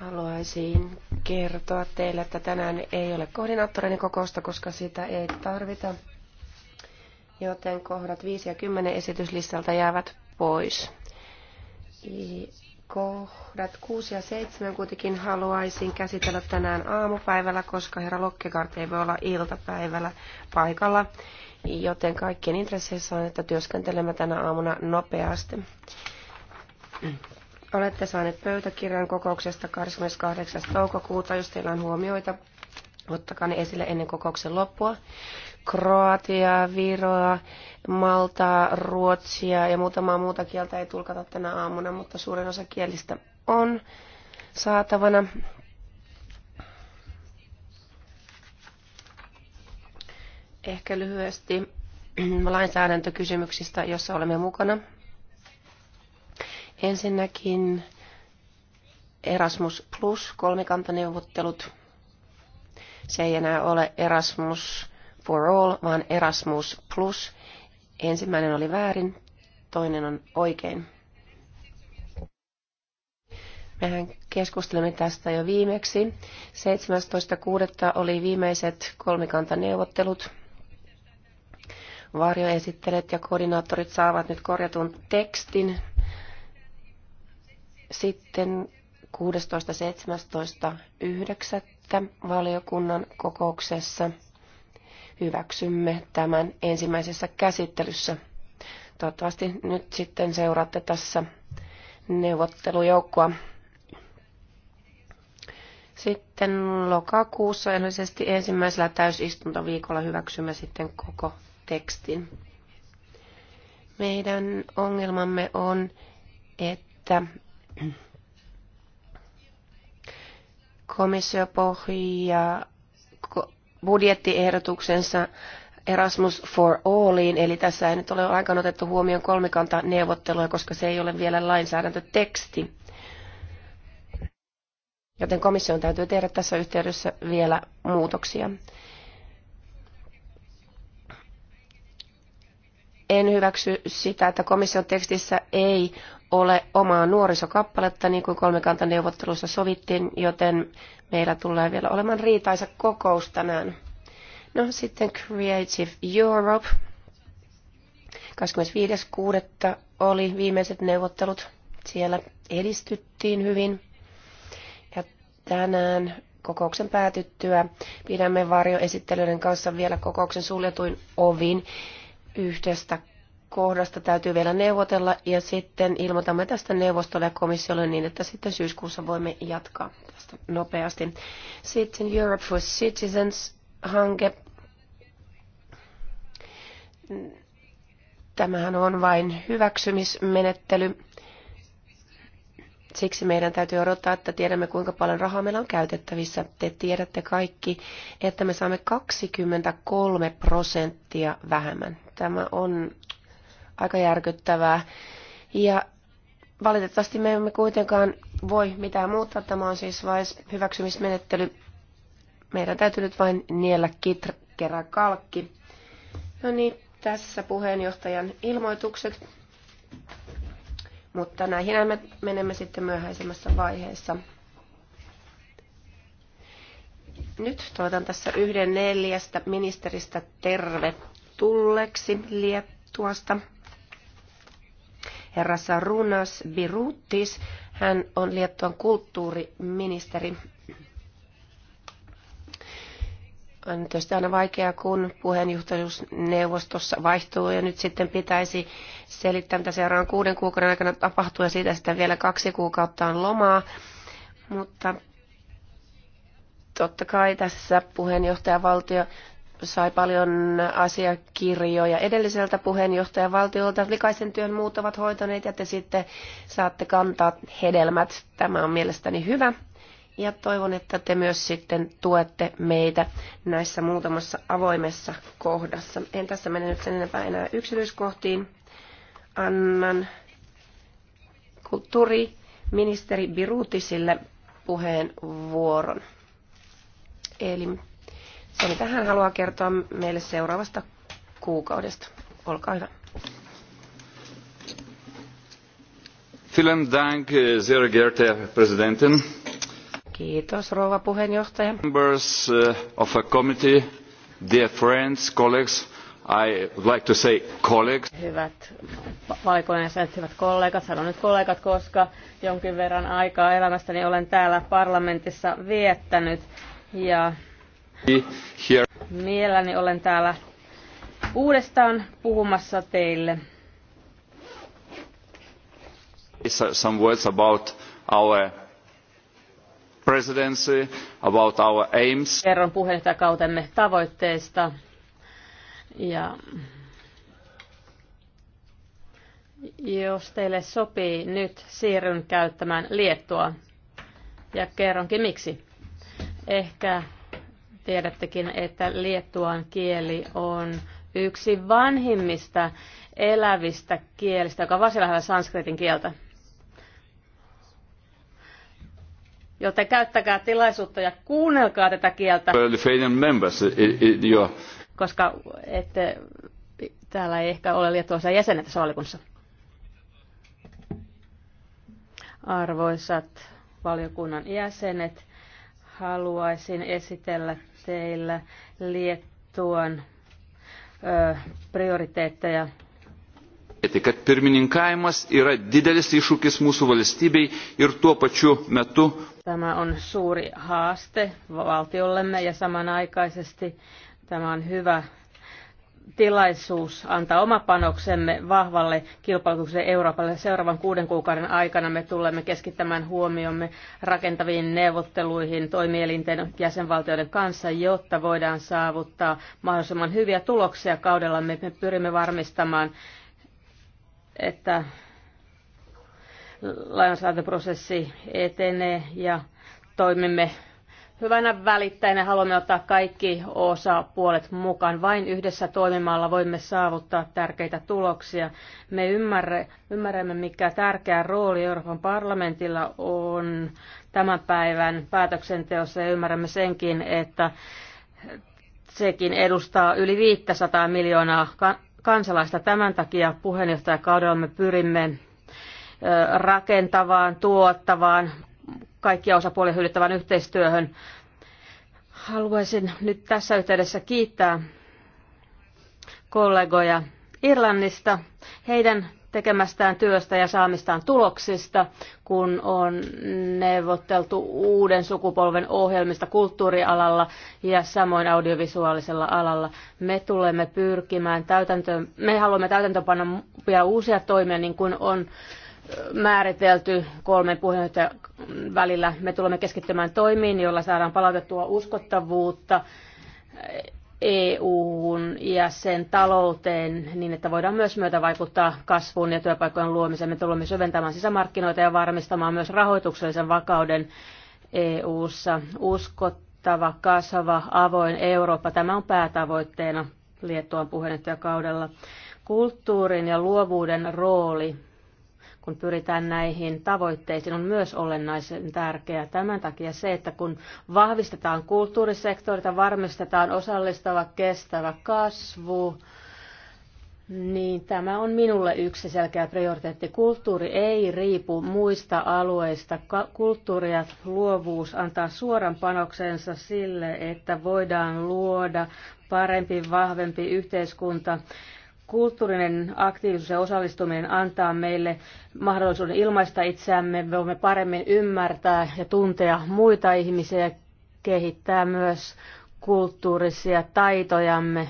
Haluaisin kertoa teille, että tänään ei ole koordinaattoreiden kokousta, koska sitä ei tarvita. Joten kohdat 5 ja 10 esityslistalta jäävät pois. Kohdat 6 ja 7 kuitenkin haluaisin käsitellä tänään aamupäivällä, koska herra Lokkegard ei voi olla iltapäivällä paikalla. Joten kaikkien intresseissä on, että työskentelemme tänä aamuna nopeasti. Olette saaneet pöytäkirjan kokouksesta 28. toukokuuta. Jos teillä on huomioita, ottakaa ne esille ennen kokouksen loppua. Kroatiaa, Viroa, Maltaa, Ruotsia ja muutamaa muuta kieltä ei tulkata tänä aamuna, mutta suurin osa kielistä on saatavana. Ehkä lyhyesti lainsäädäntökysymyksistä, jossa olemme mukana. Ensinnäkin Erasmus Plus kolmikantaneuvottelut. Se ei enää ole Erasmus for all, vaan Erasmus Plus. Ensimmäinen oli väärin, toinen on oikein. Mehän keskustelimme tästä jo viimeksi. 17.6. oli viimeiset kolmikantaneuvottelut. Varjoesittelijät ja koordinaattorit saavat nyt korjatun tekstin sitten 16.17.9. valiokunnan kokouksessa hyväksymme tämän ensimmäisessä käsittelyssä. Toivottavasti nyt sitten seuraatte tässä neuvottelujoukkoa. Sitten lokakuussa ennallisesti ensimmäisellä täysistuntoviikolla hyväksymme sitten koko tekstin. Meidän ongelmamme on, että Komissio pohjaa budjettiehdotuksensa Erasmus for Alliin, eli tässä ei nyt ole aikaan otettu huomioon kolmikanta neuvotteluja, koska se ei ole vielä lainsäädäntöteksti. Joten komission täytyy tehdä tässä yhteydessä vielä muutoksia. En hyväksy sitä, että komission tekstissä ei ole omaa nuorisokappaletta, niin kuin kolmikantaneuvottelussa sovittiin, joten meillä tulee vielä olemaan riitaisa kokous tänään. No sitten Creative Europe. 25.6. oli viimeiset neuvottelut. Siellä edistyttiin hyvin. Ja tänään kokouksen päätyttyä pidämme varjoesittelyiden kanssa vielä kokouksen suljetuin ovin. Yhdestä kohdasta täytyy vielä neuvotella ja sitten ilmoitamme tästä neuvostolle ja komissiolle niin, että sitten syyskuussa voimme jatkaa tästä nopeasti. Sitten Europe for Citizens-hanke. Tämähän on vain hyväksymismenettely Siksi meidän täytyy odottaa, että tiedämme kuinka paljon rahaa meillä on käytettävissä. Te tiedätte kaikki, että me saamme 23 prosenttia vähemmän. Tämä on aika järkyttävää. Ja valitettavasti me emme kuitenkaan voi mitään muuttaa. Tämä on siis vain hyväksymismenettely. Meidän täytyy nyt vain niellä kitkerä kalkki. No niin, tässä puheenjohtajan ilmoitukset mutta näihin me menemme sitten myöhäisemmässä vaiheessa. Nyt toivotan tässä yhden neljästä ministeristä tervetulleeksi Liettuasta. Herra Sarunas Birutis, hän on Liettuan kulttuuriministeri. on tietysti aina vaikeaa, kun puheenjohtajuusneuvostossa vaihtuu ja nyt sitten pitäisi selittää, mitä seuraavan kuuden kuukauden aikana tapahtuu ja siitä sitten vielä kaksi kuukautta on lomaa. Mutta totta kai tässä puheenjohtajavaltio sai paljon asiakirjoja edelliseltä puheenjohtajavaltiolta. Likaisen työn muut ovat hoitaneet ja te sitten saatte kantaa hedelmät. Tämä on mielestäni hyvä ja toivon, että te myös sitten tuette meitä näissä muutamassa avoimessa kohdassa. En tässä mene nyt sen enempää enää yksityiskohtiin. Annan kulttuuriministeri Birutisille puheenvuoron. Eli se, mitä hän haluaa kertoa meille seuraavasta kuukaudesta. Olkaa hyvä. Vielen Dank, sehr geehrte Präsidentin. Kiitos, rouva puheenjohtaja. Members uh, of a committee, dear friends, colleagues, I like to say colleagues. Hyvät valikoinen hyvät kollegat, sanon nyt kollegat, koska jonkin verran aikaa elämästäni olen täällä parlamentissa viettänyt ja Here. mielelläni olen täällä uudestaan puhumassa teille. Some words about our presidency about our aims. Kerron puheenjohtajakautemme tavoitteista ja jos teille sopii, nyt siirryn käyttämään liettua ja kerronkin miksi. Ehkä tiedättekin, että liettuan kieli on yksi vanhimmista elävistä kielistä, joka on varsin lähellä sanskritin kieltä. Joten käyttäkää tilaisuutta ja kuunnelkaa tätä kieltä. Koska ette, täällä ei ehkä ole liettuosa jäsenet tässä valiokunnassa. Arvoisat valiokunnan jäsenet, haluaisin esitellä teillä Liettuan ö, prioriteetteja. kad pirmininkaimas yra didelis iššūkis mūsų valstybei ir tuo pačiu metu Tämä on suuri haaste valtiollemme ja samanaikaisesti tämä on hyvä tilaisuus antaa oma panoksemme vahvalle kilpailutukselle Euroopalle. Seuraavan kuuden kuukauden aikana me tulemme keskittämään huomiomme rakentaviin neuvotteluihin toimielinten jäsenvaltioiden kanssa, jotta voidaan saavuttaa mahdollisimman hyviä tuloksia kaudella. Me pyrimme varmistamaan, että lainsäädäntöprosessi etenee ja toimimme hyvänä välittäjänä. Haluamme ottaa kaikki osapuolet mukaan. Vain yhdessä toimimalla voimme saavuttaa tärkeitä tuloksia. Me ymmärre, ymmärrämme, mikä tärkeä rooli Euroopan parlamentilla on tämän päivän päätöksenteossa ja ymmärrämme senkin, että sekin edustaa yli 500 miljoonaa kansalaista. Tämän takia me pyrimme rakentavaan, tuottavaan, kaikkia osapuolia hyödyttävään yhteistyöhön. Haluaisin nyt tässä yhteydessä kiittää kollegoja Irlannista heidän tekemästään työstä ja saamistaan tuloksista, kun on neuvotteltu uuden sukupolven ohjelmista kulttuurialalla ja samoin audiovisuaalisella alalla. Me tulemme pyrkimään täytäntöön, me haluamme täytäntöönpanna vielä uusia toimia, niin kuin on määritelty kolmen puheenjohtajan välillä. Me tulemme keskittymään toimiin, joilla saadaan palautettua uskottavuutta EU:hun ja sen talouteen niin, että voidaan myös myötä vaikuttaa kasvuun ja työpaikkojen luomiseen. Me tulemme syventämään sisämarkkinoita ja varmistamaan myös rahoituksellisen vakauden EU:ssa. Uskottava, kasvava, avoin Eurooppa, tämä on päätavoitteena Liettuan puheenjohtajakaudella. Kulttuurin ja luovuuden rooli kun pyritään näihin tavoitteisiin, on myös olennaisen tärkeää. Tämän takia se, että kun vahvistetaan kulttuurisektorita, varmistetaan osallistava, kestävä kasvu, niin tämä on minulle yksi selkeä prioriteetti. Kulttuuri ei riipu muista alueista. Kulttuuri ja luovuus antaa suoran panoksensa sille, että voidaan luoda parempi, vahvempi yhteiskunta Kulttuurinen aktiivisuus ja osallistuminen antaa meille mahdollisuuden ilmaista itseämme, me voimme paremmin ymmärtää ja tuntea muita ihmisiä ja kehittää myös kulttuurisia taitojamme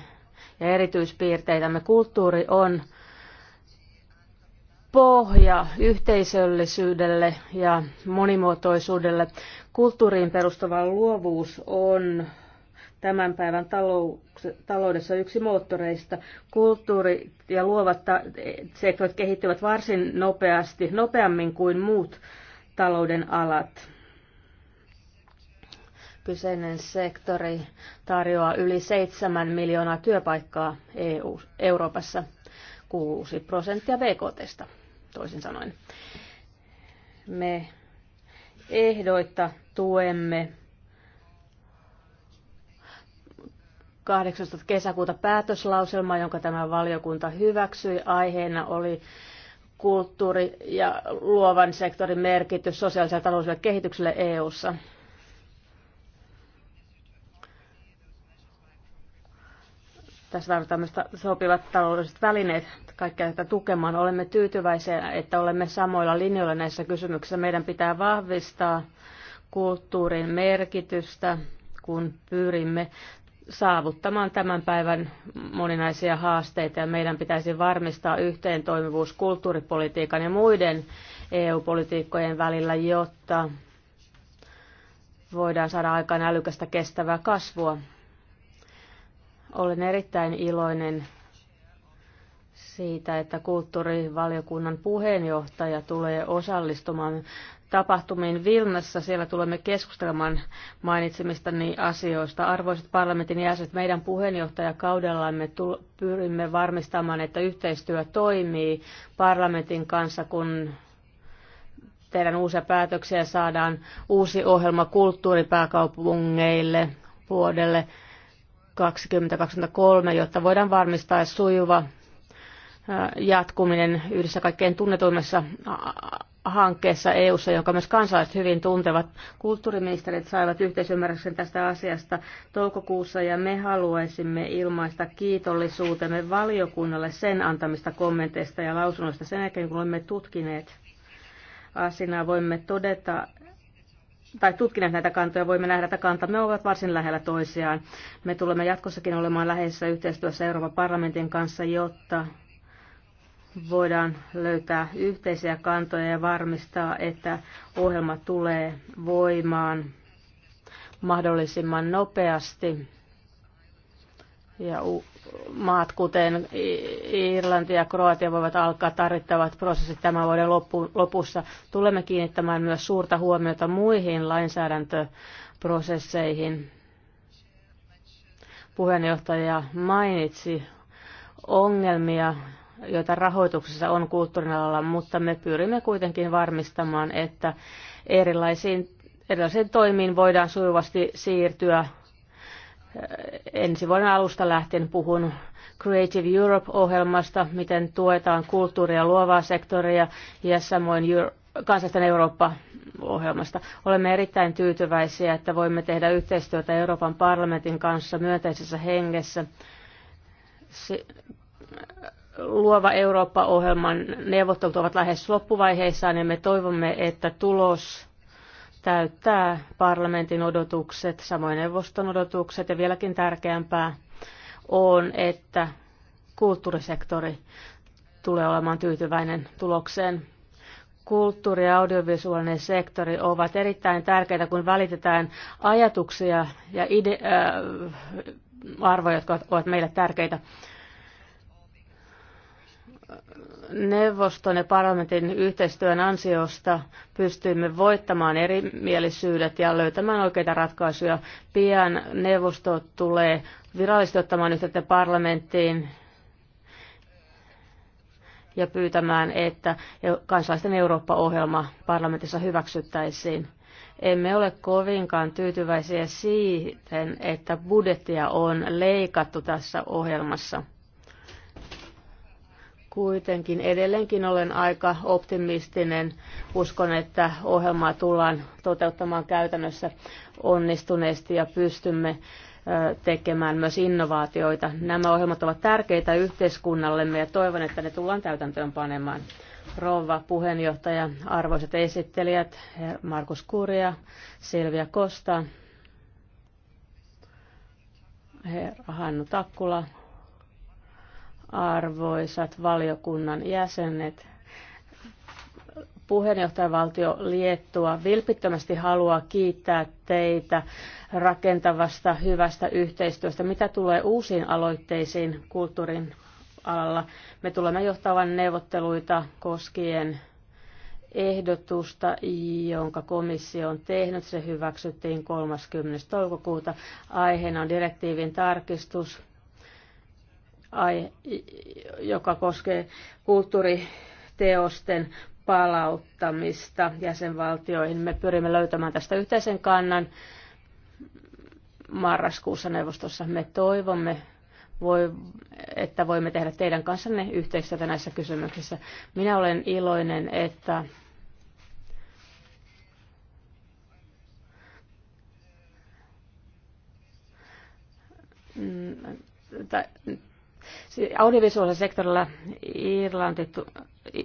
ja erityispiirteitämme. Kulttuuri on pohja yhteisöllisyydelle ja monimuotoisuudelle. Kulttuuriin perustuva luovuus on tämän päivän taloudessa yksi moottoreista. Kulttuuri ja luovat sektorit kehittyvät varsin nopeasti, nopeammin kuin muut talouden alat. Kyseinen sektori tarjoaa yli 7 miljoonaa työpaikkaa EU, Euroopassa, 6 prosenttia BKTstä, toisin sanoen. Me ehdoitta tuemme 18. kesäkuuta päätöslauselma, jonka tämä valiokunta hyväksyi. Aiheena oli kulttuuri- ja luovan sektorin merkitys sosiaaliselle ja taloudelliselle kehitykselle EU:ssa. Tässä tarvitaan myös sopivat taloudelliset välineet kaikkea tätä tukemaan. Olemme tyytyväisiä, että olemme samoilla linjoilla näissä kysymyksissä. Meidän pitää vahvistaa kulttuurin merkitystä, kun pyrimme saavuttamaan tämän päivän moninaisia haasteita ja meidän pitäisi varmistaa yhteen toimivuus kulttuuripolitiikan ja muiden EU-politiikkojen välillä, jotta voidaan saada aikaan älykästä kestävää kasvua. Olen erittäin iloinen siitä, että kulttuurivaliokunnan puheenjohtaja tulee osallistumaan tapahtumiin Vilnassa. Siellä tulemme keskustelemaan mainitsemistani asioista. Arvoisat parlamentin jäsenet, meidän puheenjohtajakaudellamme pyrimme varmistamaan, että yhteistyö toimii parlamentin kanssa, kun tehdään uusia päätöksiä, saadaan uusi ohjelma kulttuuripääkaupungeille vuodelle 2023, jotta voidaan varmistaa sujuva jatkuminen yhdessä kaikkein tunnetuimmassa hankkeessa EU:ssa, joka myös kansalaiset hyvin tuntevat. Kulttuuriministerit saivat yhteisymmärryksen tästä asiasta toukokuussa ja me haluaisimme ilmaista kiitollisuutemme valiokunnalle sen antamista kommenteista ja lausunnoista. Sen jälkeen kun olemme tutkineet asiaa, voimme todeta, tai tutkineet näitä kantoja, voimme nähdä, että kantamme ovat varsin lähellä toisiaan. Me tulemme jatkossakin olemaan läheisessä yhteistyössä Euroopan parlamentin kanssa, jotta voidaan löytää yhteisiä kantoja ja varmistaa, että ohjelma tulee voimaan mahdollisimman nopeasti. Ja maat, kuten Irlanti ja Kroatia, voivat alkaa tarvittavat prosessit tämän vuoden lopussa. Tulemme kiinnittämään myös suurta huomiota muihin lainsäädäntöprosesseihin. Puheenjohtaja mainitsi ongelmia joita rahoituksessa on kulttuurin alalla, mutta me pyrimme kuitenkin varmistamaan, että erilaisiin, erilaisiin toimiin voidaan sujuvasti siirtyä. Ensi vuoden alusta lähtien puhun Creative Europe-ohjelmasta, miten tuetaan kulttuuria ja luovaa sektoria ja samoin Euro- kansallisten Eurooppa-ohjelmasta. Olemme erittäin tyytyväisiä, että voimme tehdä yhteistyötä Euroopan parlamentin kanssa myönteisessä hengessä Luova Eurooppa-ohjelman neuvottelut ovat lähes loppuvaiheissaan ja me toivomme, että tulos täyttää parlamentin odotukset, samoin neuvoston odotukset ja vieläkin tärkeämpää on, että kulttuurisektori tulee olemaan tyytyväinen tulokseen. Kulttuuri- ja audiovisuaalinen sektori ovat erittäin tärkeitä, kun välitetään ajatuksia ja ide- äh, arvoja, jotka ovat meille tärkeitä neuvoston ja parlamentin yhteistyön ansiosta pystyimme voittamaan erimielisyydet ja löytämään oikeita ratkaisuja. Pian neuvosto tulee virallisesti ottamaan yhteyttä parlamenttiin ja pyytämään, että kansalaisten Eurooppa-ohjelma parlamentissa hyväksyttäisiin. Emme ole kovinkaan tyytyväisiä siihen, että budjettia on leikattu tässä ohjelmassa – Kuitenkin edelleenkin olen aika optimistinen. Uskon, että ohjelmaa tullaan toteuttamaan käytännössä onnistuneesti ja pystymme tekemään myös innovaatioita. Nämä ohjelmat ovat tärkeitä yhteiskunnallemme ja toivon, että ne tullaan täytäntöön panemaan. Rouva puheenjohtaja, arvoisat esittelijät, Markus Kuria, Silvia Kosta, herra Hannu Takkula, arvoisat valiokunnan jäsenet. Puheenjohtajavaltio Liettua vilpittömästi haluaa kiittää teitä rakentavasta, hyvästä yhteistyöstä. Mitä tulee uusiin aloitteisiin kulttuurin alalla, me tulemme johtavan neuvotteluita koskien ehdotusta, jonka komissio on tehnyt. Se hyväksyttiin 30. toukokuuta. Aiheena on direktiivin tarkistus ai, joka koskee kulttuuriteosten palauttamista jäsenvaltioihin. Me pyrimme löytämään tästä yhteisen kannan marraskuussa neuvostossa. Me toivomme, voi, että voimme tehdä teidän kanssanne yhteistyötä näissä kysymyksissä. Minä olen iloinen, että Audiovisuaalisella sektorilla Irlanti,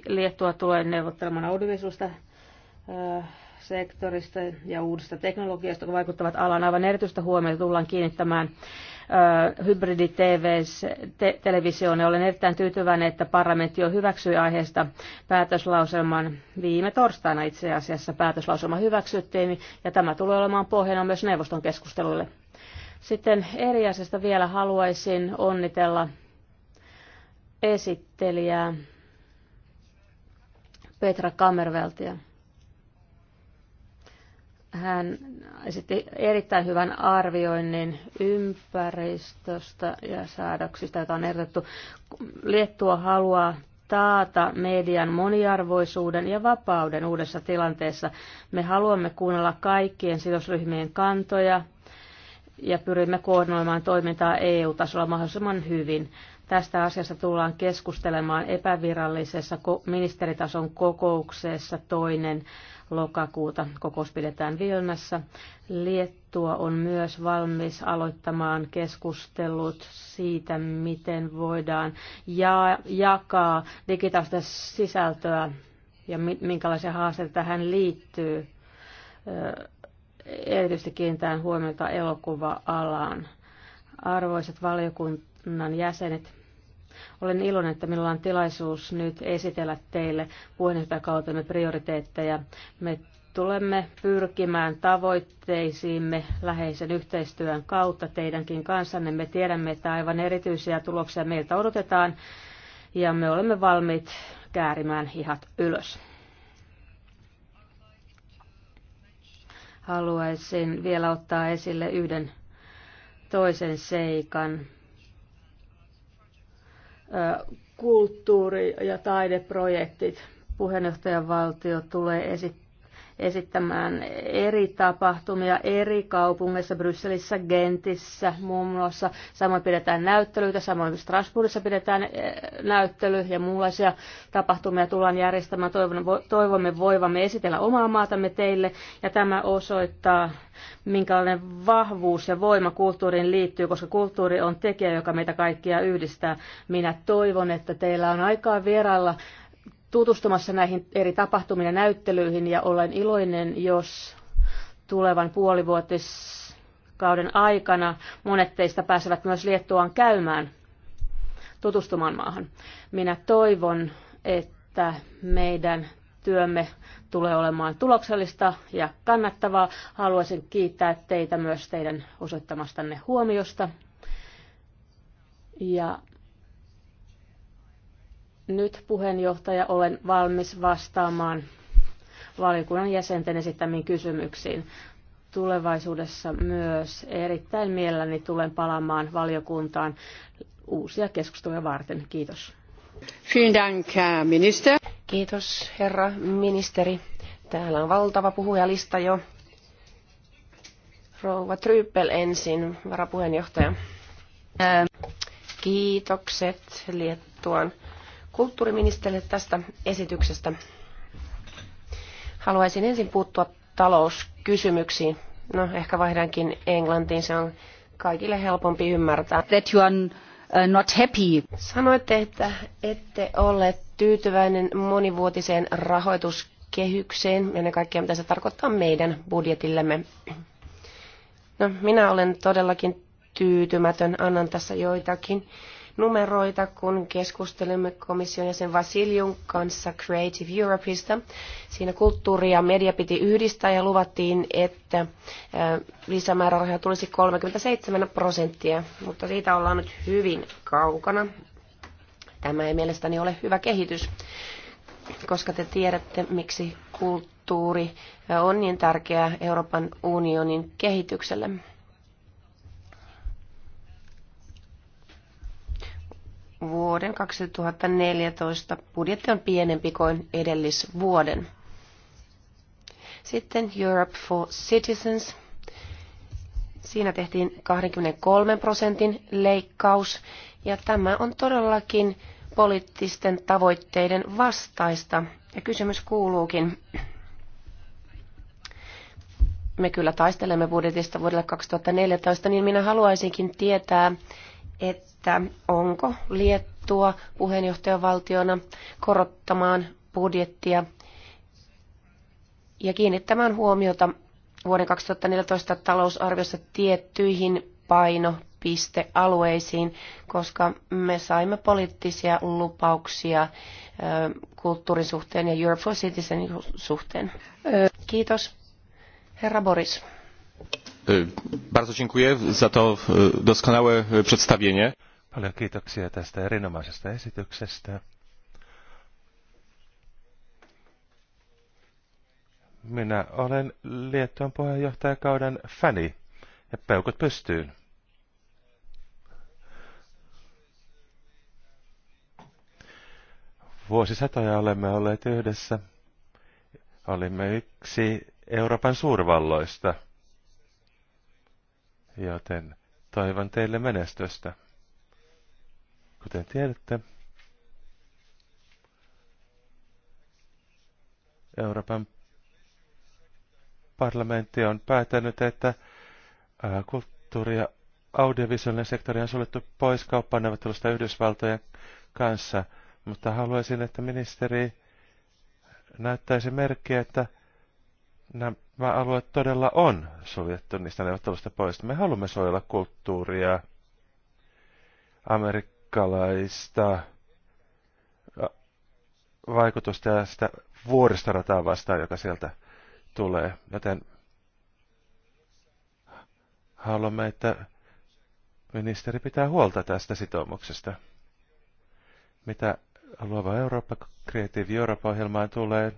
Liettua tulee neuvottelemaan audiovisuaalista sektorista ja uudesta teknologiasta, jotka vaikuttavat alan Aivan erityistä huomiota tullaan kiinnittämään hybridi-televisioon. Olen erittäin tyytyväinen, että parlamentti jo hyväksyi aiheesta päätöslauselman viime torstaina itse asiassa. Päätöslauselma hyväksyttiin ja tämä tulee olemaan pohjana myös neuvoston keskusteluille. Sitten eri asiasta vielä haluaisin onnitella esittelijää Petra Kammerveltia. Hän esitti erittäin hyvän arvioinnin ympäristöstä ja säädöksistä, joita on ehdotettu. Liettua haluaa taata median moniarvoisuuden ja vapauden uudessa tilanteessa. Me haluamme kuunnella kaikkien sidosryhmien kantoja ja pyrimme koordinoimaan toimintaa EU-tasolla mahdollisimman hyvin. Tästä asiasta tullaan keskustelemaan epävirallisessa ministeritason kokouksessa toinen lokakuuta. Kokous pidetään Vilnassa. Liettua on myös valmis aloittamaan keskustelut siitä, miten voidaan ja- jakaa digitaalista sisältöä ja minkälaisia haasteita tähän liittyy. Erityisesti kiinnitään huomiota elokuva-alaan. Arvoisat valiokunnan jäsenet, olen iloinen, että meillä on tilaisuus nyt esitellä teille puheenjohtajakautemme prioriteetteja. Me tulemme pyrkimään tavoitteisiimme läheisen yhteistyön kautta teidänkin kanssanne. Me tiedämme, että aivan erityisiä tuloksia meiltä odotetaan ja me olemme valmiit käärimään hihat ylös. Haluaisin vielä ottaa esille yhden toisen seikan, kulttuuri- ja taideprojektit. Puheenjohtajavaltio tulee esittämään esittämään eri tapahtumia eri kaupungeissa, Brysselissä, Gentissä muun muassa. Samoin pidetään näyttelyitä, samoin Strasbourgissa pidetään eh, näyttely ja muunlaisia tapahtumia tullaan järjestämään. Toivomme voivamme esitellä omaa maatamme teille ja tämä osoittaa minkälainen vahvuus ja voima kulttuuriin liittyy, koska kulttuuri on tekijä, joka meitä kaikkia yhdistää. Minä toivon, että teillä on aikaa vierailla tutustumassa näihin eri tapahtumiin ja näyttelyihin ja olen iloinen, jos tulevan puolivuotiskauden aikana monet teistä pääsevät myös Liettuaan käymään tutustumaan maahan. Minä toivon, että meidän työmme tulee olemaan tuloksellista ja kannattavaa. Haluaisin kiittää teitä myös teidän osoittamastanne huomiosta. Ja nyt puheenjohtaja olen valmis vastaamaan valiokunnan jäsenten esittämiin kysymyksiin. Tulevaisuudessa myös erittäin mielelläni tulen palaamaan valiokuntaan uusia keskusteluja varten. Kiitos. Äh, Kiitos, herra ministeri. Täällä on valtava puhujalista jo. Rouva Tryppel ensin, varapuheenjohtaja. Äh. Kiitokset Liettuan kulttuuriministerille tästä esityksestä. Haluaisin ensin puuttua talouskysymyksiin. No, ehkä vaihdankin englantiin, se on kaikille helpompi ymmärtää. That you are uh, not happy. Sanoitte, että ette ole tyytyväinen monivuotiseen rahoituskehykseen, ennen kaikkea mitä se tarkoittaa meidän budjetillemme. No, minä olen todellakin tyytymätön, annan tässä joitakin numeroita, kun keskustelimme komission jäsen Vasiljun kanssa Creative Europeista. Siinä kulttuuri ja media piti yhdistää ja luvattiin, että lisämäärärahoja tulisi 37 prosenttia, mutta siitä ollaan nyt hyvin kaukana. Tämä ei mielestäni ole hyvä kehitys, koska te tiedätte, miksi kulttuuri on niin tärkeää Euroopan unionin kehitykselle. vuoden 2014 budjetti on pienempi kuin edellisvuoden. Sitten Europe for Citizens. Siinä tehtiin 23 prosentin leikkaus ja tämä on todellakin poliittisten tavoitteiden vastaista. Ja kysymys kuuluukin, me kyllä taistelemme budjetista vuodelle 2014, niin minä haluaisinkin tietää, että onko Liettua puheenjohtajavaltiona korottamaan budjettia ja kiinnittämään huomiota vuoden 2014 talousarviossa tiettyihin painopistealueisiin, koska me saimme poliittisia lupauksia kulttuurin suhteen ja Europe for Citizen suhteen. Kiitos. Herra Boris. E, bardzo dziękuję za to e, doskonałe e, przedstawienie. Paljon kiitoksia tästä erinomaisesta esityksestä. Minä olen Liettuan puheenjohtajakauden fani ja peukut pystyyn. Vuosisatoja olemme olleet yhdessä. Olimme yksi Euroopan suurvalloista – joten toivon teille menestystä. Kuten tiedätte, Euroopan parlamentti on päätänyt, että kulttuuri- ja audiovisuaalinen sektori on suljettu pois kauppaneuvottelusta Yhdysvaltojen kanssa, mutta haluaisin, että ministeri näyttäisi merkkiä, että nämä alueet todella on suljettu niistä neuvottelusta pois. Me haluamme suojella kulttuuria, amerikkalaista vaikutusta ja sitä vuoristorataa vastaan, joka sieltä tulee. Joten haluamme, että ministeri pitää huolta tästä sitoumuksesta. Mitä Luova Eurooppa, Creative Europe-ohjelmaan tulee,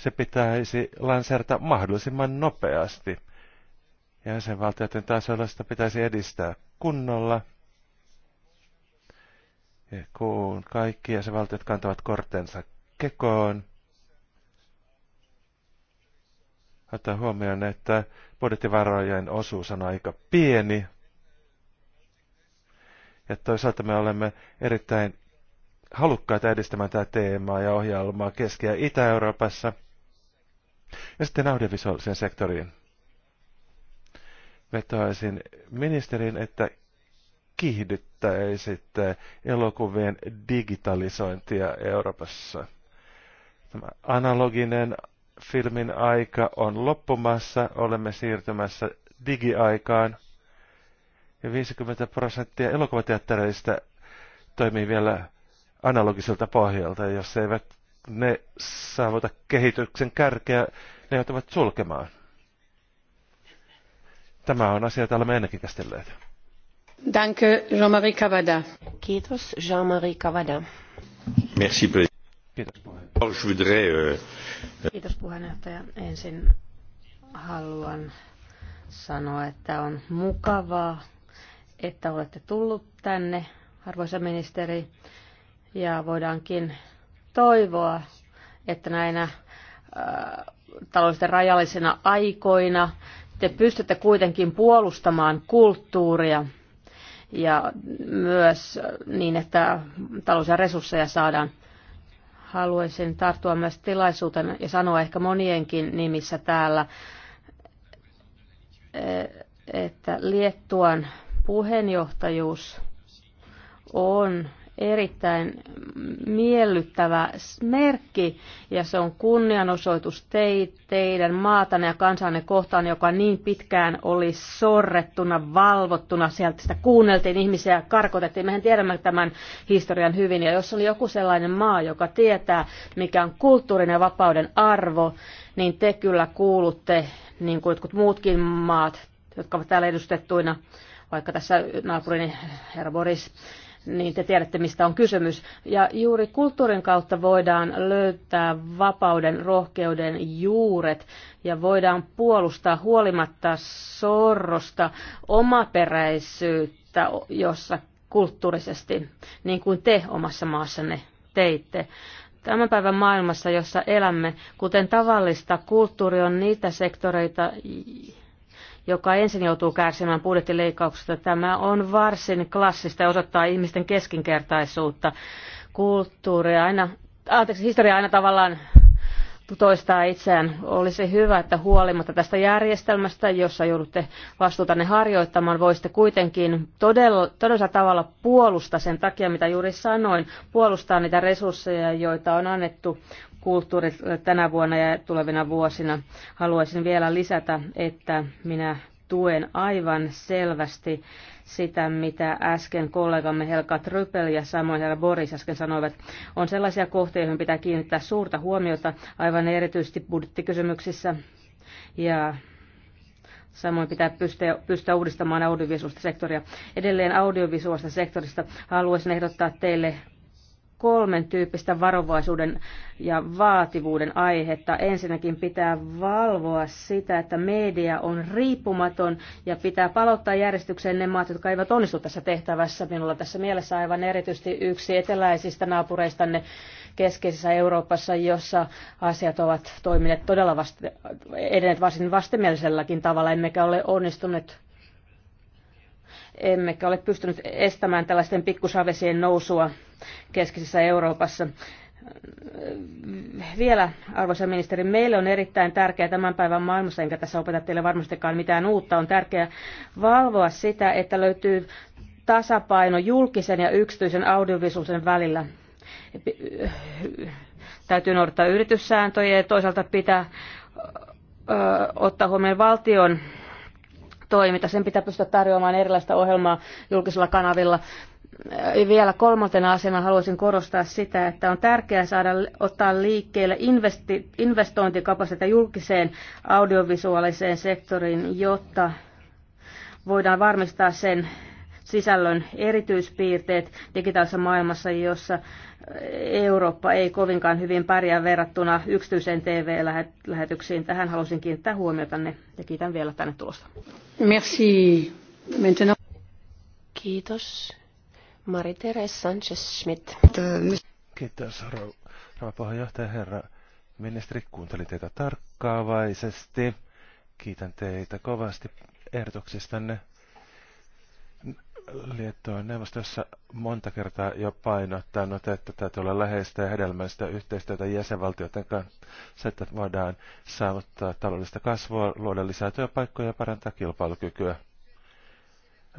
se pitäisi lanseerata mahdollisimman nopeasti. Ja jäsenvaltioiden tasolla sitä pitäisi edistää kunnolla. Ja kun kaikki jäsenvaltiot kantavat kortensa kekoon, ottaa huomioon, että budjettivarojen osuus on aika pieni. Ja toisaalta me olemme erittäin halukkaita edistämään tätä teemaa ja ohjelmaa Keski- ja Itä-Euroopassa – ja sitten audiovisuaaliseen sektoriin. Vetoaisin ministerin, että kiihdyttäisitte elokuvien digitalisointia Euroopassa. Tämä analoginen filmin aika on loppumassa, olemme siirtymässä digiaikaan. Ja 50 prosenttia elokuvateattereista toimii vielä analogiselta pohjalta, jos eivät ne saavuta kehityksen kärkeä, ne joutuvat sulkemaan. Tämä on asia, jota olemme ennenkin käsitelleet. Danke, Jean-Marie Cavada. Kiitos, Jean-Marie Cavada. Merci, Kiitos puheenjohtaja. Euh, Kiitos puheenjohtaja. Ensin haluan sanoa, että on mukavaa, että olette tullut tänne, arvoisa ministeri, ja voidaankin toivoa, että näinä taloudellisten rajallisina aikoina te pystytte kuitenkin puolustamaan kulttuuria ja myös niin, että talous ja resursseja saadaan. Haluaisin tarttua myös tilaisuuteen ja sanoa ehkä monienkin nimissä täällä, että Liettuan puheenjohtajuus on erittäin miellyttävä merkki ja se on kunnianosoitus te, teidän maatanne ja kansanne kohtaan, joka niin pitkään oli sorrettuna, valvottuna. Sieltä sitä kuunneltiin ihmisiä ja karkotettiin. Mehän tiedämme tämän historian hyvin ja jos on joku sellainen maa, joka tietää, mikä on kulttuurinen vapauden arvo, niin te kyllä kuulutte, niin kuin jotkut muutkin maat, jotka ovat täällä edustettuina, vaikka tässä naapurini herra Boris niin te tiedätte, mistä on kysymys. Ja juuri kulttuurin kautta voidaan löytää vapauden, rohkeuden juuret ja voidaan puolustaa huolimatta sorrosta omaperäisyyttä jossa kulttuurisesti, niin kuin te omassa maassanne teitte tämän päivän maailmassa, jossa elämme, kuten tavallista, kulttuuri on niitä sektoreita, joka ensin joutuu kärsimään budjettileikkauksesta. Tämä on varsin klassista ja osoittaa ihmisten keskinkertaisuutta. Kulttuuri aina, anteeksi, historia aina tavallaan toistaa itseään. Olisi hyvä, että huolimatta tästä järjestelmästä, jossa joudutte vastuutanne harjoittamaan, voisitte kuitenkin todella, todella tavalla puolustaa sen takia, mitä juuri sanoin, puolustaa niitä resursseja, joita on annettu kulttuurit tänä vuonna ja tulevina vuosina. Haluaisin vielä lisätä, että minä tuen aivan selvästi sitä, mitä äsken kollegamme Helka Trypel ja samoin herra Boris äsken sanoivat. On sellaisia kohteita, joihin pitää kiinnittää suurta huomiota, aivan erityisesti budjettikysymyksissä. Ja Samoin pitää pystyä, pystyä uudistamaan audiovisuaalista sektoria. Edelleen audiovisuaalista sektorista haluaisin ehdottaa teille kolmen tyyppistä varovaisuuden ja vaativuuden aihetta. Ensinnäkin pitää valvoa sitä, että media on riippumaton ja pitää palottaa järjestykseen ne maat, jotka eivät onnistu tässä tehtävässä. Minulla tässä mielessä aivan erityisesti yksi eteläisistä naapureistanne keskeisessä Euroopassa, jossa asiat ovat toimineet todella vasta, edenneet varsin vastenmieliselläkin tavalla, emmekä ole onnistuneet emmekä ole pystynyt estämään tällaisten pikkusavesien nousua keskisessä Euroopassa. Vielä, arvoisa ministeri, meille on erittäin tärkeää tämän päivän maailmassa, enkä tässä opeta teille varmastikaan mitään uutta, on tärkeää valvoa sitä, että löytyy tasapaino julkisen ja yksityisen audiovisuuden välillä. Täytyy noudattaa yrityssääntöjä ja toisaalta pitää ottaa huomioon valtion toiminta. Sen pitää pystyä tarjoamaan erilaista ohjelmaa julkisella kanavilla. Vielä kolmantena asiana haluaisin korostaa sitä, että on tärkeää saada ottaa liikkeelle investi, investointikapasiteetti julkiseen audiovisuaaliseen sektoriin, jotta voidaan varmistaa sen sisällön erityispiirteet digitaalisessa maailmassa, jossa Eurooppa ei kovinkaan hyvin pärjää verrattuna yksityiseen TV-lähetyksiin. Tähän halusin kiinnittää huomiota ja kiitän vielä tänne tulosta. Merci. Maintenant. Kiitos. Marie-Therese Sanchez-Schmidt. Kiitos, rouva puheenjohtaja herra. Ministeri kuunteli teitä tarkkaavaisesti. Kiitän teitä kovasti ehdotuksistanne. Liettua neuvostossa monta kertaa jo painottanut, että täytyy olla läheistä ja hedelmällistä yhteistyötä jäsenvaltioiden kanssa, että voidaan saavuttaa taloudellista kasvua, luoda lisää työpaikkoja ja parantaa kilpailukykyä.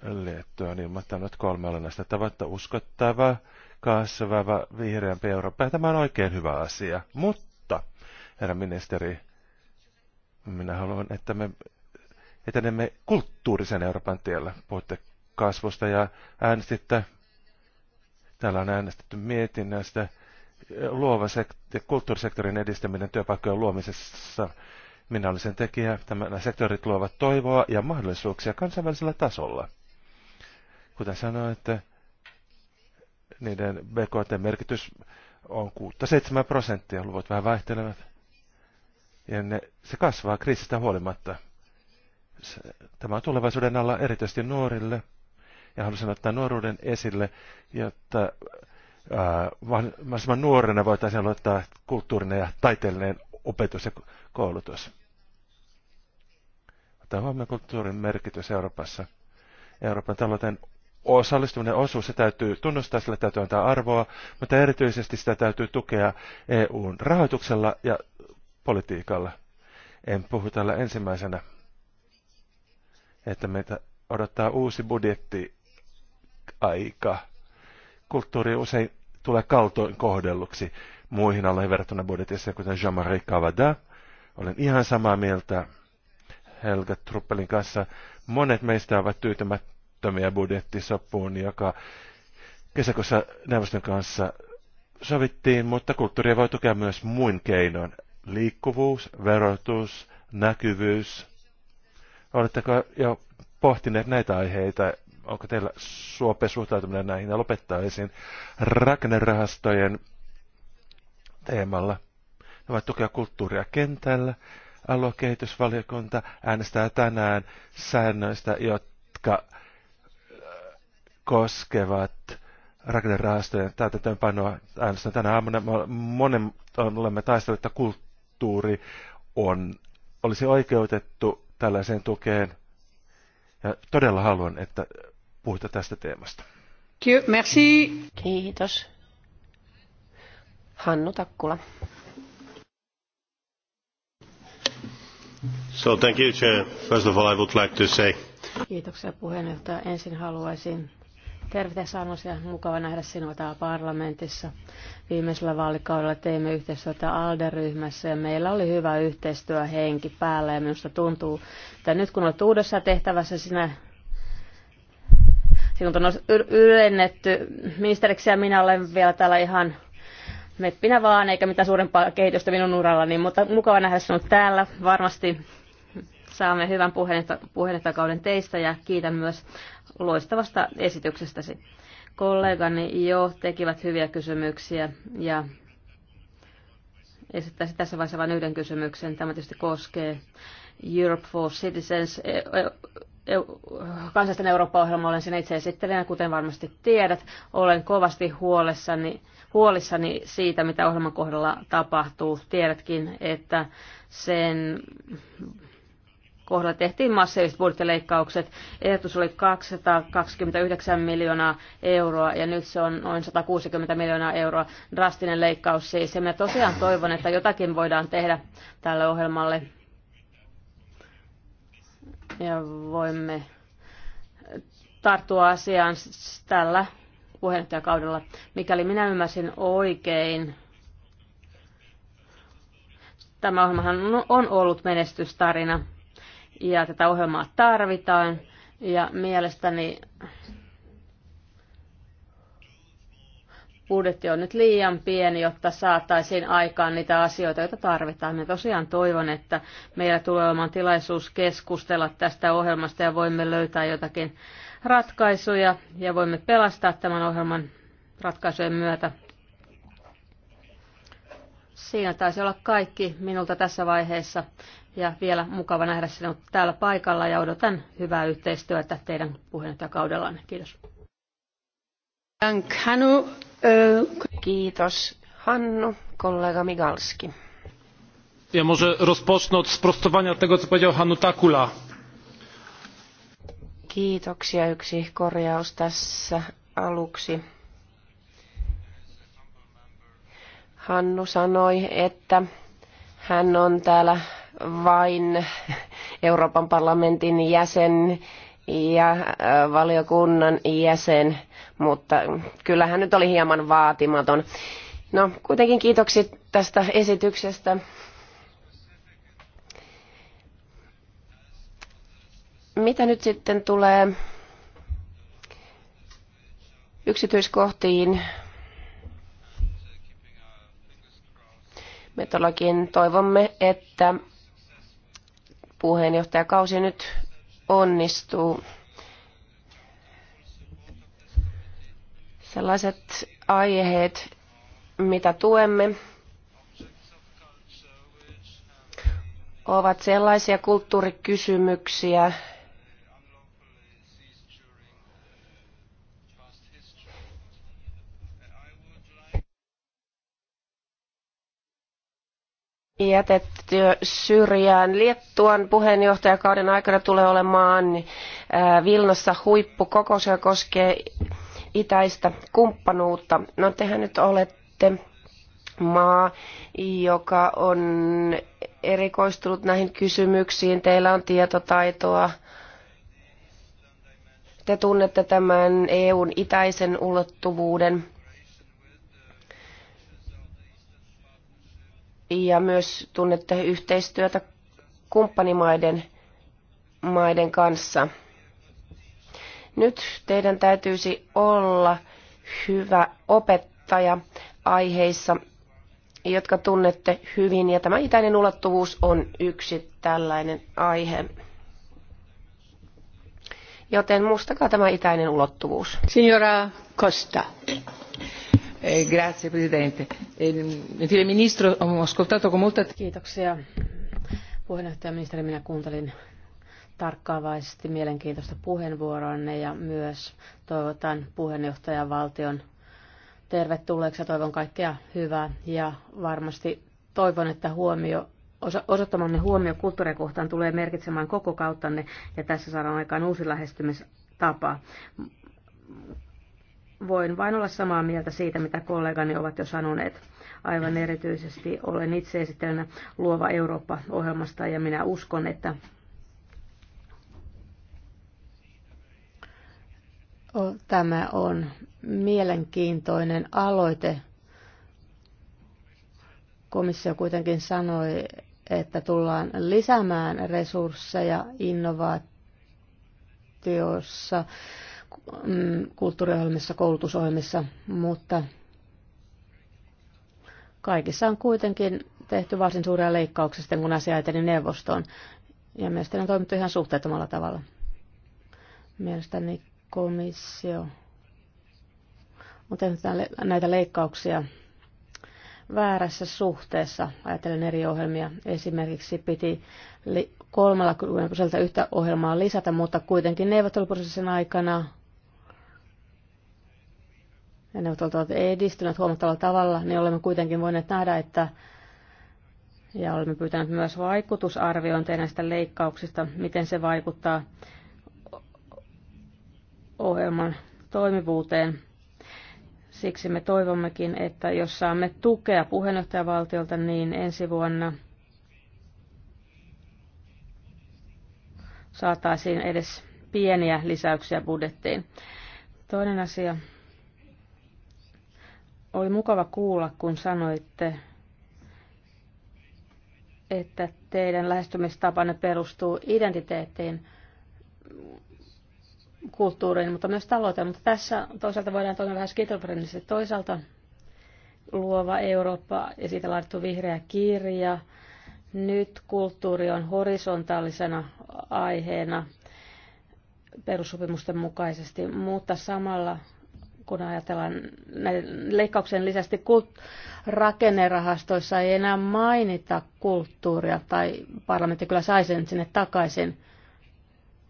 Liettua on ilmoittanut kolme olennaista tavoitta uskottava, kasvava, vihreämpi Eurooppa. tämä on oikein hyvä asia, mutta, herra ministeri, minä haluan, että me etenemme kulttuurisen Euroopan tiellä. Puhutte kasvusta ja äänestitte, täällä on äänestetty mietinnöstä, luova sekti, kulttuurisektorin edistäminen työpaikkojen luomisessa. Minä olen sen tekijä. Nämä sektorit luovat toivoa ja mahdollisuuksia kansainvälisellä tasolla. Kuten sanoin, että niiden BKT-merkitys on 6-7 prosenttia, luvut vähän vaihtelevat. Ja ne, se kasvaa kriisistä huolimatta. Se, tämä on tulevaisuuden alla erityisesti nuorille – ja halusin ottaa nuoruuden esille, jotta mahdollisimman nuorena voitaisiin aloittaa kulttuurinen ja taiteellinen opetus ja koulutus. Ottaa huomioon kulttuurin merkitys Euroopassa. Euroopan talouden osallistuminen osuus, se täytyy tunnustaa, sillä täytyy antaa arvoa, mutta erityisesti sitä täytyy tukea EUn rahoituksella ja politiikalla. En puhu tällä ensimmäisenä, että meitä odottaa uusi budjetti aika. Kulttuuri usein tulee kaltoin kohdelluksi muihin aloihin verrattuna budjetissa, kuten Jean-Marie Cavada. Olen ihan samaa mieltä Helga Truppelin kanssa. Monet meistä ovat tyytymättömiä budjettisopuun, joka kesäkuussa neuvoston kanssa sovittiin, mutta kulttuuria voi tukea myös muin keinoin. Liikkuvuus, verotus, näkyvyys. Oletteko jo pohtineet näitä aiheita onko teillä suope suhtautuminen näihin ja esiin rakennerahastojen teemalla. Ne ovat tukea kulttuuria kentällä. Aluekehitysvaliokunta äänestää tänään säännöistä, jotka äh, koskevat rakennerahastojen täytäntöönpanoa. Äänestän tänä aamuna. Monen on olemme taistelleet, että kulttuuri on, olisi oikeutettu tällaiseen tukeen. Ja todella haluan, että puhuitte tästä teemasta. Merci. Kiitos. Hannu Takkula. So thank you, Chair. First of all, I would like to say... Kiitoksia puheenjohtaja. Ensin haluaisin tervetä ja Mukava nähdä sinua täällä parlamentissa. Viimeisellä vaalikaudella teimme yhteistyötä ALDE-ryhmässä ja meillä oli hyvä yhteistyöhenki päällä ja minusta tuntuu, että nyt kun olet uudessa tehtävässä, sinä sinut on ylennetty ministeriksi ja minä olen vielä täällä ihan meppinä vaan, eikä mitään suurempaa kehitystä minun urallani, mutta mukava nähdä sinut täällä. Varmasti saamme hyvän puheenjohtajakauden teistä ja kiitän myös loistavasta esityksestäsi. Kollegani jo tekivät hyviä kysymyksiä ja esittäisin tässä vaiheessa vain yhden kysymyksen. Tämä tietysti koskee Europe for Citizens, kansallisten Eurooppa-ohjelma olen sen itse esittelijänä, kuten varmasti tiedät. Olen kovasti huolissani, huolissani siitä, mitä ohjelman kohdalla tapahtuu. Tiedätkin, että sen kohdalla tehtiin massiiviset budjettileikkaukset. Ehdotus oli 229 miljoonaa euroa ja nyt se on noin 160 miljoonaa euroa. Drastinen leikkaus siis. Ja minä tosiaan toivon, että jotakin voidaan tehdä tälle ohjelmalle ja voimme tarttua asiaan tällä puheenjohtajakaudella. Mikäli minä ymmärsin oikein, tämä ohjelmahan on ollut menestystarina ja tätä ohjelmaa tarvitaan ja mielestäni budjetti on nyt liian pieni, jotta saataisiin aikaan niitä asioita, joita tarvitaan. Me tosiaan toivon, että meillä tulee olemaan tilaisuus keskustella tästä ohjelmasta ja voimme löytää jotakin ratkaisuja ja voimme pelastaa tämän ohjelman ratkaisujen myötä. Siinä taisi olla kaikki minulta tässä vaiheessa ja vielä mukava nähdä sinut täällä paikalla ja odotan hyvää yhteistyötä teidän puheenjohtajakaudellanne. Kiitos. Kiitos Hannu, kollega Migalski. Ja może rozpocznę od sprostowania tego, co powiedział Hannu Takula. Kiitoksia. Yksi korjaus tässä aluksi. Hannu sanoi, että hän on täällä vain Euroopan parlamentin jäsen ja äh, valiokunnan jäsen, mutta kyllähän nyt oli hieman vaatimaton. No, kuitenkin kiitokset tästä esityksestä. Mitä nyt sitten tulee yksityiskohtiin? Me todellakin toivomme, että puheenjohtajakausi nyt onnistuu. Sellaiset aiheet, mitä tuemme, ovat sellaisia kulttuurikysymyksiä, jätetty syrjään. Liettuan puheenjohtajakauden aikana tulee olemaan äh, Vilnassa huippukokous, joka koskee itäistä kumppanuutta. No tehän nyt olette maa, joka on erikoistunut näihin kysymyksiin. Teillä on tietotaitoa. Te tunnette tämän EUn itäisen ulottuvuuden. ja myös tunnette yhteistyötä kumppanimaiden maiden kanssa. Nyt teidän täytyisi olla hyvä opettaja aiheissa, jotka tunnette hyvin, ja tämä itäinen ulottuvuus on yksi tällainen aihe. Joten muistakaa tämä itäinen ulottuvuus. Signora Costa. Eh, grazie Presidente. Gentile eh, Ministro, ho ascoltato con molta... Kiitoksia puheenjohtaja ministeri, minä kuuntelin tarkkaavaisesti mielenkiintoista puheenvuoroanne ja myös toivotan puheenjohtajan valtion tervetulleeksi ja toivon kaikkea hyvää ja varmasti toivon, että huomio osoittamanne huomio kulttuuria kohtaan tulee merkitsemään koko kauttanne ja tässä saadaan aikaan uusi lähestymistapa voin vain olla samaa mieltä siitä, mitä kollegani ovat jo sanoneet. Aivan erityisesti olen itse esittelynä Luova Eurooppa-ohjelmasta ja minä uskon, että tämä on mielenkiintoinen aloite. Komissio kuitenkin sanoi, että tullaan lisäämään resursseja innovaatiossa Mm, kulttuuriohjelmissa, koulutusohjelmissa, mutta kaikissa on kuitenkin tehty varsin suuria leikkauksia sitten, kun asia eteni neuvostoon. Ja mielestäni on toimittu ihan suhteettomalla tavalla. Mielestäni komissio on tehnyt näitä leikkauksia väärässä suhteessa. Ajattelen eri ohjelmia. Esimerkiksi piti 30 prosentilla yhtä ohjelmaa lisätä, mutta kuitenkin neuvotteluprosessin aikana neuvottelut ovat edistyneet huomattavalla tavalla, niin olemme kuitenkin voineet nähdä, että ja olemme pyytäneet myös vaikutusarviointeja näistä leikkauksista, miten se vaikuttaa ohjelman toimivuuteen. Siksi me toivommekin, että jos saamme tukea puheenjohtajavaltiolta, niin ensi vuonna saataisiin edes pieniä lisäyksiä budjettiin. Toinen asia oli mukava kuulla, kun sanoitte, että teidän lähestymistapanne perustuu identiteettiin, kulttuuriin, mutta myös talouteen. Mutta tässä toisaalta voidaan toimia vähän skitsofrenisesti. Toisaalta luova Eurooppa ja siitä laadittu vihreä kirja. Nyt kulttuuri on horisontaalisena aiheena perussopimusten mukaisesti, mutta samalla kun ajatellaan näiden leikkauksien lisästi kult- rakennerahastoissa ei enää mainita kulttuuria, tai parlamentti kyllä sai sen sinne takaisin.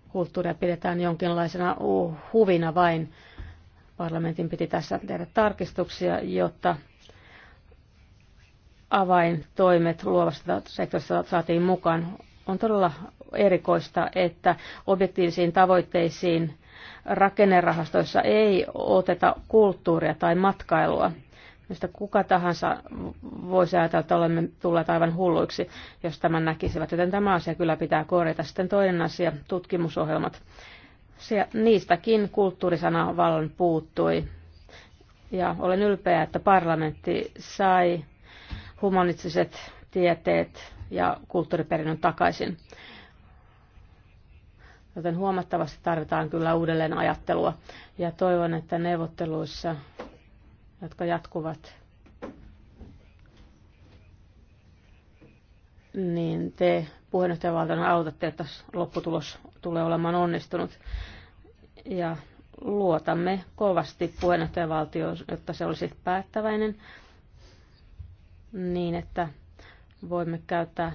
Kulttuuria pidetään jonkinlaisena huvina vain. Parlamentin piti tässä tehdä tarkistuksia, jotta avaintoimet luovasta sektorista saatiin mukaan. On todella erikoista, että objektiivisiin tavoitteisiin rakennerahastoissa ei oteta kulttuuria tai matkailua. Mistä kuka tahansa voisi ajatella, että olemme tulleet aivan hulluiksi, jos tämän näkisivät. Joten tämä asia kyllä pitää korjata. Sitten toinen asia, tutkimusohjelmat. Sie- niistäkin kulttuurisana vallan puuttui. Ja olen ylpeä, että parlamentti sai humanistiset tieteet ja kulttuuriperinnön takaisin. Joten huomattavasti tarvitaan kyllä uudelleen ajattelua. Ja toivon, että neuvotteluissa, jotka jatkuvat, niin te puheenjohtajavaltoina autatte, että lopputulos tulee olemaan onnistunut. Ja luotamme kovasti puheenjohtajavaltioon, jotta se olisi päättäväinen niin, että voimme käyttää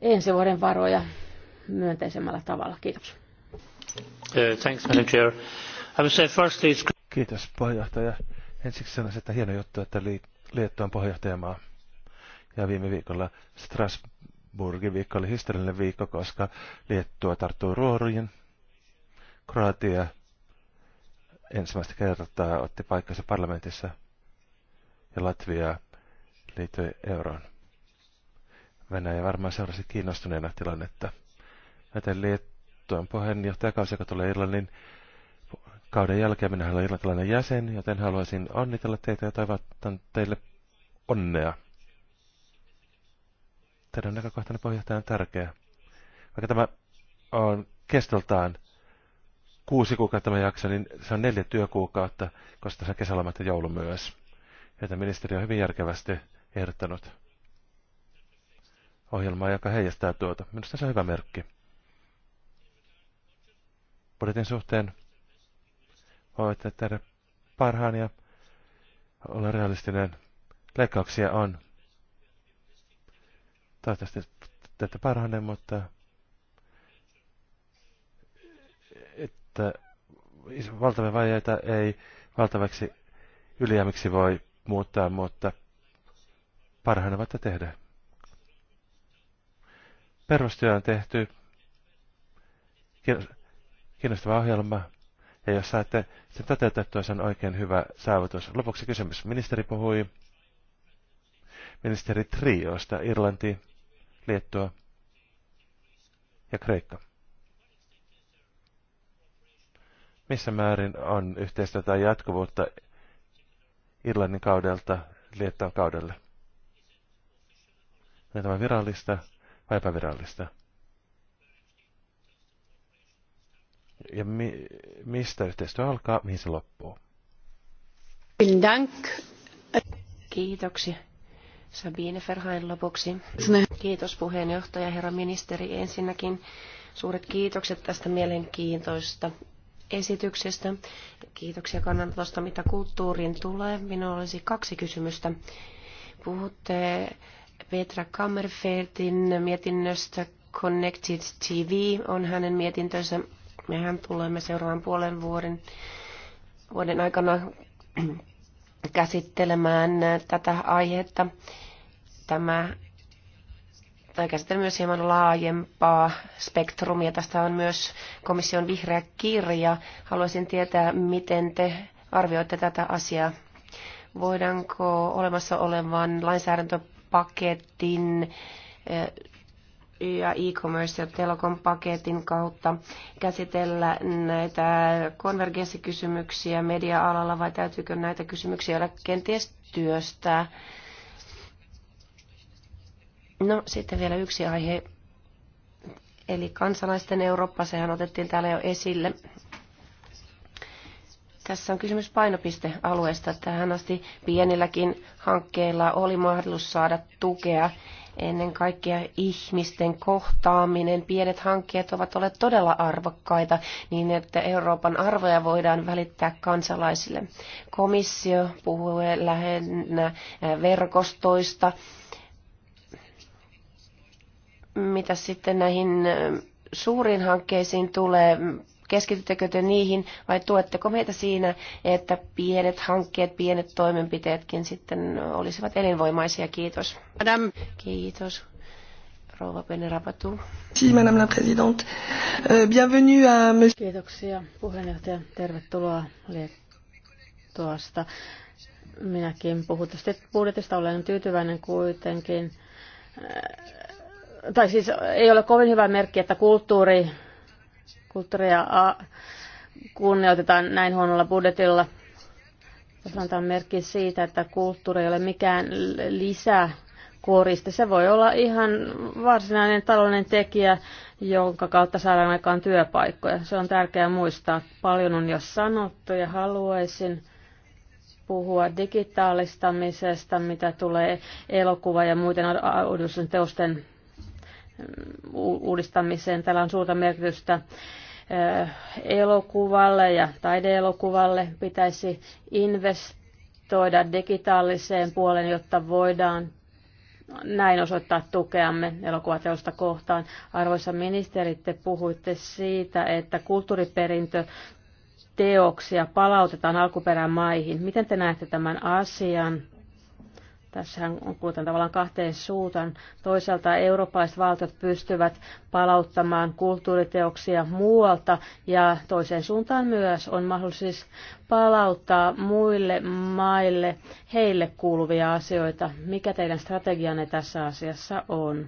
ensi vuoden varoja myönteisemmällä tavalla. Kiitos. Uh, thanks, manager. I would say firstly it's... Kiitos puheenjohtaja. Ensiksi sanoisin, että hieno juttu, että Liettua on puheenjohtajamaa. Ja viime viikolla Strasbourgin viikko oli historiallinen viikko, koska Liettua tarttuu ruoruihin. Kroatia ensimmäistä kertaa otti paikkansa parlamentissa ja Latvia liittyi euroon. Venäjä varmaan seurasi kiinnostuneena tilannetta. Joten Liettuan puheenjohtajakausi, joka tulee Irlannin kauden jälkeen, minä olen irlantilainen jäsen, joten haluaisin onnitella teitä ja toivotan teille onnea. Teidän näkökohtainen puheenjohtaja on tärkeä. Vaikka tämä on kestoltaan kuusi kuukautta tämä jakso, niin se on neljä työkuukautta, koska tässä on kesälomat ja joulu myös. Joten ministeri on hyvin järkevästi ehdottanut ohjelmaa, joka heijastaa tuota. Minusta se on hyvä merkki budjetin suhteen. voi tehdä parhaan ja olla realistinen. Leikkauksia on. Toivottavasti teette parhaanne, mutta että valtavia vaiheita ei valtavaksi ylijäämiksi voi muuttaa, mutta parhaana voitte tehdä. Perustyö on tehty. Kiinnostava ohjelma. Ja jos saatte sen toteutettua, se on oikein hyvä saavutus. Lopuksi kysymys. Ministeri puhui ministeri Trioista, Irlanti, Liettua ja Kreikka. Missä määrin on yhteistä tai jatkuvuutta Irlannin kaudelta Liettuan kaudelle? Onko tämä virallista vai epävirallista? ja mi, mistä yhteistyö alkaa, mihin se loppuu. Kiitoksia. Sabine Ferhain lopuksi. Kiitos puheenjohtaja, herra ministeri. Ensinnäkin suuret kiitokset tästä mielenkiintoista esityksestä. Kiitoksia kannanotosta, mitä kulttuuriin tulee. Minulla olisi kaksi kysymystä. Puhutte Petra Kammerfeltin mietinnöstä Connected TV on hänen mietintönsä Mehän tulemme seuraavan puolen vuoden, vuoden aikana käsittelemään tätä aihetta. Tämä tai käsitellä myös hieman laajempaa spektrumia. Tästä on myös komission vihreä kirja. Haluaisin tietää, miten te arvioitte tätä asiaa. Voidaanko olemassa olevan lainsäädäntöpaketin eh, ja e-commerce ja telekom paketin kautta käsitellä näitä konvergenssikysymyksiä media-alalla vai täytyykö näitä kysymyksiä olla kenties työstää? No sitten vielä yksi aihe, eli kansalaisten Eurooppa, sehän otettiin täällä jo esille. Tässä on kysymys painopistealueesta. Tähän asti pienilläkin hankkeilla oli mahdollisuus saada tukea. Ennen kaikkea ihmisten kohtaaminen. Pienet hankkeet ovat olleet todella arvokkaita niin, että Euroopan arvoja voidaan välittää kansalaisille. Komissio puhuu lähinnä verkostoista. Mitä sitten näihin suuriin hankkeisiin tulee, keskityttekö te niihin vai tuetteko meitä siinä, että pienet hankkeet, pienet toimenpiteetkin sitten olisivat elinvoimaisia? Kiitos. Madame. Kiitos. Rouva Penerapatou. Si, madame la présidente. Euh, bienvenue à monsieur. Kiitoksia puheenjohtaja. Tervetuloa Liettuasta. Minäkin puhun tästä budjetista. Olen tyytyväinen kuitenkin. Äh, tai siis ei ole kovin hyvä merkki, että kulttuuri kulttuuria kunnioitetaan näin huonolla budjetilla. Tässä antaa merkki siitä, että kulttuuri ei ole mikään lisää koriste. Se voi olla ihan varsinainen taloudellinen tekijä, jonka kautta saadaan aikaan työpaikkoja. Se on tärkeää muistaa. Paljon on jo sanottu ja haluaisin puhua digitaalistamisesta, mitä tulee elokuva- ja muiden audiovisuaalisten teosten uudistamiseen. Tällä on suurta merkitystä elokuvalle ja taideelokuvalle. Pitäisi investoida digitaaliseen puoleen, jotta voidaan näin osoittaa tukeamme elokuvateosta kohtaan. Arvoisa ministeri, te puhuitte siitä, että kulttuuriperintö teoksia palautetaan alkuperämaihin. Miten te näette tämän asian? Tässähän on kuitenkin tavallaan kahteen suuntaan. Toisaalta eurooppalaiset valtiot pystyvät palauttamaan kulttuuriteoksia muualta ja toiseen suuntaan myös on mahdollisuus palauttaa muille maille heille kuuluvia asioita. Mikä teidän strategianne tässä asiassa on?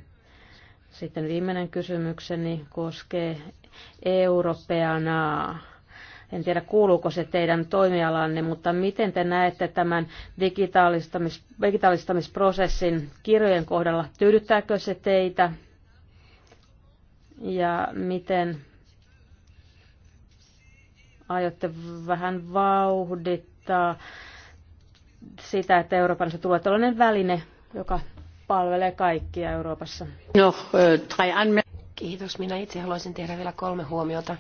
Sitten viimeinen kysymykseni koskee europeanaa en tiedä, kuuluuko se teidän toimialanne, mutta miten te näette tämän digitaalistamis, digitaalistamisprosessin kirjojen kohdalla? Tyydyttääkö se teitä? Ja miten aiotte vähän vauhdittaa sitä, että Euroopassa tulee tällainen väline, joka palvelee kaikkia Euroopassa? No, Kiitos. Minä itse haluaisin tehdä vielä kolme huomiota.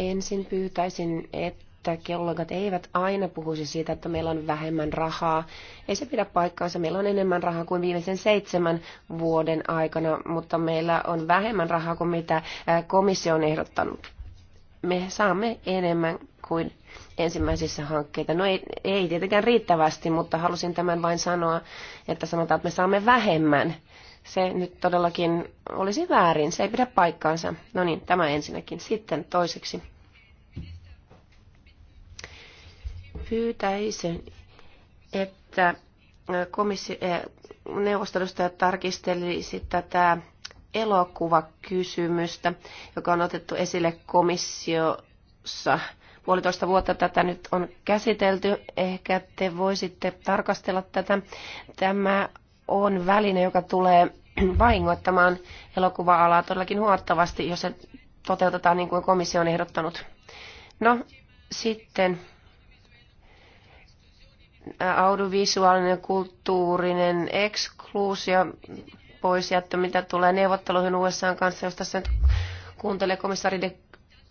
Ensin pyytäisin, että kollegat eivät aina puhuisi siitä, että meillä on vähemmän rahaa. Ei se pidä paikkaansa. Meillä on enemmän rahaa kuin viimeisen seitsemän vuoden aikana, mutta meillä on vähemmän rahaa kuin mitä komissio on ehdottanut. Me saamme enemmän kuin ensimmäisissä hankkeita. No ei, ei tietenkään riittävästi, mutta halusin tämän vain sanoa, että sanotaan, että me saamme vähemmän se nyt todellakin olisi väärin. Se ei pidä paikkaansa. No niin, tämä ensinnäkin. Sitten toiseksi. Pyytäisin, että komissio, eh, neuvostelusta tarkistelisi tätä elokuvakysymystä, joka on otettu esille komissiossa. Puolitoista vuotta tätä nyt on käsitelty. Ehkä te voisitte tarkastella tätä. Tämä on väline, joka tulee vahingoittamaan elokuva-alaa todellakin huomattavasti, jos se toteutetaan niin kuin komissio on ehdottanut. No sitten audiovisuaalinen ja kulttuurinen ekskluusio pois jättö, mitä tulee neuvotteluihin USA kanssa, jos tässä nyt kuuntelee komissaari de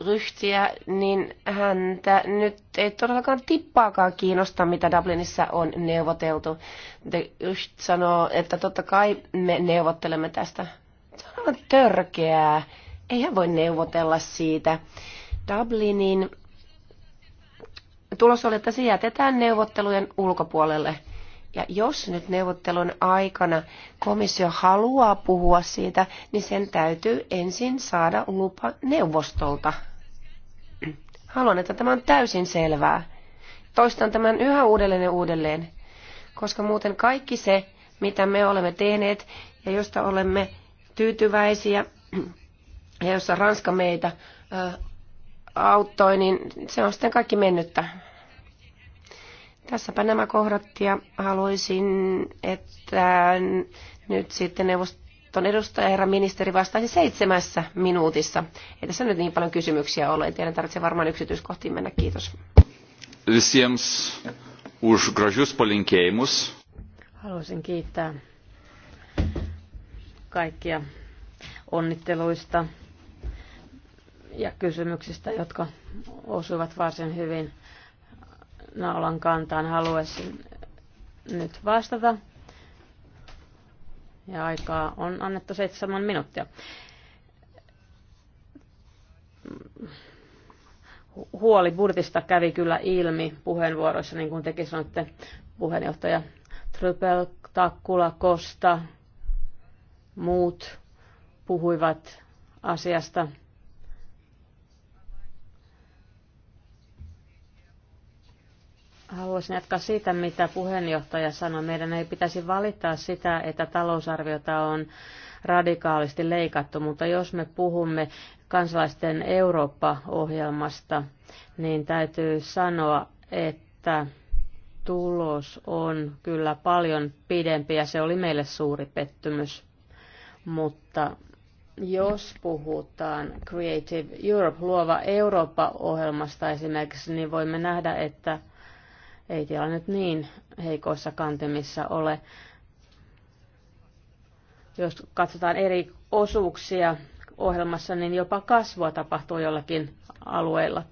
ryhtiä, niin häntä nyt ei todellakaan tippaakaan kiinnosta, mitä Dublinissa on neuvoteltu. De Yht sanoo, että totta kai me neuvottelemme tästä. Se on aivan törkeää. Eihän voi neuvotella siitä. Dublinin tulos oli, että se jätetään neuvottelujen ulkopuolelle. Ja jos nyt neuvottelun aikana komissio haluaa puhua siitä, niin sen täytyy ensin saada lupa neuvostolta Haluan, että tämä on täysin selvää. Toistan tämän yhä uudelleen ja uudelleen, koska muuten kaikki se, mitä me olemme tehneet ja josta olemme tyytyväisiä ja jossa Ranska meitä auttoi, niin se on sitten kaikki mennyttä. Tässäpä nämä kohdat ja haluaisin, että nyt sitten neuvosto tuon edustaja, herra ministeri, vastaisi seitsemässä minuutissa. Ei tässä nyt niin paljon kysymyksiä ole. En tiedä, tarvitsee varmaan yksityiskohtiin mennä. Kiitos. Visiems už gražius palinkėjimus. Haluaisin kiittää kaikkia onnitteluista ja kysymyksistä, jotka osuivat varsin hyvin naulan kantaan. Haluaisin nyt vastata ja aikaa on annettu seitsemän minuuttia. Huoli budjetista kävi kyllä ilmi puheenvuoroissa, niin kuin tekin sanoitte, puheenjohtaja Trypel, Takkula, Kosta, muut puhuivat asiasta Haluaisin jatkaa siitä, mitä puheenjohtaja sanoi. Meidän ei pitäisi valittaa sitä, että talousarviota on radikaalisti leikattu, mutta jos me puhumme kansalaisten Eurooppa-ohjelmasta, niin täytyy sanoa, että tulos on kyllä paljon pidempi ja se oli meille suuri pettymys. Mutta jos puhutaan Creative Europe, luova Eurooppa-ohjelmasta esimerkiksi, niin voimme nähdä, että ei tilanne nyt niin heikoissa kantemissa ole. Jos katsotaan eri osuuksia ohjelmassa, niin jopa kasvua tapahtuu jollakin alueilla.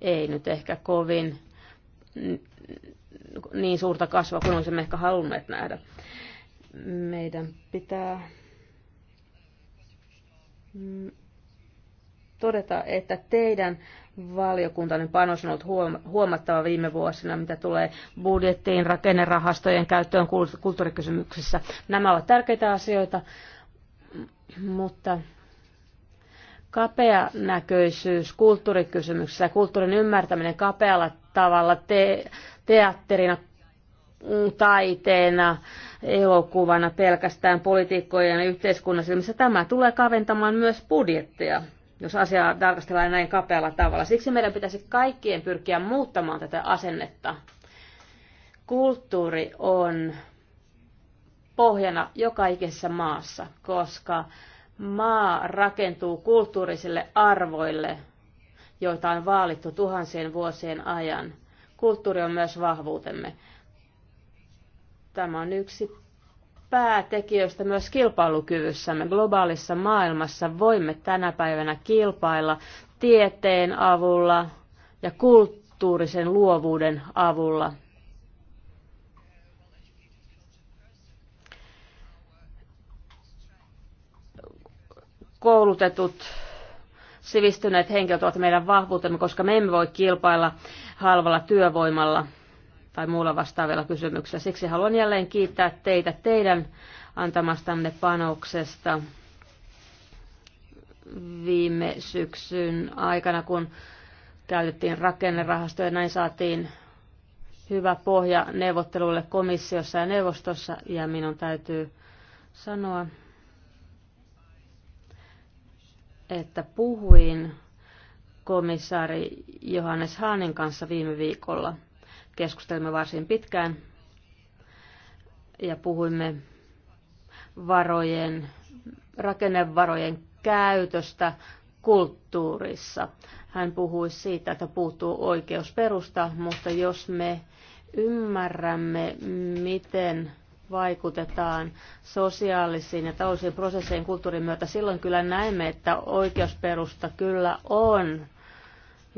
Ei nyt ehkä kovin niin suurta kasvua kuin olisimme ehkä halunneet nähdä. Meidän pitää todeta, että teidän valiokuntanne panos on ollut huomattava viime vuosina, mitä tulee budjettiin, rakennerahastojen käyttöön kulttuurikysymyksissä. Nämä ovat tärkeitä asioita, mutta kapea näköisyys kulttuurikysymyksissä ja kulttuurin ymmärtäminen kapealla tavalla te- teatterina, taiteena, elokuvana pelkästään politiikkojen ja yhteiskunnassa, missä tämä tulee kaventamaan myös budjettia jos asiaa tarkastellaan näin kapealla tavalla. Siksi meidän pitäisi kaikkien pyrkiä muuttamaan tätä asennetta. Kulttuuri on pohjana joka ikisessä maassa, koska maa rakentuu kulttuurisille arvoille, joita on vaalittu tuhansien vuosien ajan. Kulttuuri on myös vahvuutemme. Tämä on yksi päätekijöistä myös kilpailukyvyssämme. Globaalissa maailmassa voimme tänä päivänä kilpailla tieteen avulla ja kulttuurisen luovuuden avulla. Koulutetut sivistyneet henkilöt ovat meidän vahvuutemme, koska me emme voi kilpailla halvalla työvoimalla – tai muulla vastaavilla kysymyksillä. Siksi haluan jälleen kiittää teitä teidän antamastanne panoksesta viime syksyn aikana, kun käytettiin rakennerahastoja ja näin saatiin hyvä pohja neuvotteluille komissiossa ja neuvostossa. Ja minun täytyy sanoa, että puhuin komissaari Johannes Haanin kanssa viime viikolla – Keskustelimme varsin pitkään ja puhuimme varojen, rakennevarojen käytöstä kulttuurissa. Hän puhui siitä, että puuttuu oikeusperusta, mutta jos me ymmärrämme, miten vaikutetaan sosiaalisiin ja taloudellisiin prosesseihin kulttuurin myötä, silloin kyllä näemme, että oikeusperusta kyllä on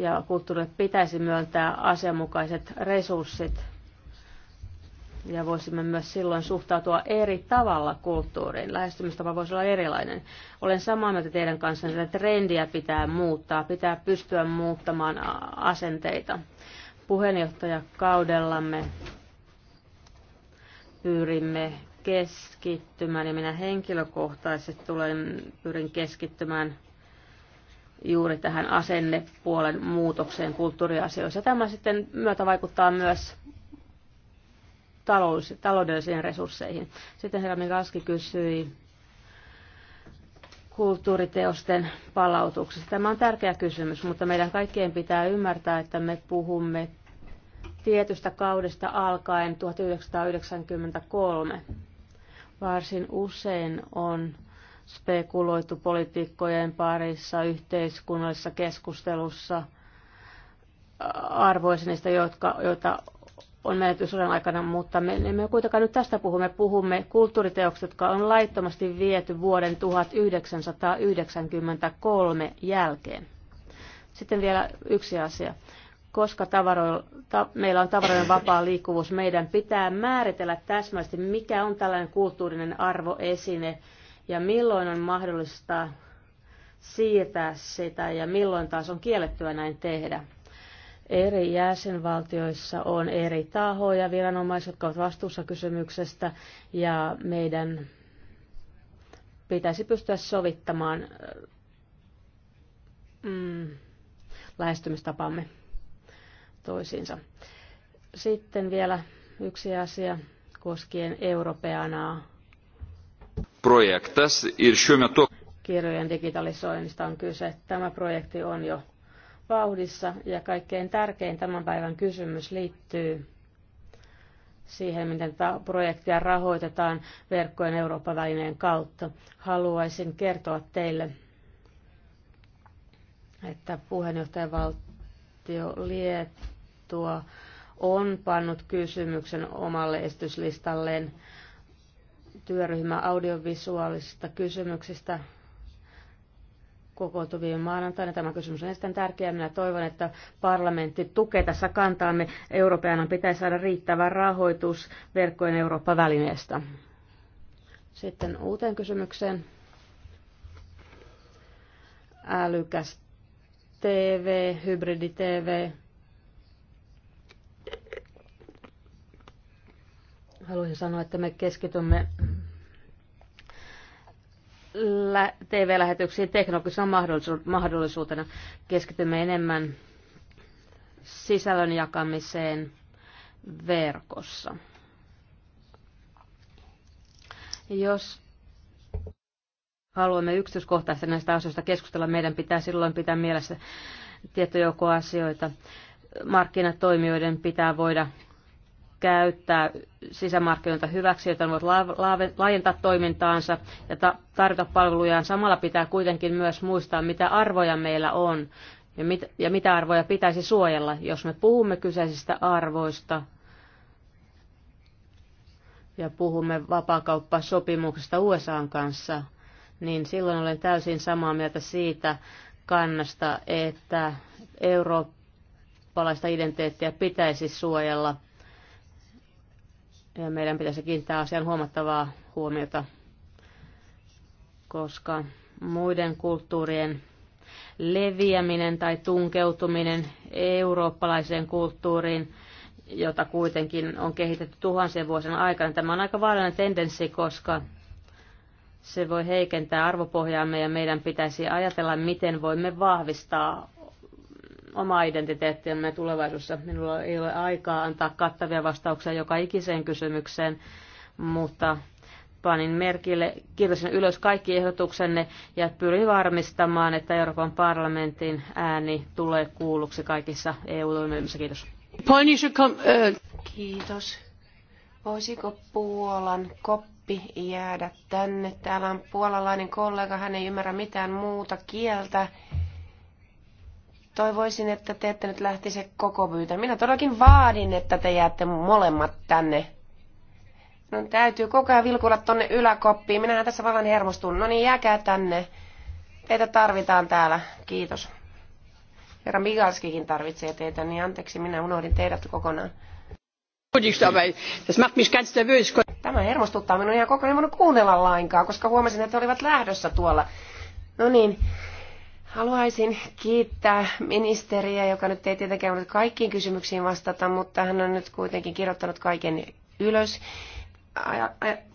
ja kulttuurille pitäisi myöntää asianmukaiset resurssit. Ja voisimme myös silloin suhtautua eri tavalla kulttuuriin. Lähestymistapa voisi olla erilainen. Olen samaa mieltä teidän kanssa, että trendiä pitää muuttaa, pitää pystyä muuttamaan asenteita. Puheenjohtajakaudellamme pyrimme keskittymään ja minä henkilökohtaisesti tulen, pyrin keskittymään juuri tähän asennepuolen muutokseen kulttuuriasioissa. Tämä sitten myötä vaikuttaa myös talous, taloudellisiin resursseihin. Sitten herra Mikalski kysyi kulttuuriteosten palautuksesta. Tämä on tärkeä kysymys, mutta meidän kaikkien pitää ymmärtää, että me puhumme tietystä kaudesta alkaen 1993. Varsin usein on spekuloitu poliitikkojen parissa, yhteiskunnallisessa keskustelussa arvoisi niistä, jotka, joita on menetysodan aikana, mutta me emme kuitenkaan nyt tästä puhumme puhumme kulttuuriteoksista, jotka on laittomasti viety vuoden 1993 jälkeen. Sitten vielä yksi asia. Koska tavaroilla, ta, meillä on tavaroiden vapaa liikkuvuus, meidän pitää määritellä täsmällisesti, mikä on tällainen kulttuurinen arvoesine, ja milloin on mahdollista siirtää sitä ja milloin taas on kiellettyä näin tehdä. Eri jäsenvaltioissa on eri tahoja, viranomaiset, jotka ovat vastuussa kysymyksestä ja meidän pitäisi pystyä sovittamaan mm, lähestymistapamme toisiinsa. Sitten vielä yksi asia koskien europeanaa projektas ir šiuo metu. Kirjojen digitalisoinnista on kyse. Tämä projekti on jo vauhdissa ja kaikkein tärkein tämän päivän kysymys liittyy siihen, miten tätä projektia rahoitetaan verkkojen Euroopan välineen kautta. Haluaisin kertoa teille, että puheenjohtajavaltio Liettua on pannut kysymyksen omalle esityslistalleen työryhmä audiovisuaalisista kysymyksistä kokoontui viime maanantaina. Tämä kysymys on erittäin tärkeä. Minä toivon, että parlamentti tukee tässä kantaamme. Euroopan pitäisi saada riittävä rahoitus verkkojen Eurooppa-välineestä. Sitten uuteen kysymykseen. Älykäs TV, hybridi TV. Haluaisin sanoa, että me keskitymme TV-lähetyksiin teknologisena mahdollisuutena. Keskitymme enemmän sisällön jakamiseen verkossa. Jos haluamme yksityiskohtaisesti näistä asioista keskustella, meidän pitää silloin pitää mielessä tietty asioita. Markkinatoimijoiden pitää voida käyttää sisämarkkinoita hyväksi, jotta ne voivat laajentaa toimintaansa ja ta- tarjota palvelujaan. Samalla pitää kuitenkin myös muistaa, mitä arvoja meillä on ja, mit- ja mitä arvoja pitäisi suojella. Jos me puhumme kyseisistä arvoista ja puhumme vapaakauppasopimuksesta USAn kanssa, niin silloin olen täysin samaa mieltä siitä kannasta, että eurooppalaista identiteettiä pitäisi suojella ja meidän pitäisi kiinnittää asian huomattavaa huomiota, koska muiden kulttuurien leviäminen tai tunkeutuminen eurooppalaiseen kulttuuriin, jota kuitenkin on kehitetty tuhansien vuosien aikana. Tämä on aika vaarallinen tendenssi, koska se voi heikentää arvopohjaamme ja meidän pitäisi ajatella, miten voimme vahvistaa oma identiteettiämme tulevaisuudessa. Minulla ei ole aikaa antaa kattavia vastauksia joka ikiseen kysymykseen, mutta panin merkille, kirjasin ylös kaikki ehdotuksenne ja pyrin varmistamaan, että Euroopan parlamentin ääni tulee kuulluksi kaikissa EU-toimielimissä. Kiitos. Äh, Kiitos. Voisiko Puolan koppi jäädä tänne? Täällä on puolalainen kollega, hän ei ymmärrä mitään muuta kieltä. Toivoisin, että te ette nyt lähtisi koko pyytä. Minä todellakin vaadin, että te jäätte molemmat tänne. No täytyy koko ajan vilkulla tonne yläkoppiin. Minähän tässä vallan hermostun. No niin, jääkää tänne. Teitä tarvitaan täällä. Kiitos. Herra Migalskikin tarvitsee teitä, niin anteeksi, minä unohdin teidät kokonaan. Tämä hermostuttaa minun ihan koko ajan kuunnella lainkaan, koska huomasin, että he olivat lähdössä tuolla. No niin, Haluaisin kiittää ministeriä, joka nyt ei tietenkään voinut kaikkiin kysymyksiin vastata, mutta hän on nyt kuitenkin kirjoittanut kaiken ylös.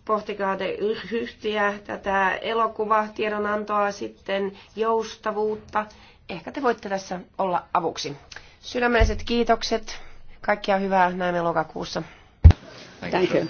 Pohtikaa te yhtiä, tätä elokuvatiedonantoa, sitten joustavuutta. Ehkä te voitte tässä olla avuksi. Sydämelliset kiitokset. Kaikkia hyvää näemme lokakuussa. Thank you.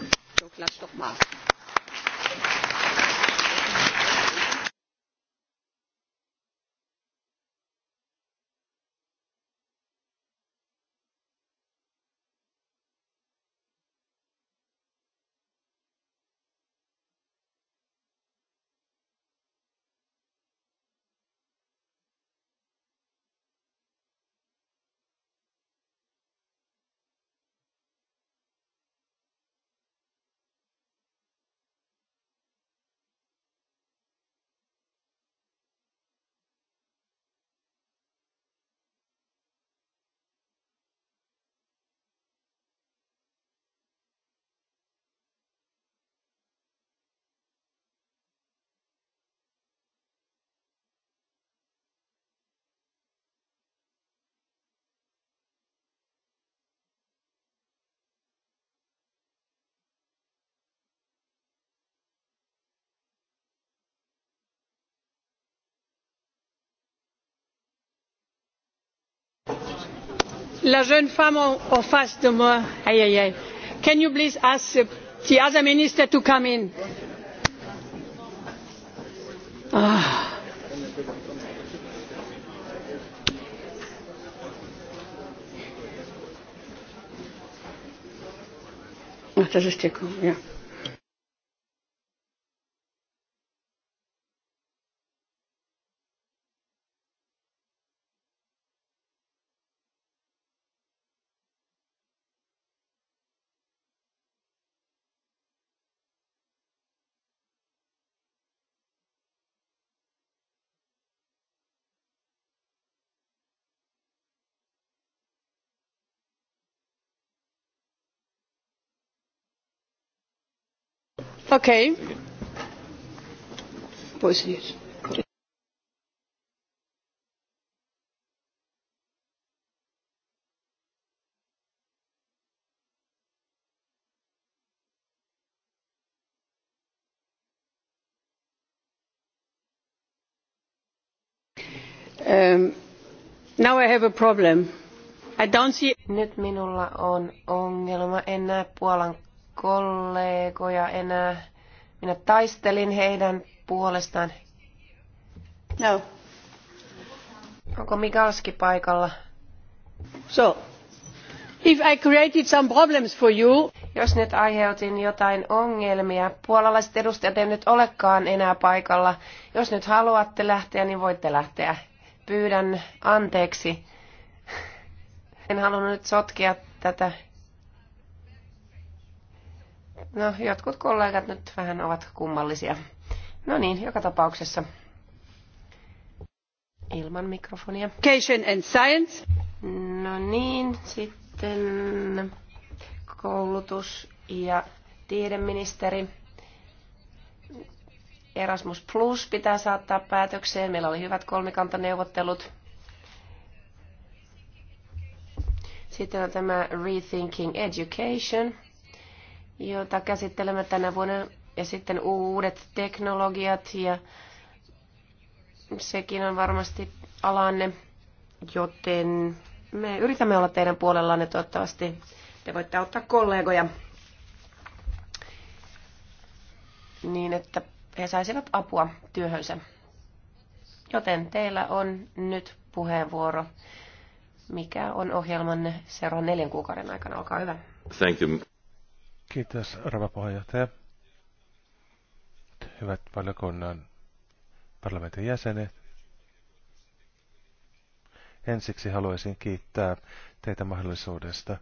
la jeune femme en face de moi aïe aïe aïe can you please ask the other minister to come in ah. Ach, das ist der Kuh, ja. Okay. Um, now I have a problem. I don't see... Nyt minulla on ongelma. En näe Puolan kollegoja enää. Minä taistelin heidän puolestaan. No. Onko Mikalski paikalla? So, if I created some problems for you... Jos nyt aiheutin jotain ongelmia, puolalaiset edustajat eivät nyt olekaan enää paikalla. Jos nyt haluatte lähteä, niin voitte lähteä. Pyydän anteeksi. En halunnut nyt sotkea tätä No, jotkut kollegat nyt vähän ovat kummallisia. No niin, joka tapauksessa. Ilman mikrofonia. Education and science. No niin, sitten koulutus ja tiedeministeri. Erasmus Plus pitää saattaa päätökseen. Meillä oli hyvät kolmikantaneuvottelut. Sitten on tämä Rethinking Education jota käsittelemme tänä vuonna, ja sitten uudet teknologiat, ja sekin on varmasti alanne, joten me yritämme olla teidän puolellanne toivottavasti. Te voitte auttaa kollegoja niin, että he saisivat apua työhönsä. Joten teillä on nyt puheenvuoro. Mikä on ohjelmanne seuraavan neljän kuukauden aikana? Olkaa hyvä. Thank you. Kiitos, Rava puheenjohtaja. Hyvät valiokunnan parlamentin jäsenet. Ensiksi haluaisin kiittää teitä mahdollisuudesta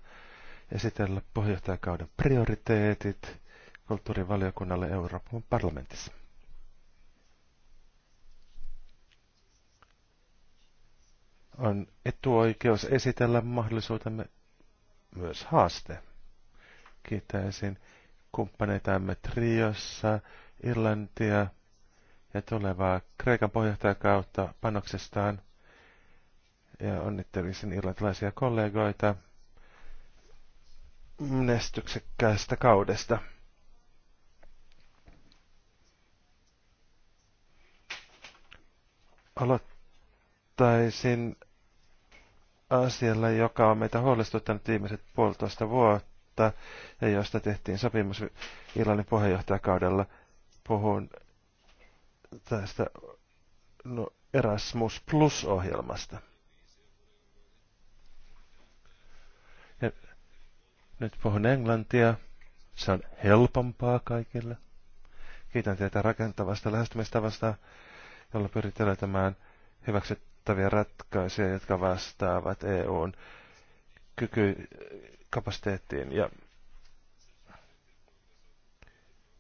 esitellä puheenjohtajakauden prioriteetit kulttuurivaliokunnalle Euroopan parlamentissa. On etuoikeus esitellä mahdollisuutemme myös haaste kiittäisin kumppaneitamme Triossa, Irlantia ja tulevaa Kreikan kautta panoksestaan. Ja onnittelisin irlantilaisia kollegoita menestyksekkäästä kaudesta. Aloittaisin asialla, joka on meitä huolestuttanut viimeiset puolitoista vuotta ja josta tehtiin sopimus Irlannin puheenjohtajakaudella. Puhun tästä no, Erasmus Plus-ohjelmasta. Ja nyt puhun englantia. Se on helpompaa kaikille. Kiitän teitä rakentavasta lähestymistavasta, jolla pyritään löytämään hyväksyttäviä ratkaisuja, jotka vastaavat EUn kyky kapasiteettiin. Ja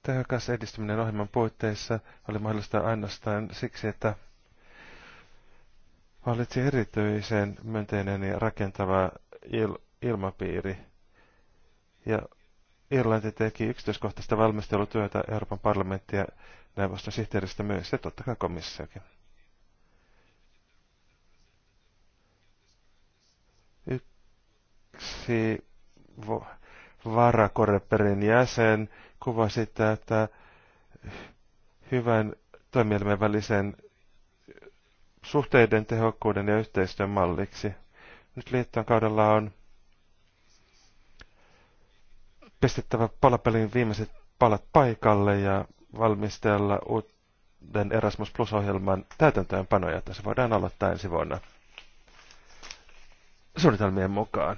tehokas edistyminen ohjelman puitteissa oli mahdollista ainoastaan siksi, että valitsi erityisen myönteinen ja rakentava il- ilmapiiri. Ja Irlanti teki yksityiskohtaista valmistelutyötä Euroopan parlamenttia ja neuvoston sihteeristä myös, ja totta kai komissiokin. Yksi varakoreperin jäsen kuvasi tätä hyvän toimielimen välisen suhteiden tehokkuuden ja yhteistyön malliksi. Nyt liittoon kaudella on pistettävä palapelin viimeiset palat paikalle ja valmistella uuden Erasmus Plus-ohjelman täytäntöönpanoja, että se voidaan aloittaa ensi vuonna suunnitelmien mukaan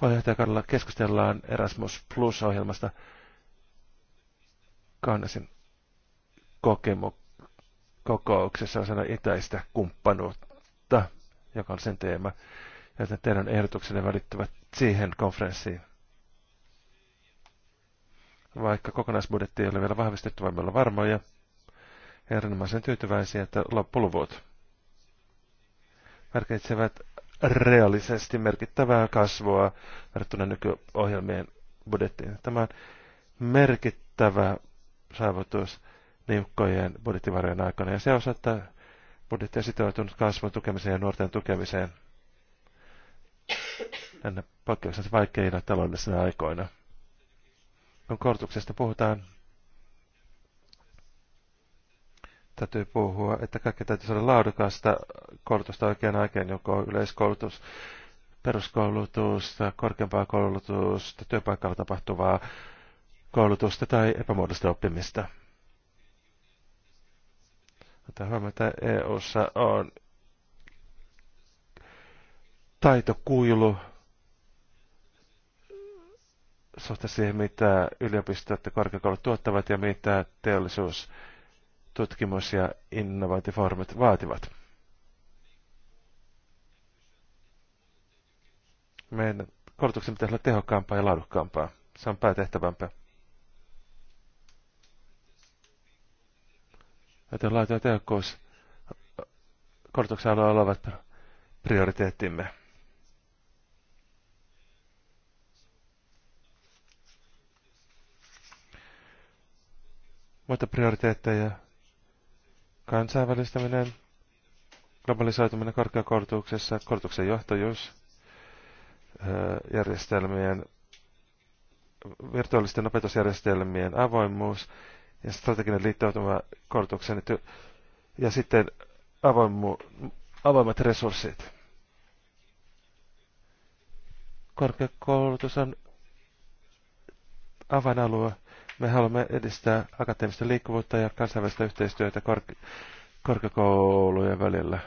puheenjohtajakaudella keskustellaan Erasmus Plus-ohjelmasta Kannasin kokemu kokouksessa osana itäistä kumppanuutta, joka on sen teema, Ja teidän ehdotuksenne välittyvät siihen konferenssiin. Vaikka kokonaisbudjetti ei ole vielä vahvistettu, vaan me ollaan varmoja erinomaisen tyytyväisiä, että loppuluvut merkitsevät reaalisesti merkittävää kasvua verrattuna nykyohjelmien budjettiin. Tämä on merkittävä saavutus niukkojen budjettivarojen aikana ja se budjetti on sitoutunut kasvun tukemiseen ja nuorten tukemiseen tänne poikkeuksellisen vaikeina taloudellisina aikoina. Kun koulutuksesta puhutaan, täytyy puhua, että kaikki täytyy saada laadukasta koulutusta oikean aikaan, joko yleiskoulutus, peruskoulutusta, korkeampaa koulutusta, työpaikalla tapahtuvaa koulutusta tai epämuodosta oppimista. Mutta huomioon, että EU-ssa on taitokuilu suhteessa siihen, mitä yliopistot ja korkeakoulut tuottavat ja mitä teollisuus tutkimus- ja innovaatifoorumit vaativat. Meidän koulutuksen pitäisi olla tehokkaampaa ja laadukkaampaa. Se on päätehtävämpää. Joten laatu ja tehokkuus koulutuksen alueella olevat prioriteettimme. Muita prioriteetteja Kansainvälistäminen, globalisoituminen korkeakoulutuksessa, koulutuksen johtajuus, järjestelmien, virtuaalisten opetusjärjestelmien avoimuus ja strateginen liittoutuma koulutukseen ja sitten avoimu, avoimet resurssit. Korkeakoulutus on avainalue me haluamme edistää akateemista liikkuvuutta ja kansainvälistä yhteistyötä korke- korkeakoulujen välillä.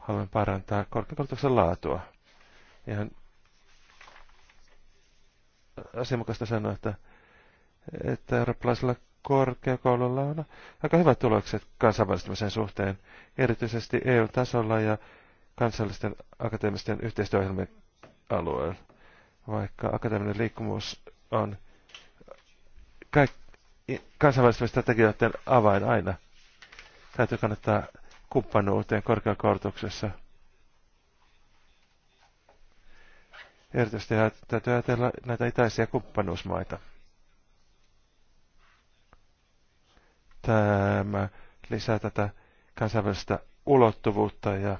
Haluamme parantaa korkeakoulutuksen laatua. Ihan asianmukaista sanoa, että, että eurooppalaisilla korkeakoululla on aika hyvät tulokset kansainvälistymisen suhteen, erityisesti EU-tasolla ja kansallisten akateemisten yhteistyöohjelmien alueella. Vaikka akateeminen liikkumus on Kaik- strategioiden avain aina. Täytyy kannattaa kumppanuuteen korkeakoulutuksessa. Erityisesti täytyy ajatella näitä itäisiä kumppanuusmaita. Tämä lisää tätä kansainvälistä ulottuvuutta ja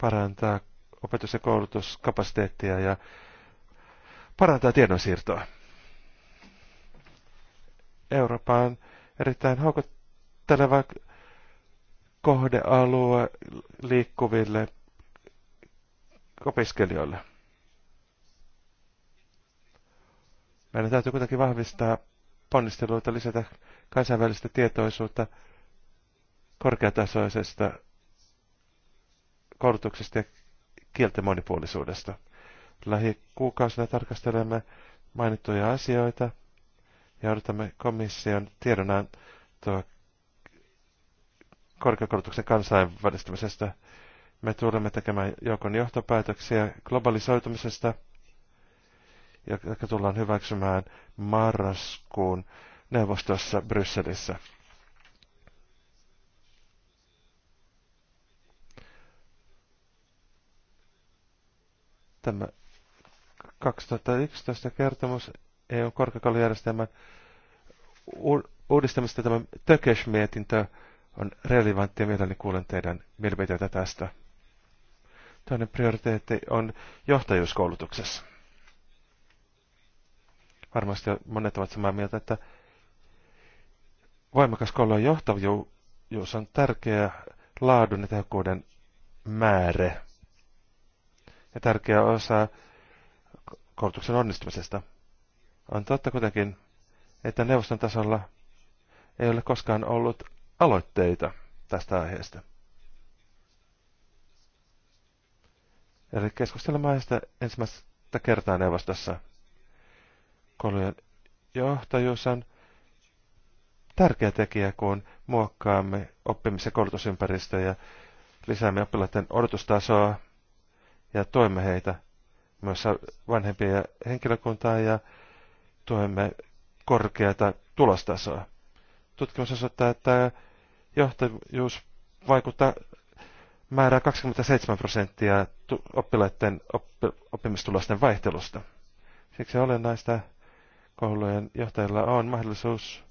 parantaa opetus- ja koulutuskapasiteettia ja parantaa tiedonsiirtoa. Euroopan on erittäin houkutteleva kohdealue liikkuville opiskelijoille. Meidän täytyy kuitenkin vahvistaa ponnisteluita, lisätä kansainvälistä tietoisuutta korkeatasoisesta koulutuksesta ja kielten monipuolisuudesta. Lähikuukausina tarkastelemme mainittuja asioita – ja odotamme komission tiedonan tuo korkeakoulutuksen kansainvälistymisestä. Me tulemme tekemään joukon johtopäätöksiä globalisoitumisesta, joka tullaan hyväksymään marraskuun neuvostossa Brysselissä. Tämä 2011 kertomus EUn korkeakoulujärjestelmän uudistamista tämä Tökes-mietintö on relevantti ja mielelläni kuulen teidän mielipiteitä tästä. Toinen prioriteetti on johtajuuskoulutuksessa. Varmasti monet ovat samaa mieltä, että voimakas koulun johtajuus on tärkeä laadun ja tehokkuuden määrä ja tärkeä osa koulutuksen onnistumisesta. On totta kuitenkin, että neuvoston tasolla ei ole koskaan ollut aloitteita tästä aiheesta. Eli keskustelemme aiheesta ensimmäistä kertaa neuvostossa. Koulujen johtajuus on tärkeä tekijä, kun muokkaamme oppimis- ja koulutusympäristöjä, lisäämme oppilaiden odotustasoa ja toimme heitä myös vanhempia ja henkilökuntaa ja tuemme korkeata tulostasoa. Tutkimus osoittaa, että johtajuus vaikuttaa määrää 27 prosenttia oppilaiden oppi, oppimistulosten vaihtelusta. Siksi olennaista koulujen johtajilla on mahdollisuus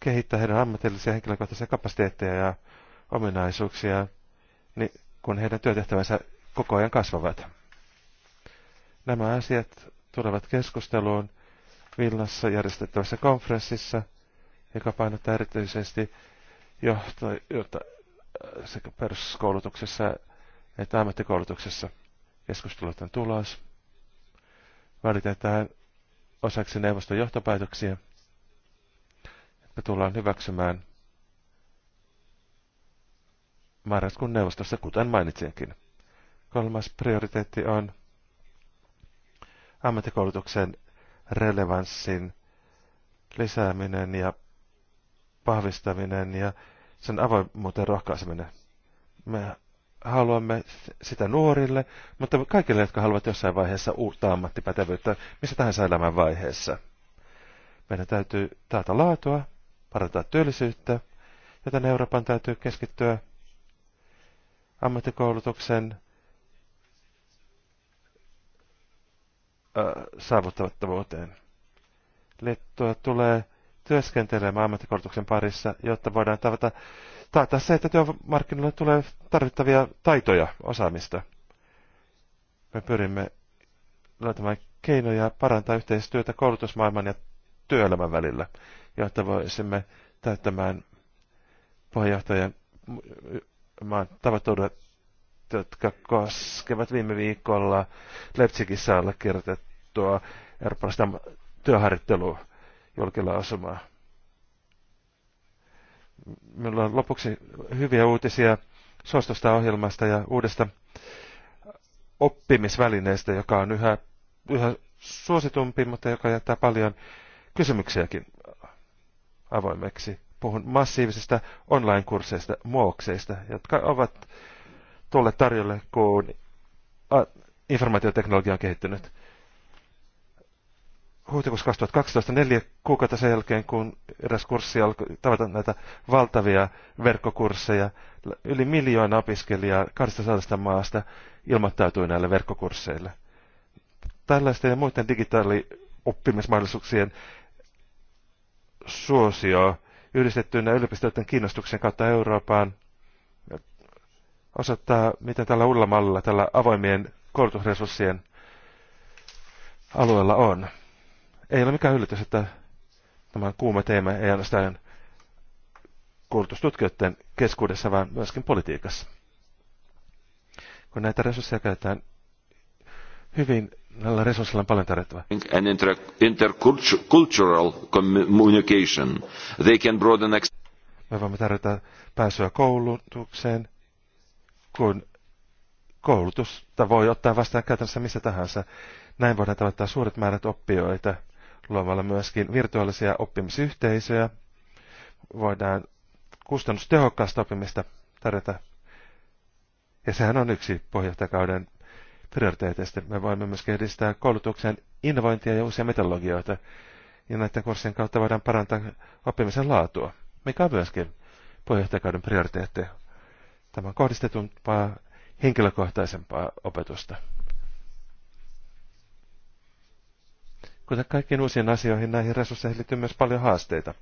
kehittää heidän ammatillisia henkilökohtaisia kapasiteetteja ja ominaisuuksia, niin kun heidän työtehtävänsä koko ajan kasvavat. Nämä asiat tulevat keskusteluun Villassa järjestettävässä konferenssissa, joka painottaa erityisesti johtajuutta äh, sekä peruskoulutuksessa että ammattikoulutuksessa. Keskustelut tulos. Välitetään osaksi neuvoston johtopäätöksiä, jotka tullaan hyväksymään marraskuun neuvostossa, kuten mainitsinkin. Kolmas prioriteetti on ammattikoulutuksen relevanssin lisääminen ja vahvistaminen ja sen avoimuuteen rohkaiseminen. Me haluamme sitä nuorille, mutta kaikille, jotka haluavat jossain vaiheessa uutta ammattipätevyyttä, missä tahansa elämän vaiheessa. Meidän täytyy taata laatua, parantaa työllisyyttä, joten Euroopan täytyy keskittyä ammattikoulutuksen saavuttavat tavoitteen. Lettua tulee työskentelemään ammattikoulutuksen parissa, jotta voidaan tavata, taata se, että työmarkkinoille tulee tarvittavia taitoja, osaamista. Me pyrimme löytämään keinoja parantaa yhteistyötä koulutusmaailman ja työelämän välillä, jotta voisimme täyttämään puheenjohtajan maan tavoitteet jotka koskevat viime viikolla Leipzigissä allekirjoitettua eurooppalaista työharjoittelua julkilausumaa. Meillä on lopuksi hyviä uutisia suostosta ohjelmasta ja uudesta oppimisvälineestä, joka on yhä, yhä suositumpi, mutta joka jättää paljon kysymyksiäkin avoimeksi. Puhun massiivisista online-kursseista, muokseista, jotka ovat tuolle tarjolle, kun informaatioteknologia on kehittynyt. Huhtikuussa 2012, neljä kuukautta sen jälkeen, kun eräs kurssi alkoi tavata näitä valtavia verkkokursseja, yli miljoona opiskelijaa 200 maasta ilmoittautui näille verkkokursseille. Tällaisten ja muiden digitaalioppimismahdollisuuksien suosio yhdistettynä yliopistoiden kiinnostuksen kautta Euroopaan osoittaa, mitä tällä uudella mallilla, tällä avoimien koulutusresurssien alueella on. Ei ole mikään yllätys, että tämä kuuma teema ei ainoastaan koulutustutkijoiden keskuudessa, vaan myöskin politiikassa. Kun näitä resursseja käytetään hyvin, näillä resursseilla on paljon tarjottavaa. intercultural inter communication. They can broaden... Me voimme tarjota pääsyä koulutukseen, kun koulutusta voi ottaa vastaan käytännössä missä tahansa. Näin voidaan tavoittaa suuret määrät oppijoita luomalla myöskin virtuaalisia oppimisyhteisöjä. Voidaan kustannustehokkaasta oppimista tarjota. Ja sehän on yksi pohjohtajakauden prioriteeteista. Me voimme myös edistää koulutuksen innovointia ja uusia metodologioita. Ja näiden kurssien kautta voidaan parantaa oppimisen laatua, mikä on myöskin puheenjohtajakauden prioriteetteja. Tämä on kohdistetumpaa, henkilökohtaisempaa opetusta. Kuten kaikkiin uusiin asioihin, näihin resursseihin liittyy myös paljon haasteita.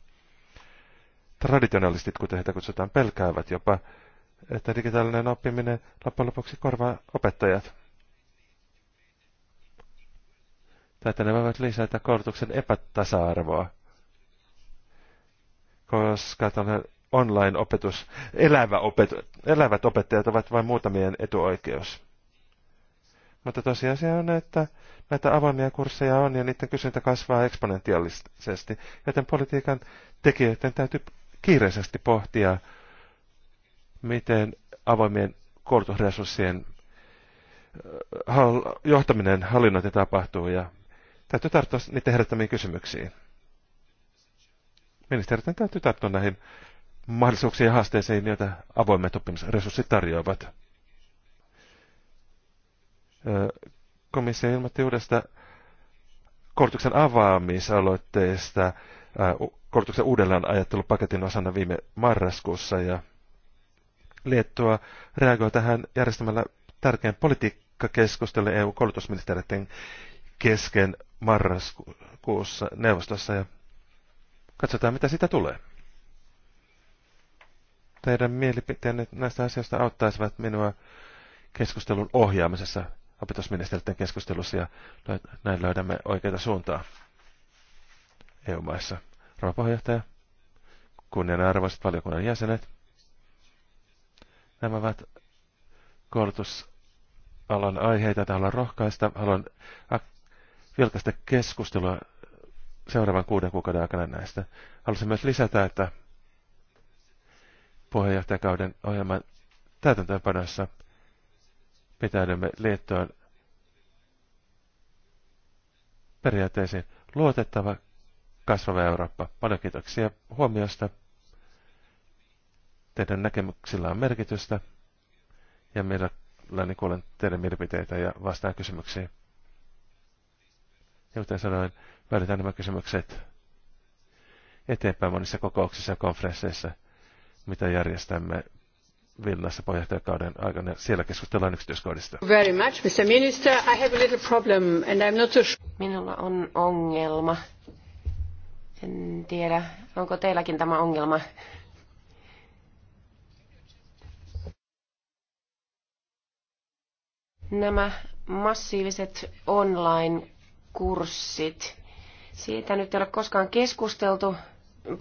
Traditionalistit, kuten heitä kutsutaan, pelkäävät jopa, että digitaalinen oppiminen loppujen lopuksi korvaa opettajat. Tai että ne voivat lisätä koulutuksen epätasa-arvoa, koska online-opetus, elävä opetu, elävät opettajat ovat vain muutamien etuoikeus. Mutta tosiasia on, että näitä avoimia kursseja on ja niiden kysyntä kasvaa eksponentiaalisesti, joten politiikan tekijöiden täytyy kiireisesti pohtia, miten avoimien koulutusresurssien äh, johtaminen, hallinnointi tapahtuu ja täytyy tarttua niiden herättämiin kysymyksiin. Ministeriöiden täytyy tarttua näihin mahdollisuuksiin ja haasteisiin, joita avoimet oppimisresurssit tarjoavat. Komissio ilmoitti uudesta koulutuksen avaamisaloitteesta koulutuksen uudelleen ajattelupaketin osana viime marraskuussa ja Liettua reagoi tähän järjestämällä tärkeän politiikkakeskustelun EU-koulutusministeriöiden kesken marraskuussa neuvostossa ja katsotaan mitä siitä tulee. Teidän mielipiteenne näistä asioista auttaisivat minua keskustelun ohjaamisessa opetusministeriöiden keskustelussa ja näin löydämme oikeita suuntaa EU-maissa. Rouva puheenjohtaja, kunnianarvoiset valiokunnan jäsenet, nämä ovat koulutusalan aiheita, joita haluan rohkaista. Haluan vilkaista keskustelua seuraavan kuuden kuukauden aikana näistä. Haluaisin myös lisätä, että puheenjohtajakauden ohjelman täytäntöönpanossa pitäydymme Liettuan periaatteisiin. Luotettava, kasvava Eurooppa. Paljon kiitoksia huomiosta. Teidän näkemyksillä on merkitystä ja mielelläni kuulen teidän mielipiteitä ja vastaan kysymyksiin. Ja kuten sanoin, välitän nämä kysymykset eteenpäin monissa kokouksissa ja konferensseissa mitä järjestämme Vilnassa puheenjohtajakauden aikana. Siellä keskustellaan yksityiskohdista. Minulla on ongelma. En tiedä, onko teilläkin tämä ongelma. Nämä massiiviset online-kurssit. Siitä nyt ei ole koskaan keskusteltu.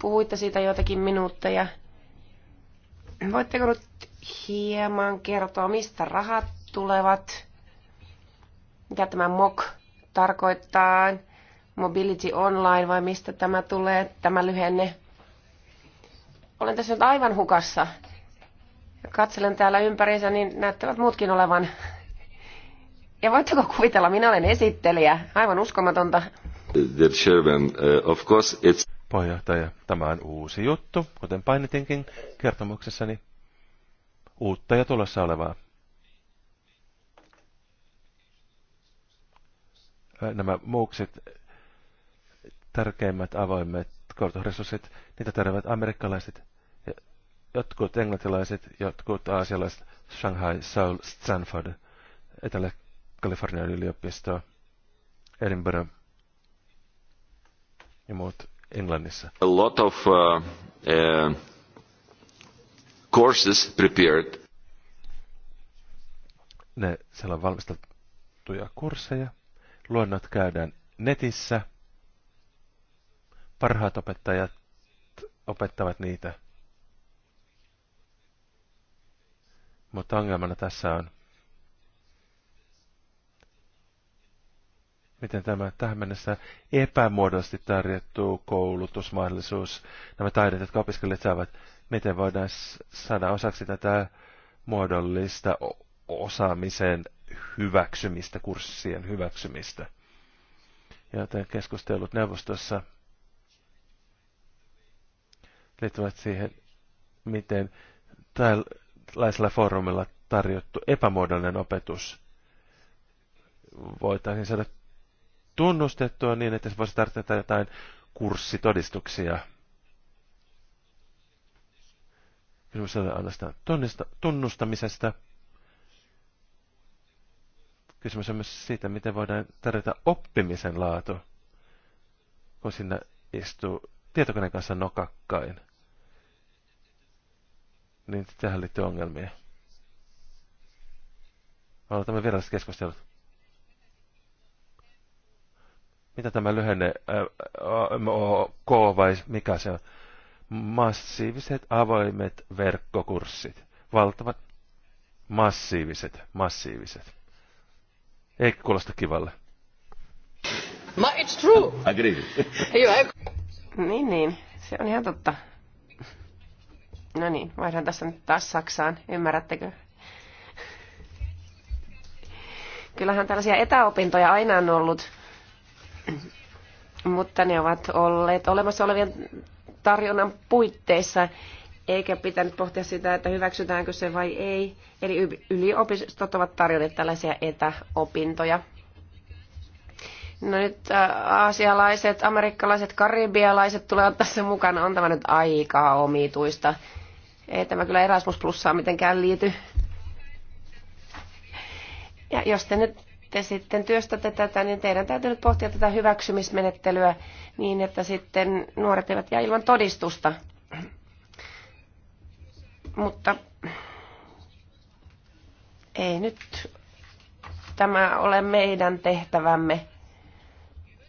Puhuitte siitä joitakin minuutteja. Voitteko nyt hieman kertoa, mistä rahat tulevat? Mitä tämä MOC tarkoittaa? Mobility Online vai mistä tämä tulee, tämä lyhenne? Olen tässä nyt aivan hukassa. Katselen täällä ympäriinsä, niin näyttävät muutkin olevan. Ja voitteko kuvitella, minä olen esittelijä. Aivan uskomatonta. The Chairman, uh, of course it's... Puheenjohtaja, tämä on uusi juttu, kuten painitinkin kertomuksessani. Uutta ja tulossa olevaa. Nämä muukset tärkeimmät avoimet koulutusresurssit, niitä tarvitsevat amerikkalaiset, jotkut englantilaiset, jotkut aasialaiset, Shanghai, Seoul, Stanford, Etelä-Kalifornian yliopisto, Edinburgh ja muut Englannissa? A lot of uh, uh, courses prepared. Ne, siellä on valmisteltuja kursseja. Luennot käydään netissä. Parhaat opettajat opettavat niitä. Mutta ongelmana tässä on, miten tämä tähän mennessä epämuodollisesti tarjottu koulutusmahdollisuus, nämä taidot, jotka opiskelijat saavat, miten voidaan saada osaksi tätä muodollista osaamisen hyväksymistä, kurssien hyväksymistä. Ja tämän keskustelut neuvostossa liittyvät siihen, miten tällaisella foorumilla tarjottu epämuodollinen opetus voitaisiin saada tunnustettua niin, että se voisi tarvita jotain kurssitodistuksia. Kysymys ei ole ainoastaan tunnustamisesta. Kysymys on myös siitä, miten voidaan tarjota oppimisen laatu, kun sinne istuu tietokoneen kanssa nokakkain. Niin tähän liittyy ongelmia. Aloitamme viralliset keskustelut. Mitä tämä lyhenne, K vai mikä se on? Massiiviset avoimet verkkokurssit. Valtavat massiiviset, massiiviset. Ei kuulosta kivalle. Ma, it's true. Agree. niin, niin. Se on ihan totta. No niin, vaihdan tässä nyt taas Saksaan. Ymmärrättekö? Kyllähän tällaisia etäopintoja aina on ollut mutta ne ovat olleet olemassa olevien tarjonnan puitteissa, eikä pitänyt pohtia sitä, että hyväksytäänkö se vai ei. Eli yliopistot ovat tarjonneet tällaisia etäopintoja. No nyt aasialaiset, amerikkalaiset, karibialaiset tulevat tässä mukana. On tämä nyt aika omituista. Ei tämä kyllä Erasmus Plussaa mitenkään liity. Ja jos te nyt te sitten työstätte tätä, niin teidän täytyy nyt pohtia tätä hyväksymismenettelyä niin, että sitten nuoret eivät jää ilman todistusta. Mutta ei nyt tämä ole meidän tehtävämme.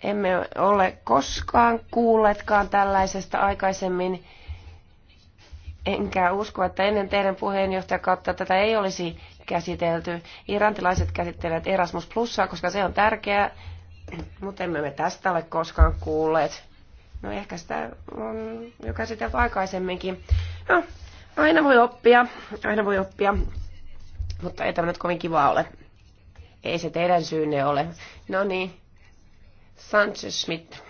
Emme ole koskaan kuulleetkaan tällaisesta aikaisemmin. Enkä usko, että ennen teidän puheenjohtajakautta tätä ei olisi käsitelty. Irantilaiset käsittelevät Erasmus Plussaa, koska se on tärkeää, mutta emme me tästä ole koskaan kuulleet. No ehkä sitä on jo käsitelty aikaisemminkin. No, aina voi oppia, aina voi oppia, mutta ei tämä nyt kovin kiva ole. Ei se teidän syynne ole. No niin, Sanchez Schmidt.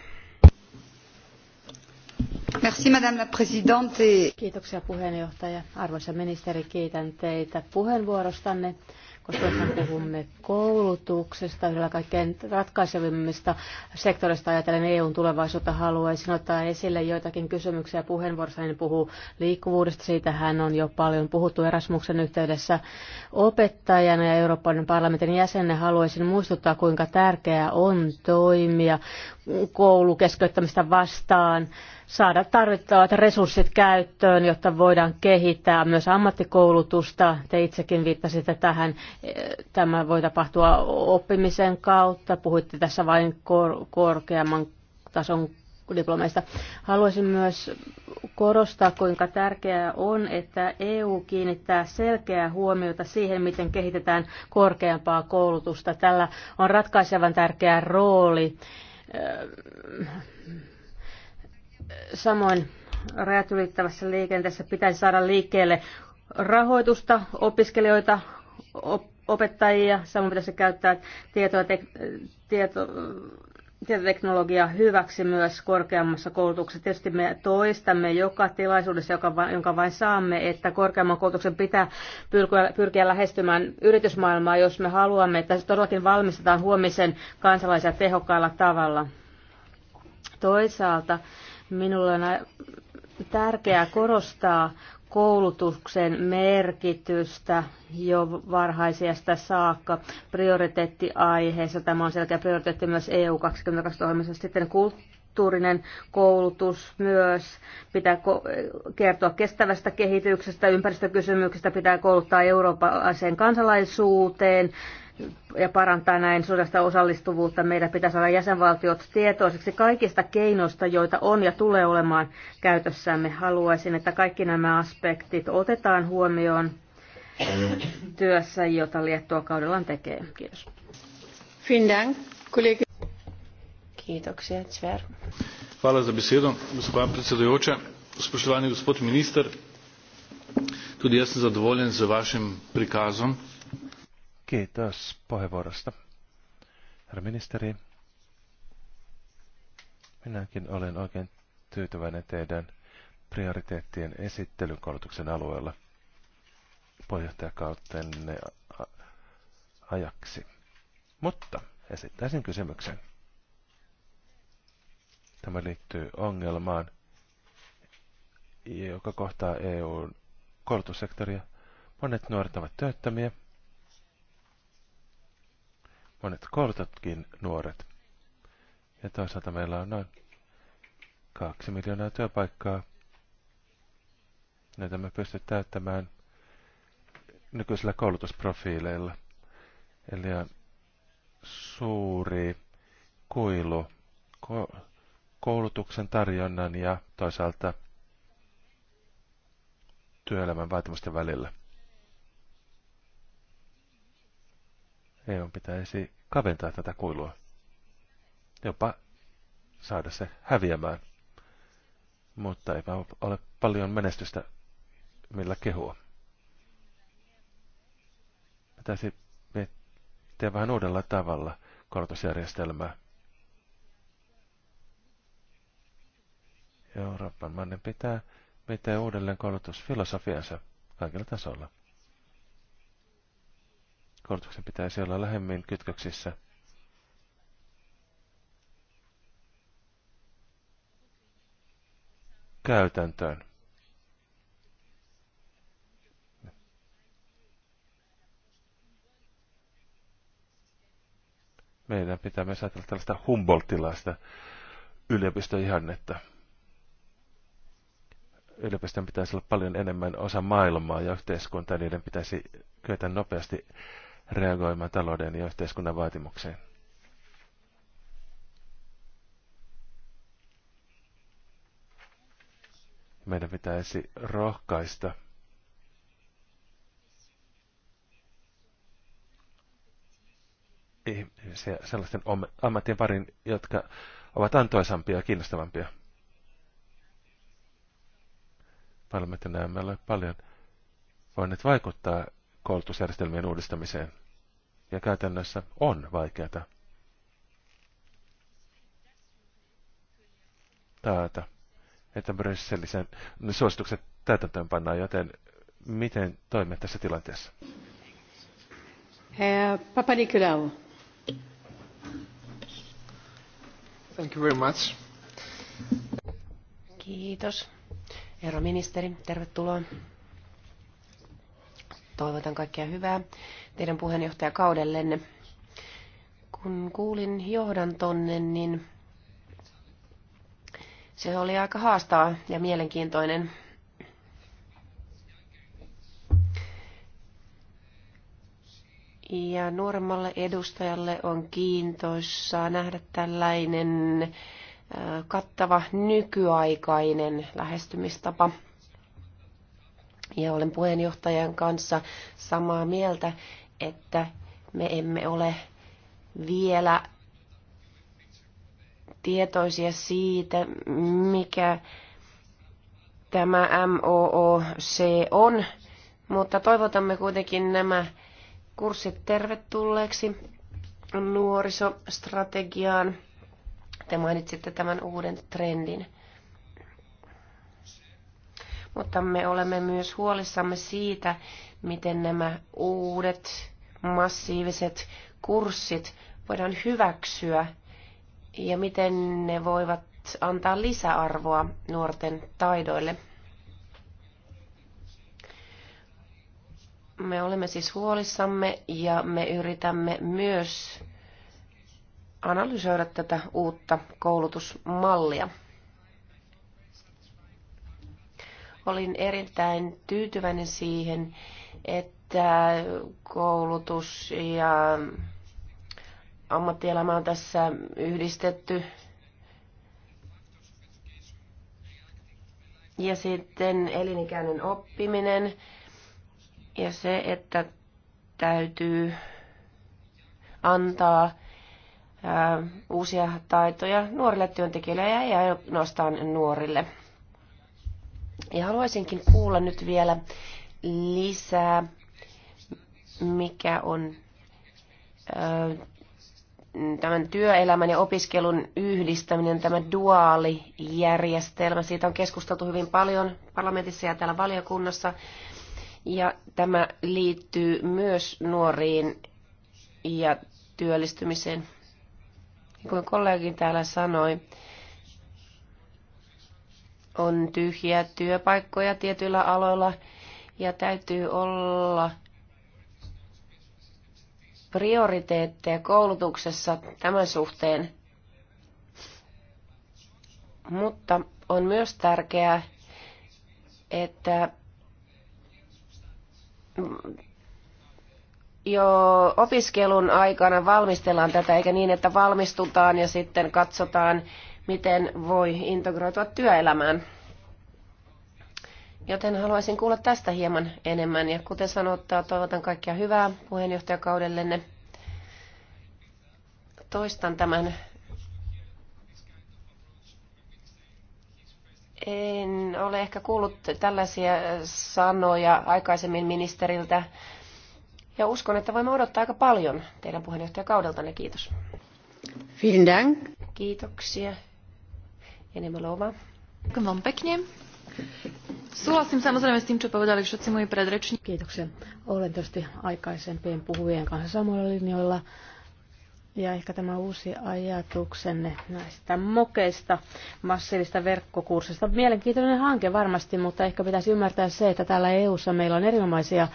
Madame la Présidente. Kiitoksia puheenjohtaja. Arvoisa ministeri, kiitän teitä puheenvuorostanne, koska puhumme koulutuksesta, yhdellä kaikkein ratkaisevimmista sektoreista ajatellen EUn tulevaisuutta. Haluaisin ottaa esille joitakin kysymyksiä puheenvuorossa. Hän puhuu liikkuvuudesta, siitä hän on jo paljon puhuttu Erasmuksen yhteydessä opettajana ja Euroopan parlamentin jäsenenä. Haluaisin muistuttaa, kuinka tärkeää on toimia koulukeskeyttämistä vastaan saada tarvittavat resurssit käyttöön, jotta voidaan kehittää myös ammattikoulutusta. Te itsekin viittasitte tähän. Tämä voi tapahtua oppimisen kautta. Puhuitte tässä vain kor- korkeamman tason diplomeista. Haluaisin myös korostaa, kuinka tärkeää on, että EU kiinnittää selkeää huomiota siihen, miten kehitetään korkeampaa koulutusta. Tällä on ratkaisevan tärkeä rooli Samoin rajat ylittävässä liikenteessä pitäisi saada liikkeelle rahoitusta, opiskelijoita, opettajia, samoin pitäisi käyttää tietoa, te, tieto, tietoteknologiaa hyväksi myös korkeammassa koulutuksessa. Tietysti me toistamme joka tilaisuudessa, joka, jonka vain saamme, että korkeamman koulutuksen pitää pyrkiä, pyrkiä lähestymään yritysmaailmaa, jos me haluamme, että se todellakin valmistetaan huomisen kansalaisia tehokkaalla tavalla. Toisaalta Minulle on tärkeää korostaa koulutuksen merkitystä jo varhaisesta saakka prioriteettiaiheessa. Tämä on selkeä prioriteetti myös EU 2020 sitten kulttuurinen koulutus myös. Pitää kertoa kestävästä kehityksestä, ympäristökysymyksistä, pitää kouluttaa eurooppalaiseen kansalaisuuteen, ja parantaa näin sodasta osallistuvuutta. Meidän pitää saada jäsenvaltiot tietoiseksi kaikista keinoista, joita on ja tulee olemaan käytössämme. Haluaisin, että kaikki nämä aspektit otetaan huomioon työssä, jota Liettua kaudellaan tekee. Kiitos. Kiitoksia, Tsver. Hvala za besedo, gospa predsedujoča. Spoštovani gospod minister, tudi jaz sem zadovoljen z vašim prikazom Kiitos puheenvuorosta. Herra ministeri, minäkin olen oikein tyytyväinen teidän prioriteettien esittelyn koulutuksen alueella puheenjohtajakautenne ajaksi. Mutta esittäisin kysymyksen. Tämä liittyy ongelmaan, joka kohtaa eu koulutussektoria. Monet nuoret ovat työttömiä – monet kortatkin nuoret. Ja toisaalta meillä on noin kaksi miljoonaa työpaikkaa. Näitä me pystyt täyttämään nykyisillä koulutusprofiileilla. Eli on suuri kuilu ko- koulutuksen tarjonnan ja toisaalta työelämän vaatimusten välillä. EUn pitäisi kaventaa tätä kuilua, jopa saada se häviämään. Mutta ei ole paljon menestystä, millä kehua. Pitäisi miettiä vähän uudella tavalla korotusjärjestelmää. Euroopan mannen pitää miettiä uudelleen koulutusfilosofiansa kaikilla tasolla. Koulutuksen pitäisi olla lähemmin kytköksissä käytäntöön. Meidän pitää myös ajatella tällaista Humboldt-tilaista yliopistoihannetta. Yliopiston pitäisi olla paljon enemmän osa maailmaa ja yhteiskuntaa, niiden pitäisi kyetä nopeasti reagoimaan talouden ja yhteiskunnan vaatimukseen. Meidän pitäisi rohkaista ihmisiä sellaisten ammattien parin, jotka ovat antoisampia ja kiinnostavampia. Parlamentti näemme paljon voineet vaikuttaa koulutusjärjestelmien uudistamiseen ja käytännössä on vaikeata Täältä, että Brysselisen suositukset täytäntöön pannaan, joten miten toimia tässä tilanteessa? Herr Papa Nikolaou. Thank you very much. Kiitos. Herra ministeri, tervetuloa toivotan kaikkea hyvää teidän puheenjohtajakaudellenne. Kun kuulin johdantonne, niin se oli aika haastava ja mielenkiintoinen. Ja nuoremmalle edustajalle on kiintoissa nähdä tällainen äh, kattava nykyaikainen lähestymistapa – ja olen puheenjohtajan kanssa samaa mieltä, että me emme ole vielä tietoisia siitä, mikä tämä MOOC on, mutta toivotamme kuitenkin nämä kurssit tervetulleeksi nuorisostrategiaan. Te mainitsitte tämän uuden trendin mutta me olemme myös huolissamme siitä, miten nämä uudet massiiviset kurssit voidaan hyväksyä ja miten ne voivat antaa lisäarvoa nuorten taidoille. Me olemme siis huolissamme ja me yritämme myös analysoida tätä uutta koulutusmallia. Olin erittäin tyytyväinen siihen, että koulutus ja ammattielämä on tässä yhdistetty. Ja sitten elinikäinen oppiminen ja se, että täytyy antaa ää, uusia taitoja nuorille työntekijöille ja ei ainoastaan nuorille. Ja haluaisinkin kuulla nyt vielä lisää, mikä on tämän työelämän ja opiskelun yhdistäminen, tämä duaalijärjestelmä. Siitä on keskusteltu hyvin paljon parlamentissa ja täällä valiokunnassa. Ja tämä liittyy myös nuoriin ja työllistymiseen. Niin Kuten kollegin täällä sanoi, on tyhjiä työpaikkoja tietyillä aloilla ja täytyy olla prioriteetteja koulutuksessa tämän suhteen. Mutta on myös tärkeää, että jo opiskelun aikana valmistellaan tätä, eikä niin, että valmistutaan ja sitten katsotaan, miten voi integroitua työelämään. Joten haluaisin kuulla tästä hieman enemmän. Ja kuten sanottua, toivotan kaikkia hyvää puheenjohtajakaudellenne. Toistan tämän. En ole ehkä kuullut tällaisia sanoja aikaisemmin ministeriltä. Ja uskon, että voimme odottaa aika paljon teidän puheenjohtajakaudeltanne. Kiitos. Vielen Dank. Kiitoksia. Enemelova. Ďakujem vám pekne. Súhlasím samozrejme s tým, čo povedali všetci moji predrečníci. Kiitoksia. Olen tietysti aikaisempien puhujien kanssa samoilla linjoilla. Ja ehkä tämä uusi ajatuksenne näistä mokeista, massiivista verkkokurssista. Mielenkiintoinen hanke varmasti, mutta ehkä pitäisi ymmärtää se, että täällä EU:ssa meillä on erinomaisia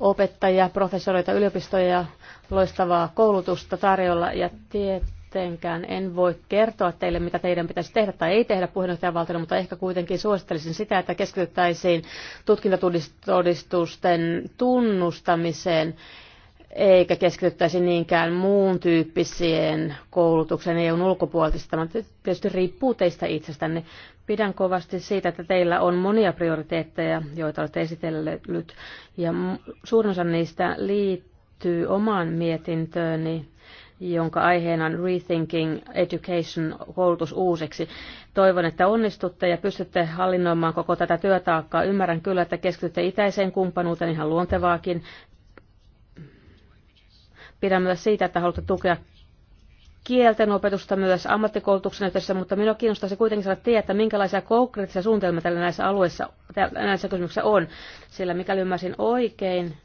opettajia, professoreita, yliopistoja, loistavaa koulutusta tarjolla ja tietoa tietenkään en voi kertoa teille, mitä teidän pitäisi tehdä tai ei tehdä puheenjohtajavaltiona, mutta ehkä kuitenkin suosittelisin sitä, että keskityttäisiin tutkintotodistusten tunnustamiseen eikä keskityttäisi niinkään muun tyyppisiin koulutuksen EUn ulkopuolista. Tämä tietysti riippuu teistä itsestänne. Pidän kovasti siitä, että teillä on monia prioriteetteja, joita olette esitellyt, ja suurin osa niistä liittyy omaan mietintööni jonka aiheena on Rethinking Education koulutus uusiksi. Toivon, että onnistutte ja pystytte hallinnoimaan koko tätä työtaakkaa. Ymmärrän kyllä, että keskitytte itäiseen kumppanuuteen ihan luontevaakin. Pidän myös siitä, että haluatte tukea kielten opetusta myös ammattikoulutuksen yhteydessä, mutta minua kiinnostaisi kuitenkin saada tietää, minkälaisia konkreettisia suunnitelmia tällä näissä alueissa, näissä kysymyksissä on. Sillä mikäli ymmärsin oikein,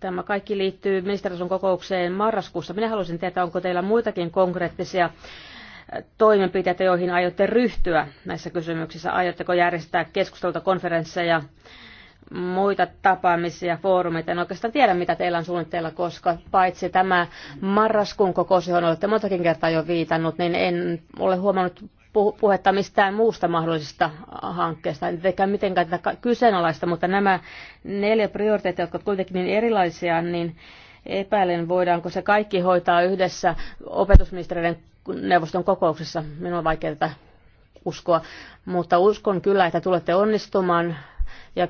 Tämä kaikki liittyy ministeriön kokoukseen marraskuussa. Minä haluaisin tietää, onko teillä muitakin konkreettisia äh, toimenpiteitä, joihin aiotte ryhtyä näissä kysymyksissä? Aiotteko järjestää keskustelta konferensseja, muita tapaamisia, foorumeita? En oikeastaan tiedä, mitä teillä on suunnitteilla, koska paitsi tämä marraskuun kokous, johon olette montakin kertaa jo viitannut, niin en ole huomannut puhetta mistään muusta mahdollisista hankkeesta. En tietenkään mitenkään tätä kyseenalaista, mutta nämä neljä prioriteettia, jotka ovat kuitenkin niin erilaisia, niin epäilen, voidaanko se kaikki hoitaa yhdessä opetusministeriön neuvoston kokouksessa. Minulla on vaikea tätä uskoa, mutta uskon kyllä, että tulette onnistumaan ja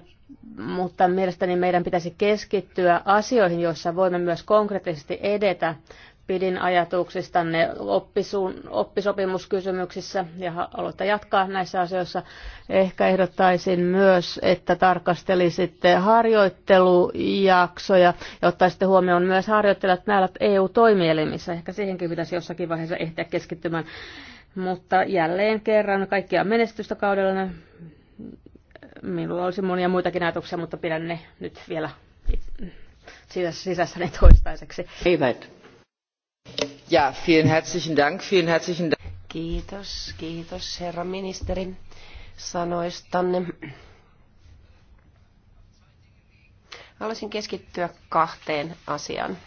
mutta mielestäni meidän pitäisi keskittyä asioihin, joissa voimme myös konkreettisesti edetä pidin ajatuksistanne oppisuun, oppisopimuskysymyksissä ja haluatte jatkaa näissä asioissa. Ehkä ehdottaisin myös, että tarkastelisitte harjoittelujaksoja ja ottaisitte huomioon myös harjoittelijat näillä EU-toimielimissä. Ehkä siihenkin pitäisi jossakin vaiheessa ehtiä keskittymään. Mutta jälleen kerran kaikkia menestystä kaudella. Minulla olisi monia muitakin ajatuksia, mutta pidän ne nyt vielä sisässäni toistaiseksi. Eivät. Ja, vielen herzlichen Dank, vielen herzlichen Dank. Kiitos, kiitos herra ministeri sanoistanne. Haluaisin keskittyä kahteen asiaan.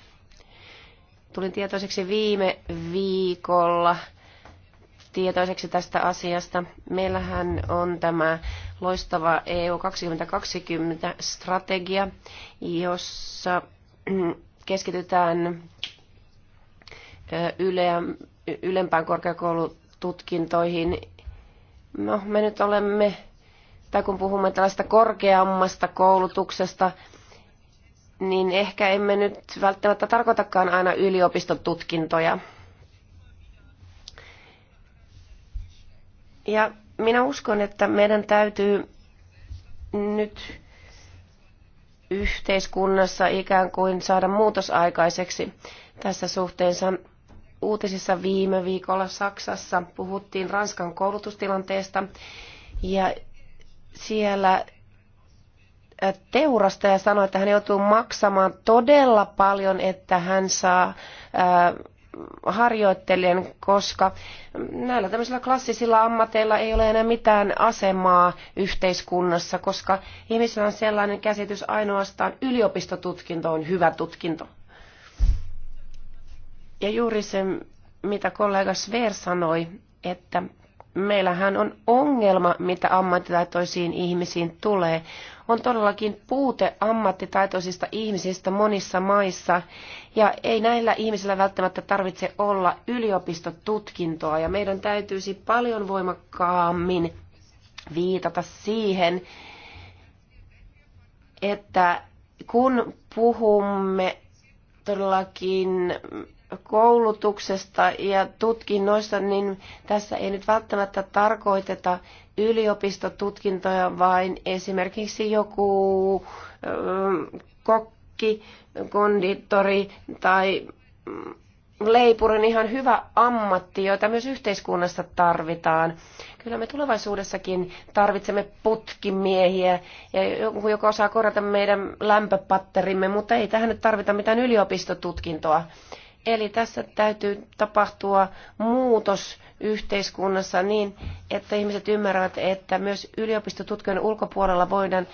Tulin tietoiseksi viime viikolla tietoiseksi tästä asiasta. Meillähän on tämä loistava EU 2020 strategia, jossa keskitytään yle, ylempään korkeakoulututkintoihin. No, me nyt olemme, tai kun puhumme tällaista korkeammasta koulutuksesta, niin ehkä emme nyt välttämättä tarkoitakaan aina yliopistotutkintoja. Ja minä uskon, että meidän täytyy nyt yhteiskunnassa ikään kuin saada muutos aikaiseksi tässä suhteessa uutisissa viime viikolla Saksassa puhuttiin Ranskan koulutustilanteesta ja siellä teurastaja sanoi, että hän joutuu maksamaan todella paljon, että hän saa harjoittelijan, koska näillä tämmöisillä klassisilla ammateilla ei ole enää mitään asemaa yhteiskunnassa, koska ihmisillä on sellainen käsitys ainoastaan yliopistotutkinto on hyvä tutkinto. Ja juuri se, mitä kollega Sver sanoi, että meillähän on ongelma, mitä ammattitaitoisiin ihmisiin tulee. On todellakin puute ammattitaitoisista ihmisistä monissa maissa, ja ei näillä ihmisillä välttämättä tarvitse olla yliopistotutkintoa, ja meidän täytyisi paljon voimakkaammin viitata siihen, että kun puhumme todellakin koulutuksesta ja tutkinnoista, niin tässä ei nyt välttämättä tarkoiteta yliopistotutkintoja, vain esimerkiksi joku ähm, kokki, konditori tai mm, leipurin ihan hyvä ammatti, joita myös yhteiskunnassa tarvitaan. Kyllä me tulevaisuudessakin tarvitsemme putkimiehiä ja joku, joka osaa korjata meidän lämpöpatterimme, mutta ei tähän nyt tarvita mitään yliopistotutkintoa. Eli tässä täytyy tapahtua muutos yhteiskunnassa niin, että ihmiset ymmärrävät, että myös yliopistotutkijan ulkopuolella voidaan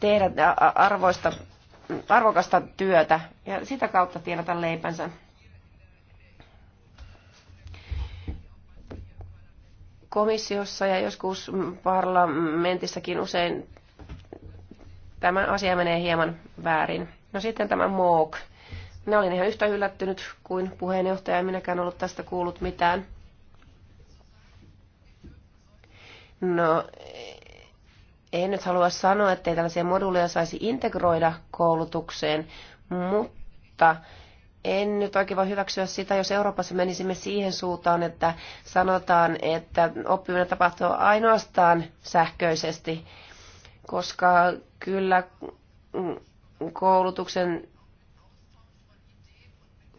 tehdä arvoista, arvokasta työtä ja sitä kautta tienata leipänsä. Komissiossa ja joskus parlamentissakin usein tämä asia menee hieman väärin. No sitten tämä MOOC. Minä olin ihan yhtä yllättynyt kuin puheenjohtaja, en minäkään ollut tästä kuullut mitään. No, en nyt halua sanoa, ettei tällaisia moduuleja saisi integroida koulutukseen, mutta en nyt oikein voi hyväksyä sitä, jos Euroopassa menisimme siihen suuntaan, että sanotaan, että oppiminen tapahtuu ainoastaan sähköisesti, koska kyllä koulutuksen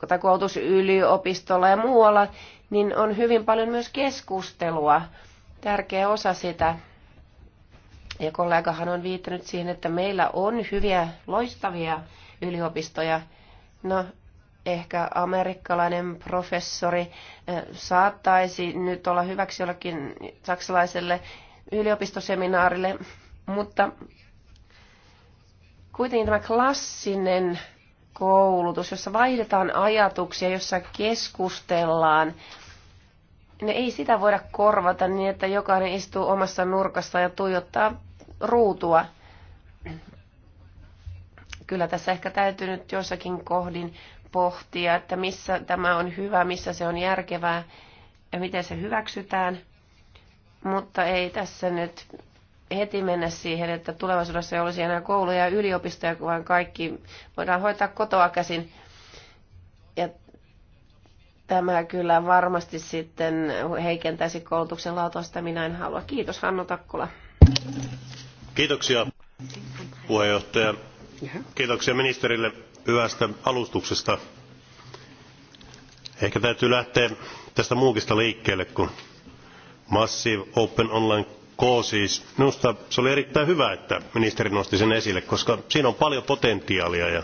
tai koulutusyliopistolla ja muualla, niin on hyvin paljon myös keskustelua. Tärkeä osa sitä. Ja kollegahan on viittänyt siihen, että meillä on hyviä, loistavia yliopistoja. No, ehkä amerikkalainen professori eh, saattaisi nyt olla hyväksi jollekin saksalaiselle yliopistoseminaarille, mutta kuitenkin tämä klassinen koulutus, jossa vaihdetaan ajatuksia, jossa keskustellaan. Ne no ei sitä voida korvata niin, että jokainen istuu omassa nurkassa ja tuijottaa ruutua. Kyllä tässä ehkä täytyy nyt jossakin kohdin pohtia, että missä tämä on hyvä, missä se on järkevää ja miten se hyväksytään. Mutta ei tässä nyt heti mennä siihen, että tulevaisuudessa ei olisi enää kouluja ja yliopistoja, vaan kaikki voidaan hoitaa kotoa käsin. Ja tämä kyllä varmasti sitten heikentäisi koulutuksen laatua, sitä minä en halua. Kiitos Hannu Takkula. Kiitoksia puheenjohtaja. Kiitoksia ministerille hyvästä alustuksesta. Ehkä täytyy lähteä tästä muukista liikkeelle, kun Massive Open Online Siis. Minusta se oli erittäin hyvä, että ministeri nosti sen esille, koska siinä on paljon potentiaalia ja,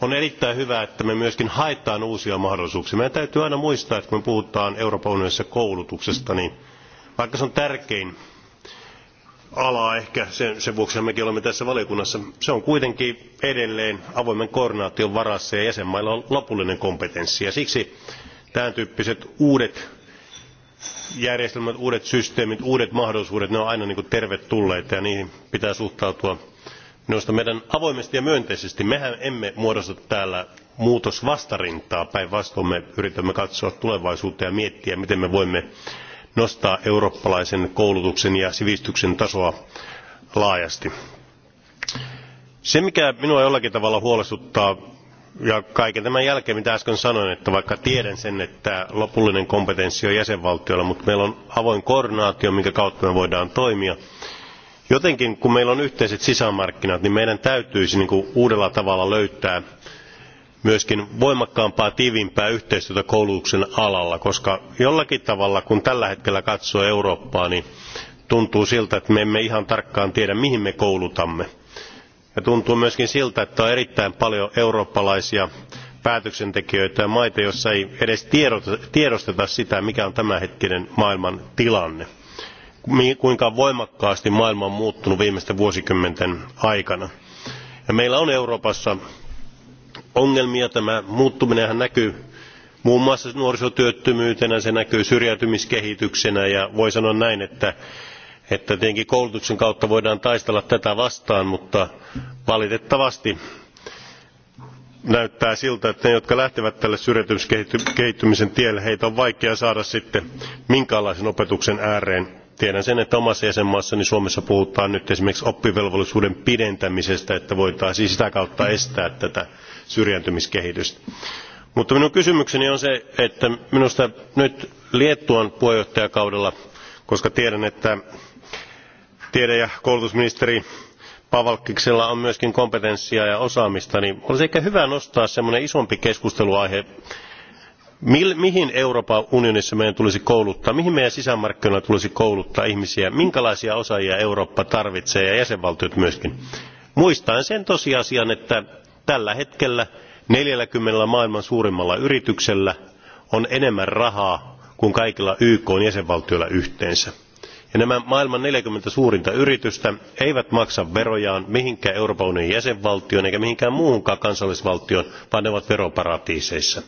on erittäin hyvä, että me myöskin haetaan uusia mahdollisuuksia. Meidän täytyy aina muistaa, että kun me puhutaan Euroopan unionissa koulutuksesta, niin vaikka se on tärkein ala ehkä, sen, vuoksi mekin olemme tässä valiokunnassa, se on kuitenkin edelleen avoimen koordinaation varassa ja jäsenmailla on lopullinen kompetenssi. Ja siksi tämän tyyppiset uudet järjestelmät uudet systeemit uudet mahdollisuudet ne ovat aina niin tervetulleita ja niihin pitää suhtautua minusta meidän avoimesti ja myönteisesti. mehän emme muodosta täällä muutosvastarintaa päinvastoin me yritämme katsoa tulevaisuuteen ja miettiä miten me voimme nostaa eurooppalaisen koulutuksen ja sivistyksen tasoa laajasti. se mikä minua jollakin tavalla huolestuttaa ja kaiken tämän jälkeen mitä äsken sanoin että vaikka tiedän sen että lopullinen kompetenssi on jäsenvaltioilla mutta meillä on avoin koordinaatio minkä kautta me voimme toimia jotenkin kun meillä on yhteiset sisämarkkinat niin meidän täytyisi niin kuin uudella tavalla löytää myöskin voimakkaampaa tiiviimpää yhteistyötä koulutuksen alalla koska jollakin tavalla kun tällä hetkellä katsoo eurooppaa niin tuntuu siltä että me emme ihan tarkkaan tiedä mihin me koulutamme ja tuntuu myöskin siltä että on erittäin paljon eurooppalaisia päätöksentekijöitä ja maita joissa ei edes tiedosteta sitä mikä on tämänhetkinen maailman tilanne kuinka voimakkaasti maailma on muuttunut viimeisten vuosikymmenten aikana. Ja meillä on euroopassa ongelmia tämä muuttuminenhan näkyy muun muassa nuorisotyöttömyytenä se näkyy syrjäytymiskehityksenä ja voi sanoa näin että että tietenkin koulutuksen kautta voidaan taistella tätä vastaan mutta valitettavasti näyttää siltä että ne jotka lähtevät tälle syrjäytymiskehittymisen tielle heitä on vaikea saada sitten minkäänlaisen opetuksen ääreen tiedän sen että omassa jäsenmaassani suomessa puhutaan nyt esimerkiksi oppivelvollisuuden pidentämisestä että voitaisiin sitä kautta estää tätä syrjäytymiskehitystä. mutta minun kysymykseni on se että minusta nyt liettuan puheenjohtajakaudella koska tiedän että tiede ja koulutusministeri pavlikiksella on myös kompetenssia ja osaamista niin olisi ehkä hyvä nostaa semmoinen isompi keskustelunaihe mihin euroopan unionissa meidän tulisi kouluttaa mihin meidän sisämarkkinoilla tulisi kouluttaa ihmisiä minkälaisia osaajia eurooppa tarvitsee ja jäsenvaltiot myöskin muistaen sen tosiasian että tällä hetkellä neljälläkymmenellä maailman suurimmalla yrityksellä on enemmän rahaa kuin kaikilla ykn jäsenvaltioilla yhteensä nämä maailman neljäkymmentä suurinta yritystä eivät maksa verojaan mihinkään euroopan unionin jäsenvaltioon eivätkä mihinkään muuhunkaan kansallisvaltioon vaan ne ovat veroparatiiseissa.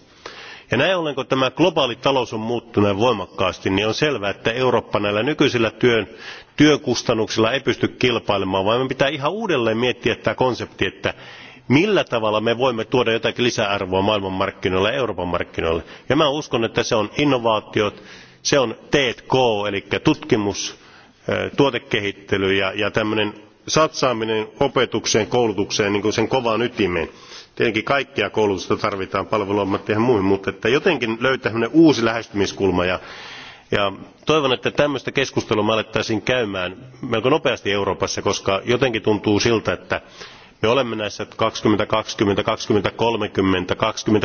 Ja näin ollen kun tämä globaali talous on muuttunut näin voimakkaasti niin on selvää että eurooppa näillä nykyisillä työkustannuksilla ei pysty kilpailemaan vaan meidän pitää ihan uudelleen miettiä tämä konsepti että millä tavalla me voimme tuoda jotakin lisäarvoa maailmanmarkkinoille ja euroopan markkinoille. ja minä uskon että se on innovaatiot se on tk eli tutkimus tuotekehittely ja, ja tämmöinen satsaaminen opetukseen koulutukseen niin kuin sen kovaan ytimeen. tietenkin kaikkea koulutusta tarvitaan palveluammatteihin ja muihin mutta että jotenkin löytää uusi lähestymiskulma ja, ja toivon että tämmöistä keskustelua me alettaisiin käymään melko nopeasti euroopassa koska jotenkin tuntuu siltä että me olemme näissä kaksikymmentä kaksikymmentä kaksikymmentä kolmekymmentä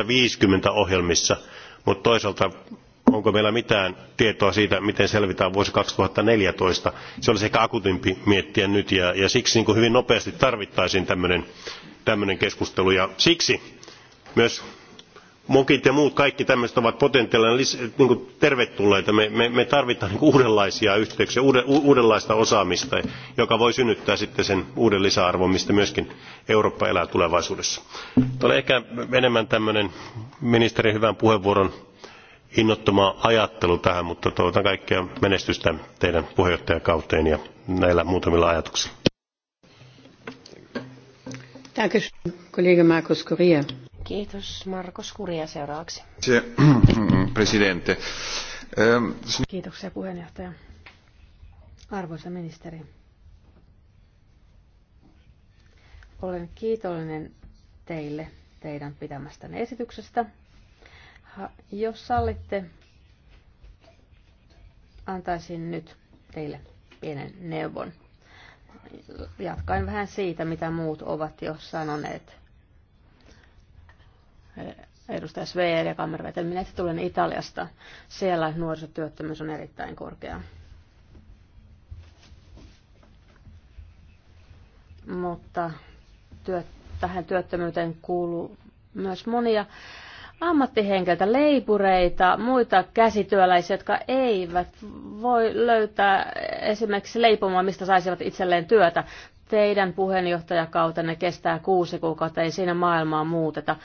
viisikymmentä ohjelmissa mutta toisaalta onko meillä mitään tietoa siitä miten selvitään vuosi kaksituhatta neljätoista se olisi ehkä akuutimpi miettiä nyt ja, ja siksi niin hyvin nopeasti tarvittaisiin tämmöinen keskustelu ja siksi myös mokit ja muut kaikki tämmöiset ovat potentiaalinen niin tervetulleita. me, me, me tarvitsemme niin uudenlaisia yhteyksiä uuden, uudenlaista osaamista joka voi synnyttää sitten sen uuden lisäarvon mistä myöskin eurooppa elää tulevaisuudessa. tämä oli ehkä enemmän tämmöinen ministerin hyvän puheenvuoron innottoma ajattelu tähän, mutta toivotan kaikkea menestystä teidän puheenjohtajakauteen ja näillä muutamilla ajatuksilla. Kiitos. Markus Kuria seuraavaksi. Presidente. Ehm, Kiitoksia puheenjohtaja. Arvoisa ministeri. Olen kiitollinen teille teidän pitämästänne esityksestä. Jos sallitte, antaisin nyt teille pienen neuvon. Jatkain vähän siitä, mitä muut ovat jo sanoneet. Edustaja Sveer ja Kammerveten, minä tulen Italiasta. Siellä nuorisotyöttömyys on erittäin korkea. Mutta työt, tähän työttömyyteen kuuluu myös monia ammattihenkilöitä, leipureita, muita käsityöläisiä, jotka eivät voi löytää esimerkiksi leipomoa, mistä saisivat itselleen työtä. Teidän puheenjohtajakautenne kestää kuusi kuukautta, ei siinä maailmaa muuteta.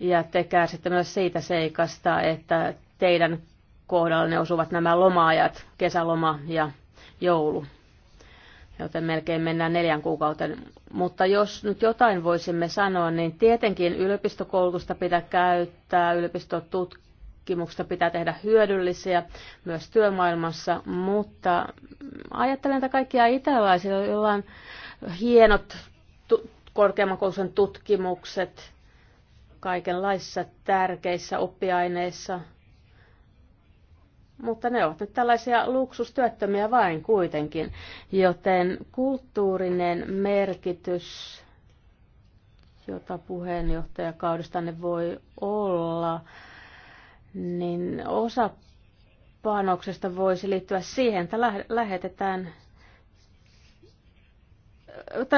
Ja te kärsitte myös siitä seikasta, että teidän kohdalla ne osuvat nämä lomaajat, kesäloma ja joulu joten melkein mennään neljän kuukauten, Mutta jos nyt jotain voisimme sanoa, niin tietenkin yliopistokoulutusta pitää käyttää, yliopistotutkimuksesta pitää tehdä hyödyllisiä myös työmaailmassa, mutta ajattelen, että kaikkia italaisilla, joilla on hienot tu- korkeamman tutkimukset kaikenlaisissa tärkeissä oppiaineissa – mutta ne ovat nyt tällaisia luksustyöttömiä vain kuitenkin, joten kulttuurinen merkitys, jota puheenjohtajakaudestanne voi olla, niin osa panoksesta voisi liittyä siihen, että lähetetään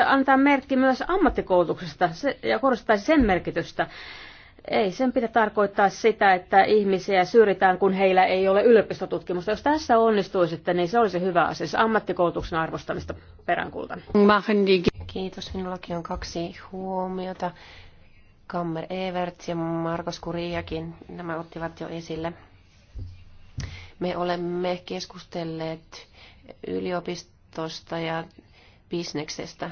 antaa merkki myös ammattikoulutuksesta ja korostaisi sen merkitystä. Ei sen pidä tarkoittaa sitä, että ihmisiä syrjitään, kun heillä ei ole yliopistotutkimusta. Jos tässä onnistuisitte, niin se olisi hyvä asia. Se ammattikoulutuksen arvostamista peräänkuultan. Kiitos. Minullakin on kaksi huomiota. Kammer Evert ja Markus Kuriakin, nämä ottivat jo esille. Me olemme keskustelleet yliopistosta ja bisneksestä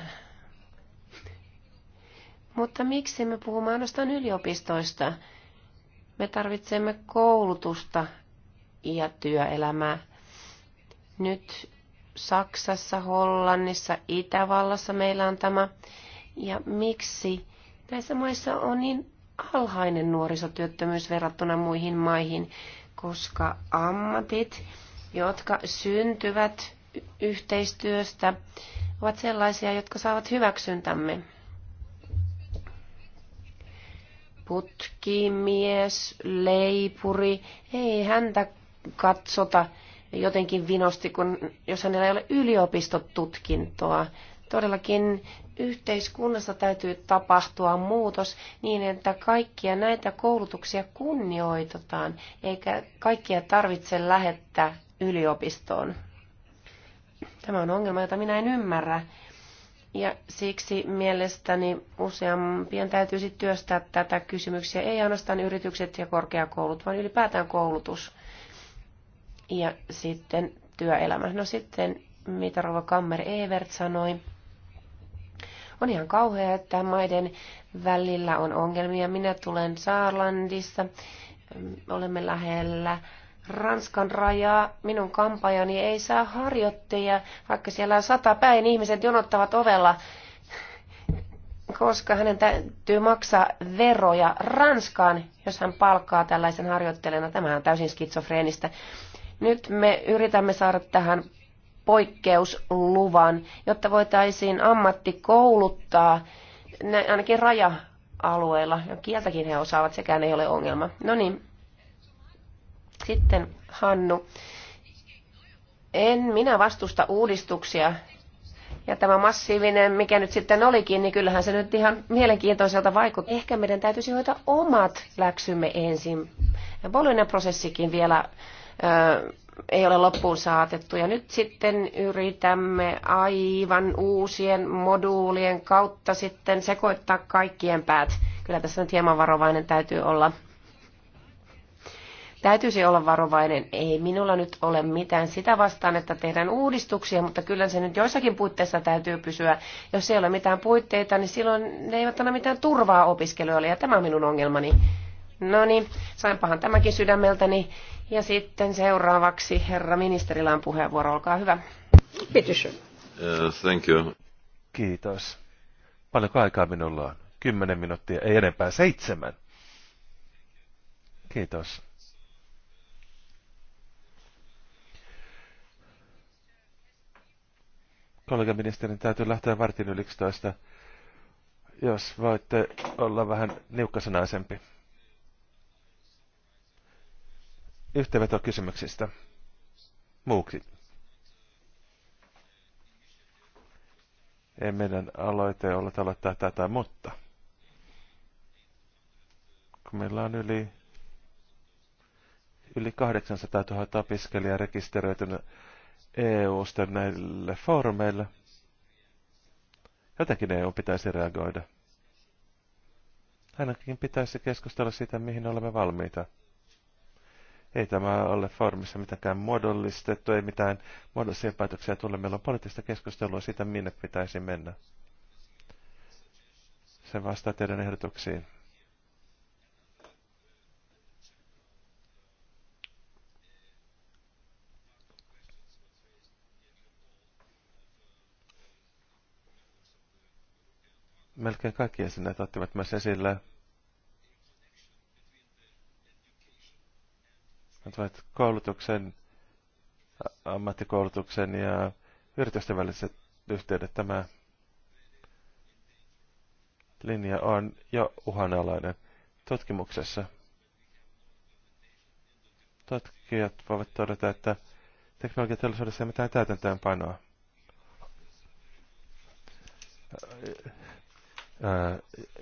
mutta miksi me puhumme ainoastaan yliopistoista? Me tarvitsemme koulutusta ja työelämää. Nyt Saksassa, Hollannissa, Itävallassa meillä on tämä. Ja miksi näissä maissa on niin alhainen nuorisotyöttömyys verrattuna muihin maihin, koska ammatit, jotka syntyvät yhteistyöstä, ovat sellaisia, jotka saavat hyväksyntämme. putkimies, leipuri, ei häntä katsota jotenkin vinosti, kun, jos hänellä ei ole yliopistotutkintoa. Todellakin yhteiskunnassa täytyy tapahtua muutos niin, että kaikkia näitä koulutuksia kunnioitetaan, eikä kaikkia tarvitse lähettää yliopistoon. Tämä on ongelma, jota minä en ymmärrä. Ja siksi mielestäni useampien täytyisi työstää tätä kysymyksiä, ei ainoastaan yritykset ja korkeakoulut, vaan ylipäätään koulutus ja sitten työelämä. No sitten, mitä Rova Kammer Evert sanoi, on ihan kauhea, että maiden välillä on ongelmia. Minä tulen Saarlandissa, olemme lähellä Ranskan rajaa minun kampajani ei saa harjoittajia, vaikka siellä on sata päin ihmiset jonottavat ovella, koska hänen täytyy maksaa veroja Ranskaan, jos hän palkkaa tällaisen harjoittelijana. Tämä on täysin skitsofreenistä. Nyt me yritämme saada tähän poikkeusluvan, jotta voitaisiin ammattikouluttaa ainakin raja-alueilla. Kieltäkin he osaavat, sekään ei ole ongelma. No niin, sitten Hannu. En minä vastusta uudistuksia. Ja tämä massiivinen, mikä nyt sitten olikin, niin kyllähän se nyt ihan mielenkiintoiselta vaikutti. Ehkä meidän täytyisi hoitaa omat läksymme ensin. Ja Bolinen prosessikin vielä ö, ei ole loppuun saatettu. Ja nyt sitten yritämme aivan uusien moduulien kautta sitten sekoittaa kaikkien päät. Kyllä tässä nyt hieman varovainen täytyy olla täytyisi olla varovainen. Ei minulla nyt ole mitään sitä vastaan, että tehdään uudistuksia, mutta kyllä se nyt joissakin puitteissa täytyy pysyä. Jos ei ole mitään puitteita, niin silloin ne eivät anna mitään turvaa opiskelijoille, ja tämä on minun ongelmani. No niin, sainpahan tämäkin sydämeltäni. Ja sitten seuraavaksi herra ministerillä on puheenvuoro, olkaa hyvä. Pitysyn. Uh, thank you. Kiitos. Paljonko aikaa minulla on? Kymmenen minuuttia, ei enempää, seitsemän. Kiitos. kollegaministerin täytyy lähteä vartin yli 11, jos voitte olla vähän niukkasanaisempi. Yhteenveto kysymyksistä. Muuksi. Ei meidän aloite olla aloittaa tätä, mutta kun meillä on yli, yli 800 000 opiskelijaa rekisteröitynyt EUsta näille foorumeille. Jotenkin EU pitäisi reagoida. Ainakin pitäisi keskustella siitä, mihin olemme valmiita. Ei tämä ole formissa mitenkään muodollistettu, ei mitään muodollisia päätöksiä tule. Meillä on poliittista keskustelua siitä, minne pitäisi mennä. Se vastaa teidän ehdotuksiin. melkein kaikki jäsenet ottivat myös esille antavat koulutuksen, ammattikoulutuksen ja yritysten väliset yhteydet. Tämä linja on jo uhanalainen tutkimuksessa. Tutkijat voivat todeta, että teknologiateollisuudessa ei mitään painoa.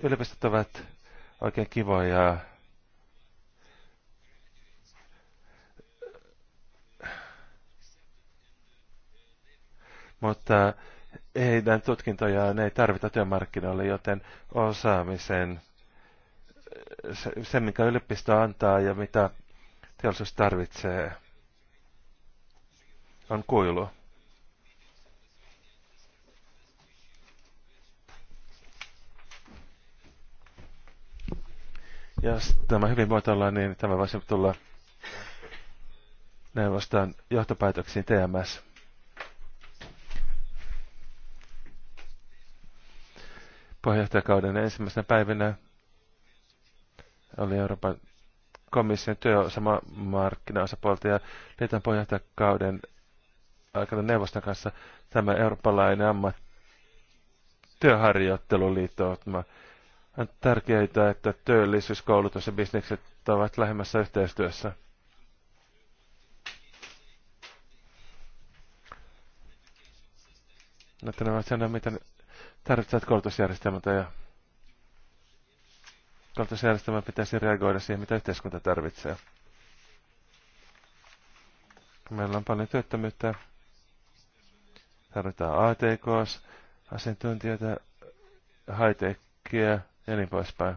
Yliopistot ovat oikein kivoja. Mutta heidän tutkintojaan ei tarvita työmarkkinoille, joten osaamisen, se, se minkä yliopisto antaa ja mitä teollisuus tarvitsee, on kuilu. ja tämä hyvin olla niin tämä voisi tulla neuvoston johtopäätöksiin TMS. Pohjohtajakauden ensimmäisenä päivinä oli Euroopan komission työmarkkinaosapuolta ja liitän pohjohtajakauden aikana neuvoston kanssa tämä eurooppalainen ammat Työharjoitteluliitto. On tärkeää, että työllisyys, koulutus ja bisnekset ovat lähemmässä yhteistyössä. No, että nämä sanoa, mitä tarvitset koulutusjärjestelmältä ja koulutusjärjestelmä pitäisi reagoida siihen, mitä yhteiskunta tarvitsee. Meillä on paljon työttömyyttä. Tarvitaan ATKs, asiantuntijoita, high-techia, ja niin poispäin.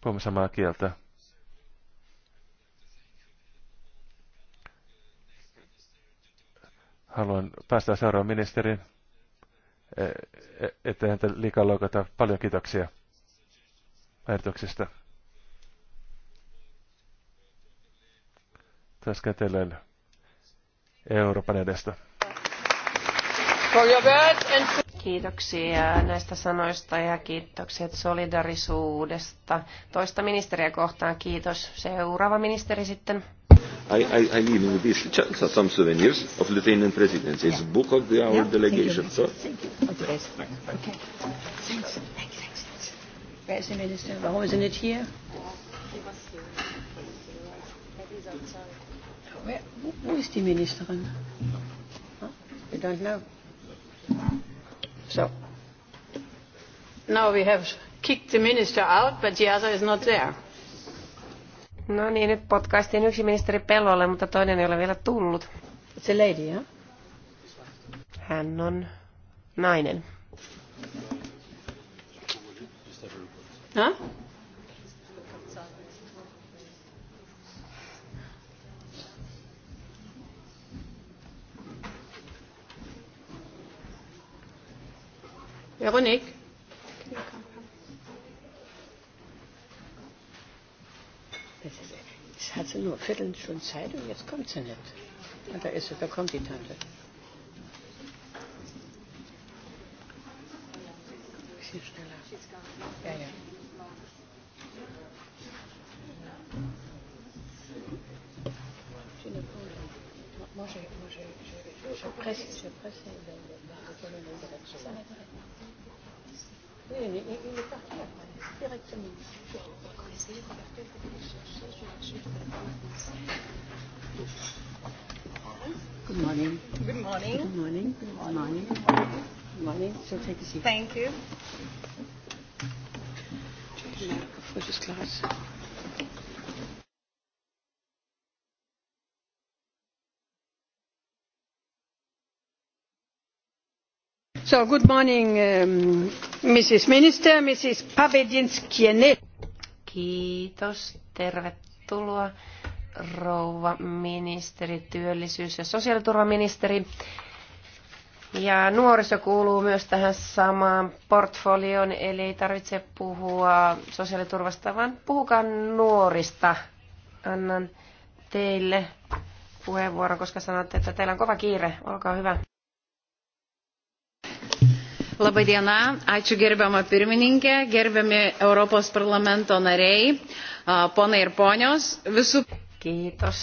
Puhumme samaa kieltä. Haluan päästä seuraavan ministerin, e, e, ettei häntä liikaa loukata. Paljon kiitoksia ajatuksista. Tässä Euroopan edestä. Kiitoksia näistä sanoista ja kiitokset solidarisuudesta. Toista ministeriä kohtaan kiitos. Seuraava ministeri sitten. I, I, I leave with this chance of some souvenirs of Lithuanian presidents. It's yeah. book of the, our yeah, delegation. Thank you. So. Thank you. Okay. okay. Thanks. Thanks. Thanks. Where is the minister? isn't it here? Where, who is the minister? Huh? You don't know? So now we have kicked the minister out, but the other is not there. No niin, nyt potkaistiin yksi ministeri pellolle, mutta toinen ei ole vielä tullut. It's a lady, yeah? Hän on nainen. Huh? Véronique. das ist, jetzt hat sie nur Viertel schon Zeit und jetzt kommt sie nicht. Und ah, da ist sie, da kommt die Tante. Bisschen schneller. Ja, ja. Moi, j'ai Je presse, je presse Oui, mais il est parti après, directement. Good morning. Good morning. Good morning. Good morning. Good morning. So take a seat. Thank you. Frühstücksglas. So, good morning, um, Mrs. Minister, Mrs. Pavedinskiene. Kiitos, tervetuloa rouva ministeri, työllisyys- ja sosiaaliturvaministeri. Ja nuoriso kuuluu myös tähän samaan portfolioon, eli ei tarvitse puhua sosiaaliturvasta, vaan puhukaa nuorista. Annan teille puheenvuoron, koska sanotte, että teillä on kova kiire. Olkaa hyvä. Labai diena, ačiū gerbiamą pirmininkę, gerbiami Europos parlamento nariai, ponai ir ponios. Visų... Kiitos.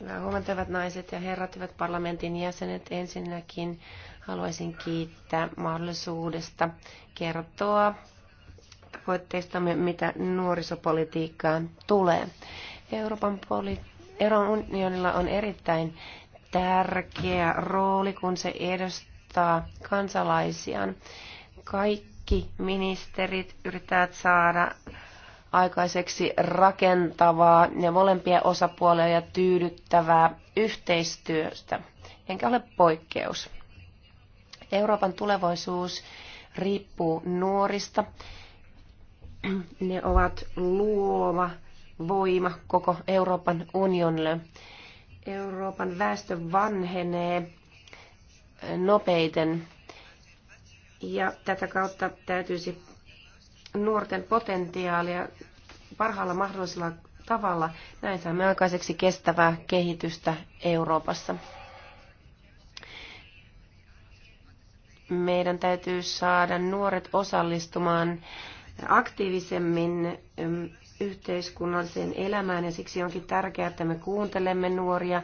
Hyvää huomenta, hyvät naiset ja herrat, hyvät parlamentin jäsenet. Ensinnäkin haluaisin kiittää mahdollisuudesta kertoa tavoitteistamme, mitä nuorisopolitiikkaan tulee. Euroopan poli- Euroopan unionilla on erittäin tärkeä rooli, kun se edustaa auttaa kansalaisiaan. Kaikki ministerit yrittävät saada aikaiseksi rakentavaa ja molempia osapuolia ja tyydyttävää yhteistyöstä. Enkä ole poikkeus. Euroopan tulevaisuus riippuu nuorista. Ne ovat luova voima koko Euroopan unionille. Euroopan väestö vanhenee nopeiten. Ja tätä kautta täytyisi nuorten potentiaalia parhaalla mahdollisella tavalla. Näin saamme aikaiseksi kestävää kehitystä Euroopassa. Meidän täytyy saada nuoret osallistumaan aktiivisemmin yhteiskunnalliseen elämään ja siksi onkin tärkeää, että me kuuntelemme nuoria,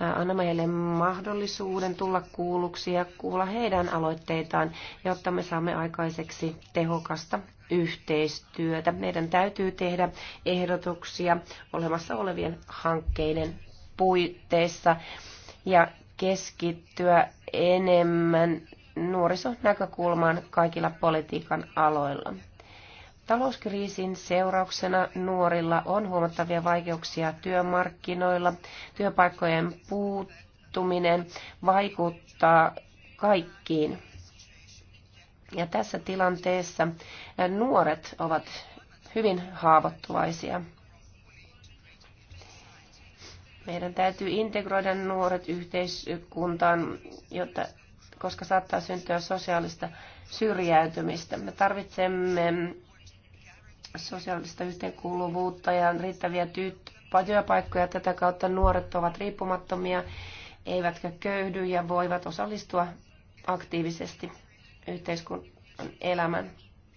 annamme heille mahdollisuuden tulla kuulluksi ja kuulla heidän aloitteitaan, jotta me saamme aikaiseksi tehokasta yhteistyötä. Meidän täytyy tehdä ehdotuksia olemassa olevien hankkeiden puitteissa ja keskittyä enemmän nuorisonäkökulmaan kaikilla politiikan aloilla. Talouskriisin seurauksena nuorilla on huomattavia vaikeuksia työmarkkinoilla. Työpaikkojen puuttuminen vaikuttaa kaikkiin. Ja tässä tilanteessa nuoret ovat hyvin haavoittuvaisia. Meidän täytyy integroida nuoret yhteiskuntaan, jotta, koska saattaa syntyä sosiaalista syrjäytymistä. Me tarvitsemme sosiaalista yhteenkuuluvuutta ja riittäviä työpaikkoja. Tätä kautta nuoret ovat riippumattomia, eivätkä köyhdy ja voivat osallistua aktiivisesti yhteiskunnan elämään.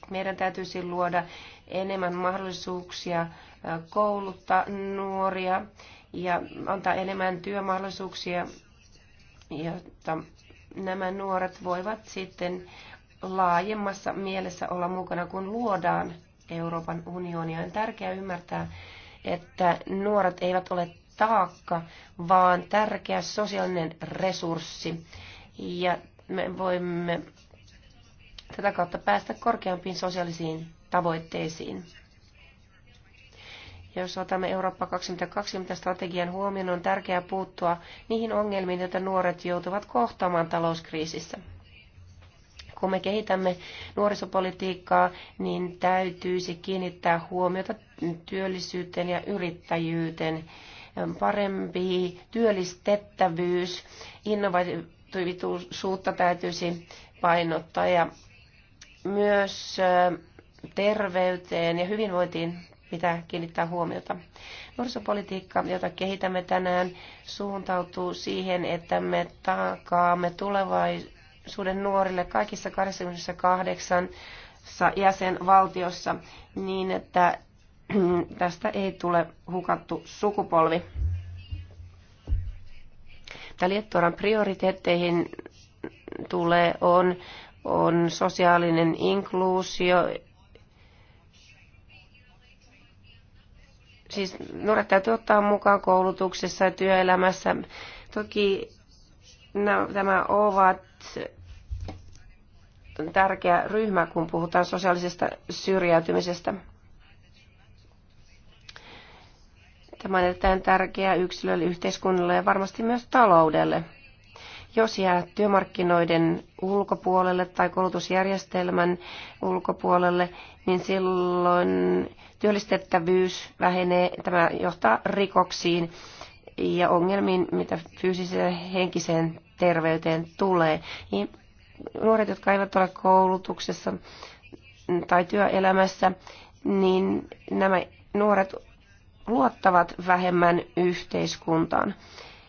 Meidän täytyisi luoda enemmän mahdollisuuksia kouluttaa nuoria ja antaa enemmän työmahdollisuuksia, jotta nämä nuoret voivat sitten laajemmassa mielessä olla mukana, kun luodaan Euroopan unionia. On tärkeää ymmärtää, että nuoret eivät ole taakka, vaan tärkeä sosiaalinen resurssi. Ja me voimme tätä kautta päästä korkeampiin sosiaalisiin tavoitteisiin. Jos otamme Eurooppa 2020 strategian huomioon, on tärkeää puuttua niihin ongelmiin, joita nuoret joutuvat kohtaamaan talouskriisissä kun me kehitämme nuorisopolitiikkaa, niin täytyisi kiinnittää huomiota työllisyyteen ja yrittäjyyteen. Parempi työllistettävyys, innovatiivisuutta täytyisi painottaa ja myös terveyteen ja hyvinvointiin pitää kiinnittää huomiota. Nuorisopolitiikka, jota kehitämme tänään, suuntautuu siihen, että me takaamme tulevais- mahdollisuuden nuorille kaikissa 28 jäsenvaltiossa niin, että tästä ei tule hukattu sukupolvi. Mitä Liettuoran prioriteetteihin tulee on, on sosiaalinen inkluusio, siis nuoret täytyy ottaa mukaan koulutuksessa ja työelämässä. Toki nämä no, ovat tärkeä ryhmä, kun puhutaan sosiaalisesta syrjäytymisestä. Tämä on erittäin tärkeää yksilölle, yhteiskunnalle ja varmasti myös taloudelle. Jos jää työmarkkinoiden ulkopuolelle tai koulutusjärjestelmän ulkopuolelle, niin silloin työllistettävyys vähenee. Tämä johtaa rikoksiin ja ongelmiin, mitä fyysiseen ja henkiseen terveyteen tulee. Niin nuoret, jotka eivät ole koulutuksessa tai työelämässä, niin nämä nuoret luottavat vähemmän yhteiskuntaan.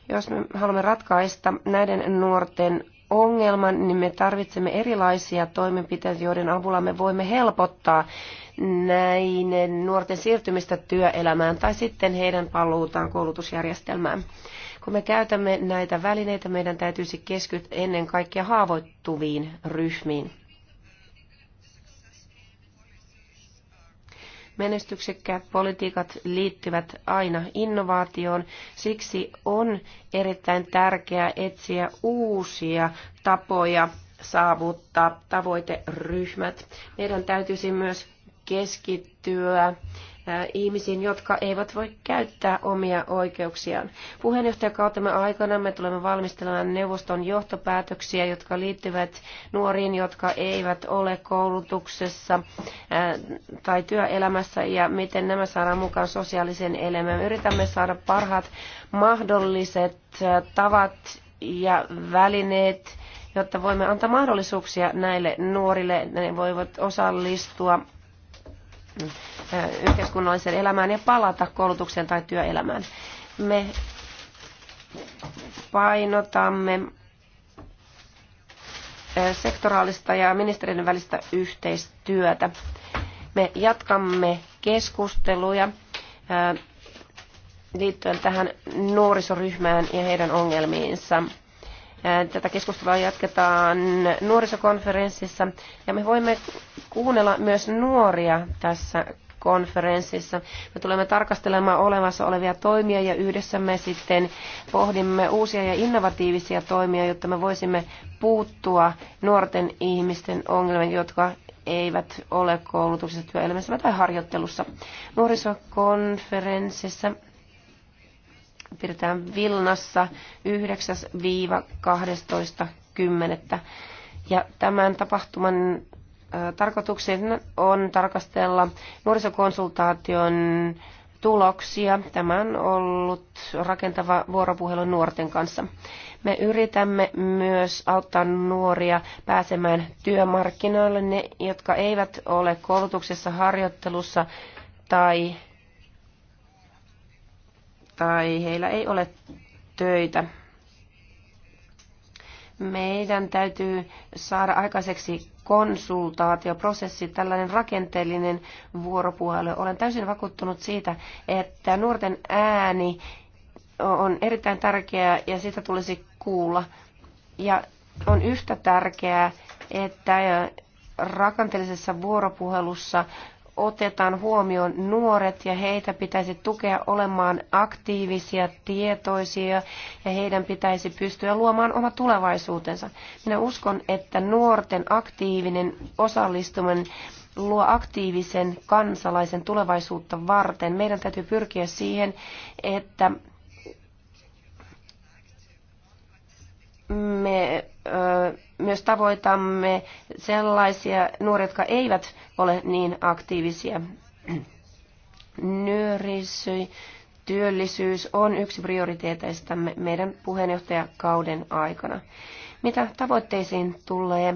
Jos me haluamme ratkaista näiden nuorten ongelman, niin me tarvitsemme erilaisia toimenpiteitä, joiden avulla me voimme helpottaa näiden nuorten siirtymistä työelämään tai sitten heidän paluutaan koulutusjärjestelmään. Kun me käytämme näitä välineitä, meidän täytyisi keskittyä ennen kaikkea haavoittuviin ryhmiin. menestyksekkäät politiikat liittyvät aina innovaatioon. Siksi on erittäin tärkeää etsiä uusia tapoja saavuttaa tavoiteryhmät. Meidän täytyisi myös keskittyä ihmisiin, jotka eivät voi käyttää omia oikeuksiaan. Puheenjohtajakautemme aikana me tulemme valmistelemaan neuvoston johtopäätöksiä, jotka liittyvät nuoriin, jotka eivät ole koulutuksessa tai työelämässä ja miten nämä saadaan mukaan sosiaaliseen elämään. Yritämme saada parhaat mahdolliset tavat ja välineet jotta voimme antaa mahdollisuuksia näille nuorille, ne voivat osallistua yhteiskunnalliseen elämään ja palata koulutukseen tai työelämään. Me painotamme sektoraalista ja ministerien välistä yhteistyötä. Me jatkamme keskusteluja liittyen tähän nuorisoryhmään ja heidän ongelmiinsa. Tätä keskustelua jatketaan nuorisokonferenssissa ja me voimme kuunnella myös nuoria tässä konferenssissa. Me tulemme tarkastelemaan olemassa olevia toimia ja yhdessä me sitten pohdimme uusia ja innovatiivisia toimia, jotta me voisimme puuttua nuorten ihmisten ongelmiin, jotka eivät ole koulutuksessa, työelämässä tai harjoittelussa. Nuorisokonferenssissa pidetään Vilnassa 9-12.10. Ja tämän tapahtuman tarkoituksena on tarkastella nuorisokonsultaation tuloksia. Tämä on ollut rakentava vuoropuhelu nuorten kanssa. Me yritämme myös auttaa nuoria pääsemään työmarkkinoille, ne, jotka eivät ole koulutuksessa, harjoittelussa tai tai heillä ei ole töitä. Meidän täytyy saada aikaiseksi konsultaatioprosessi, tällainen rakenteellinen vuoropuhelu. Olen täysin vakuuttunut siitä, että nuorten ääni on erittäin tärkeää ja sitä tulisi kuulla. Ja on yhtä tärkeää, että rakenteellisessa vuoropuhelussa otetaan huomioon nuoret ja heitä pitäisi tukea olemaan aktiivisia, tietoisia ja heidän pitäisi pystyä luomaan oma tulevaisuutensa. Minä uskon, että nuorten aktiivinen osallistuminen luo aktiivisen kansalaisen tulevaisuutta varten. Meidän täytyy pyrkiä siihen, että me ö, myös tavoitamme sellaisia nuoria, jotka eivät ole niin aktiivisia. Nyörisy, työllisyys on yksi prioriteeteistamme meidän puheenjohtajakauden aikana. Mitä tavoitteisiin tulee,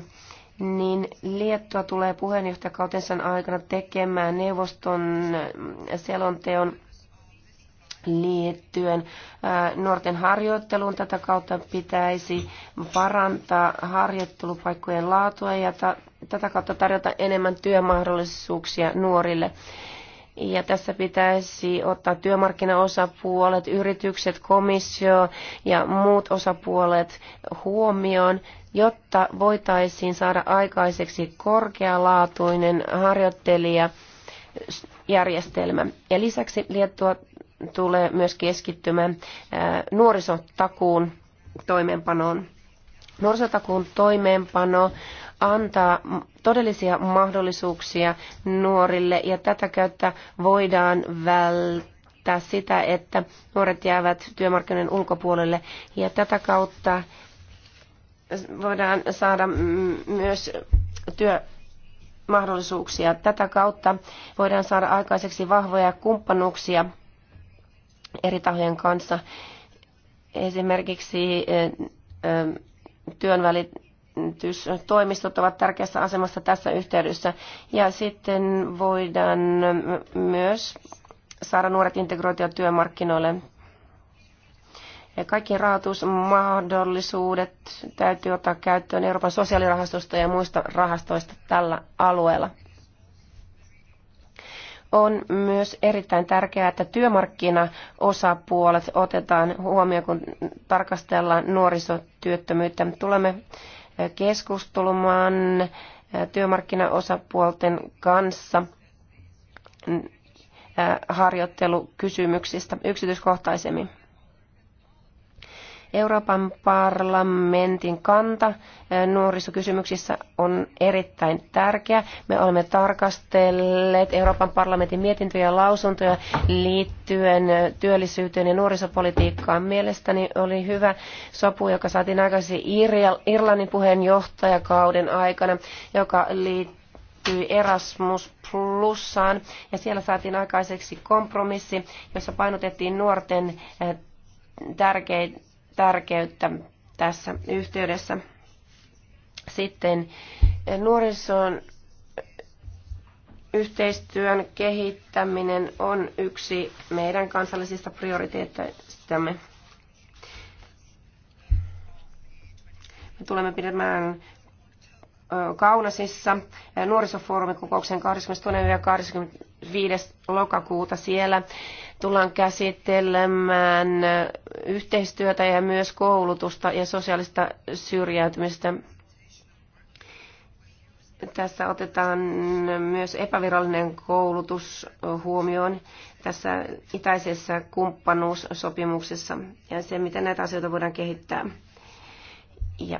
niin Liettua tulee puheenjohtajakautensa aikana tekemään neuvoston selonteon liittyen nuorten harjoitteluun. Tätä kautta pitäisi parantaa harjoittelupaikkojen laatua ja ta- tätä kautta tarjota enemmän työmahdollisuuksia nuorille. Ja tässä pitäisi ottaa työmarkkinaosapuolet, yritykset, komissio ja muut osapuolet huomioon, jotta voitaisiin saada aikaiseksi korkealaatuinen harjoittelijajärjestelmä. Ja lisäksi Liettua tulee myös keskittymään nuorisotakuun toimeenpanoon. Nuorisotakuun toimeenpano antaa todellisia mahdollisuuksia nuorille ja tätä käyttä voidaan välttää sitä, että nuoret jäävät työmarkkinoiden ulkopuolelle ja tätä kautta voidaan saada myös työmahdollisuuksia Tätä kautta voidaan saada aikaiseksi vahvoja kumppanuuksia eri tahojen kanssa. Esimerkiksi eh, eh, työnvälitystoimistot ovat tärkeässä asemassa tässä yhteydessä. Ja sitten voidaan eh, myös saada nuoret integroitua työmarkkinoille. Kaikki rahoitusmahdollisuudet täytyy ottaa käyttöön Euroopan sosiaalirahastosta ja muista rahastoista tällä alueella. On myös erittäin tärkeää, että työmarkkinaosapuolet otetaan huomioon, kun tarkastellaan nuorisotyöttömyyttä. Tulemme eh, keskustelumaan eh, työmarkkinaosapuolten kanssa mm, eh, harjoittelukysymyksistä yksityiskohtaisemmin. Euroopan parlamentin kanta nuorisokysymyksissä on erittäin tärkeä. Me olemme tarkastelleet Euroopan parlamentin mietintöjä ja lausuntoja liittyen työllisyyteen ja nuorisopolitiikkaan. Mielestäni oli hyvä sopu, joka saatiin aikaisin Irlannin puheenjohtajakauden aikana, joka liittyy liittyi Erasmus Plusaan ja siellä saatiin aikaiseksi kompromissi, jossa painotettiin nuorten tärkeitä tärkeyttä tässä yhteydessä. Sitten nuorison yhteistyön kehittäminen on yksi meidän kansallisista prioriteetteistamme. Me tulemme pidemään Kaunasissa nuorisofoorumikokouksen 22. ja 25. lokakuuta siellä tullaan käsittelemään yhteistyötä ja myös koulutusta ja sosiaalista syrjäytymistä. Tässä otetaan myös epävirallinen koulutus huomioon tässä itäisessä kumppanuussopimuksessa ja se, miten näitä asioita voidaan kehittää. Ja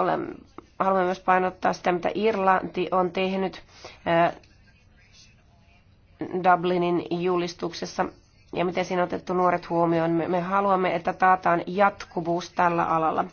olen, haluan myös painottaa sitä, mitä Irlanti on tehnyt Dublinin julistuksessa ja miten siinä on otettu nuoret huomioon. Me haluamme, että taataan jatkuvuus tällä alalla.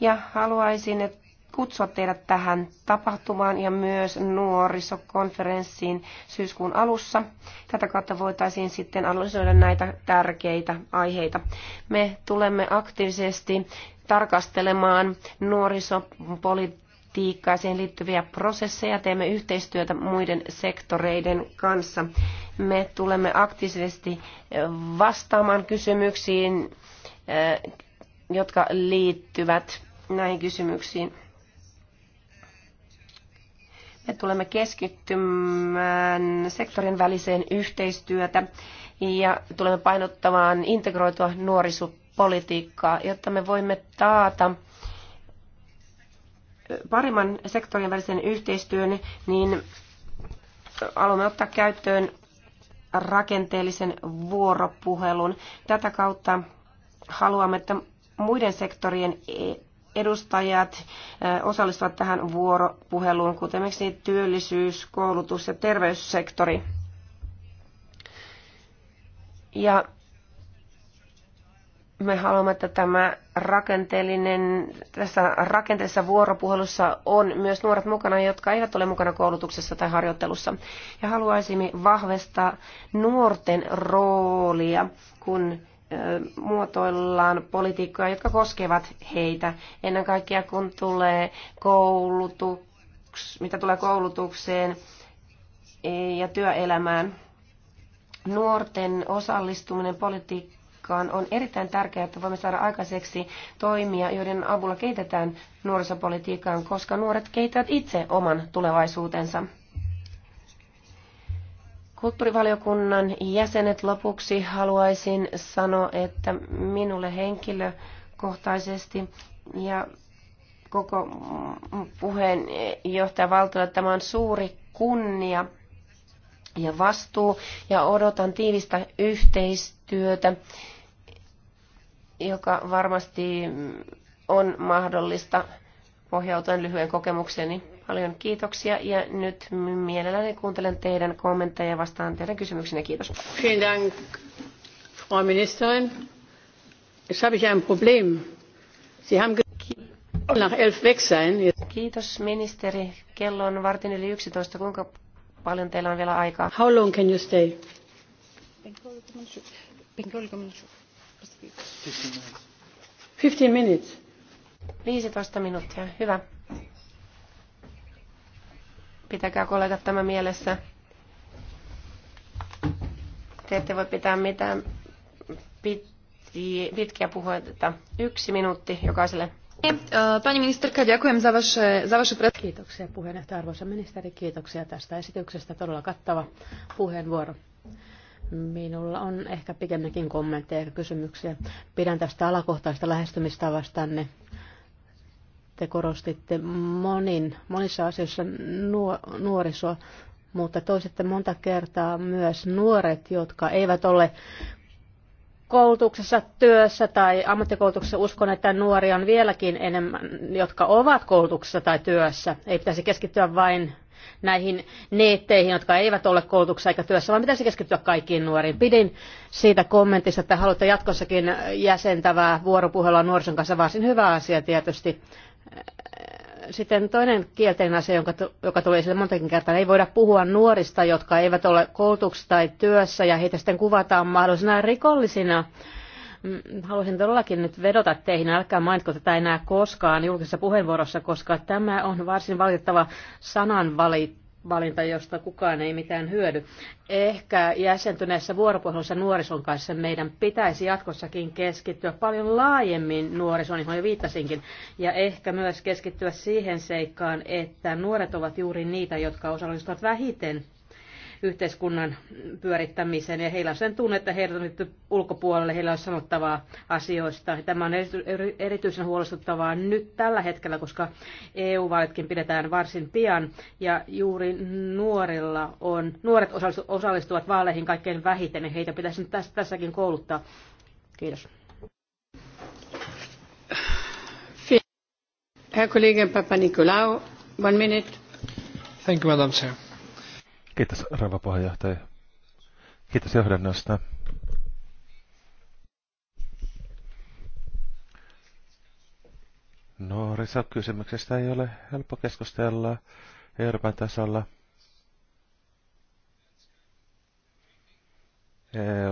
Ja haluaisin kutsua teidät tähän tapahtumaan ja myös nuorisokonferenssiin syyskuun alussa. Tätä kautta voitaisiin sitten analysoida näitä tärkeitä aiheita. Me tulemme aktiivisesti tarkastelemaan nuorisopolitiikkaa politiikkaa, siihen liittyviä prosesseja, teemme yhteistyötä muiden sektoreiden kanssa. Me tulemme aktiivisesti vastaamaan kysymyksiin, jotka liittyvät näihin kysymyksiin. Me tulemme keskittymään sektorin väliseen yhteistyötä ja tulemme painottamaan integroitua nuorisopolitiikkaa, jotta me voimme taata paremman sektorien välisen yhteistyön, niin haluamme ottaa käyttöön rakenteellisen vuoropuhelun. Tätä kautta haluamme, että muiden sektorien edustajat osallistuvat tähän vuoropuheluun, kuten esimerkiksi työllisyys, koulutus ja terveyssektori. Ja me haluamme, että tämä rakenteellinen, tässä rakenteessa vuoropuhelussa on myös nuoret mukana, jotka eivät ole mukana koulutuksessa tai harjoittelussa. Ja haluaisimme vahvistaa nuorten roolia, kun muotoillaan politiikkoja, jotka koskevat heitä. Ennen kaikkea kun tulee koulutuks, mitä tulee koulutukseen e, ja työelämään. Nuorten osallistuminen politiikkaan matkaan. On erittäin tärkeää, että voimme saada aikaiseksi toimia, joiden avulla kehitetään nuorisopolitiikkaan, koska nuoret kehittävät itse oman tulevaisuutensa. Kulttuurivaliokunnan jäsenet lopuksi haluaisin sanoa, että minulle henkilökohtaisesti ja koko puheenjohtajavaltiolle tämä on suuri kunnia ja vastuu ja odotan tiivistä yhteistyötä joka varmasti on mahdollista pohjautuen lyhyen kokemukseni. Paljon kiitoksia ja nyt mielelläni kuuntelen teidän kommentteja ja vastaan teidän kysymyksenne. Kiitos. Vielen Frau Ministerin. Jetzt habe ich ein Problem. Sie haben nach elf weg sein. Kiitos ministeri. Kello on vartin yli 11. Kuinka paljon teillä on vielä aikaa? How long can you stay? Bengali, Bengali, Bengali. 15 minutes. 15 minuuttia, hyvä. Pitäkää kollegat tämä mielessä. Te ette voi pitää mitään pitkiä puheita. Yksi minuutti jokaiselle. Pani ministerka, ďakujem za vaše, za vaše pre... Kiitoksia puheenjohtaja, arvoisa ministeri, kiitoksia tästä esityksestä. Todella kattava puheenvuoro. Minulla on ehkä pikemminkin kommentteja ja kysymyksiä. Pidän tästä alakohtaista lähestymistavastanne. Te korostitte monin, monissa asioissa nuor, nuorisoa, mutta toisitte monta kertaa myös nuoret, jotka eivät ole koulutuksessa, työssä tai ammattikoulutuksessa uskon, että nuoria on vieläkin enemmän, jotka ovat koulutuksessa tai työssä. Ei pitäisi keskittyä vain näihin neetteihin, jotka eivät ole koulutuksessa eikä työssä, vaan pitäisi keskittyä kaikkiin nuoriin. Pidin siitä kommentista, että haluatte jatkossakin jäsentävää vuoropuhelua nuorison kanssa, varsin hyvä asia tietysti. Sitten toinen kielteinen asia, jonka, joka tuli esille montakin kertaa, ei voida puhua nuorista, jotka eivät ole koulutuksessa tai työssä, ja heitä sitten kuvataan mahdollisena rikollisina Mm, haluaisin todellakin nyt vedota teihin, älkää mainitko tätä enää koskaan julkisessa puheenvuorossa, koska tämä on varsin valitettava sananvalinta, josta kukaan ei mitään hyödy. Ehkä jäsentyneessä vuoropuhelussa nuorison kanssa meidän pitäisi jatkossakin keskittyä paljon laajemmin nuorisoon, johon jo viittasinkin, ja ehkä myös keskittyä siihen seikkaan, että nuoret ovat juuri niitä, jotka osallistuvat vähiten yhteiskunnan pyörittämiseen ja heillä on sen tunne, että heillä on nyt ulkopuolelle, heillä on sanottavaa asioista. Tämä on erityisen huolestuttavaa nyt tällä hetkellä, koska EU-vaalitkin pidetään varsin pian ja juuri nuorilla on, nuoret osallistuvat vaaleihin kaikkein vähiten ja heitä pitäisi nyt tässäkin kouluttaa. Kiitos. Herr Kollege Papanikolaou, one minute. Thank you, Madam Chair. Kiitos, Rava puheenjohtaja. Kiitos johdannosta. No, kysymyksestä ei ole helppo keskustella Euroopan tasolla.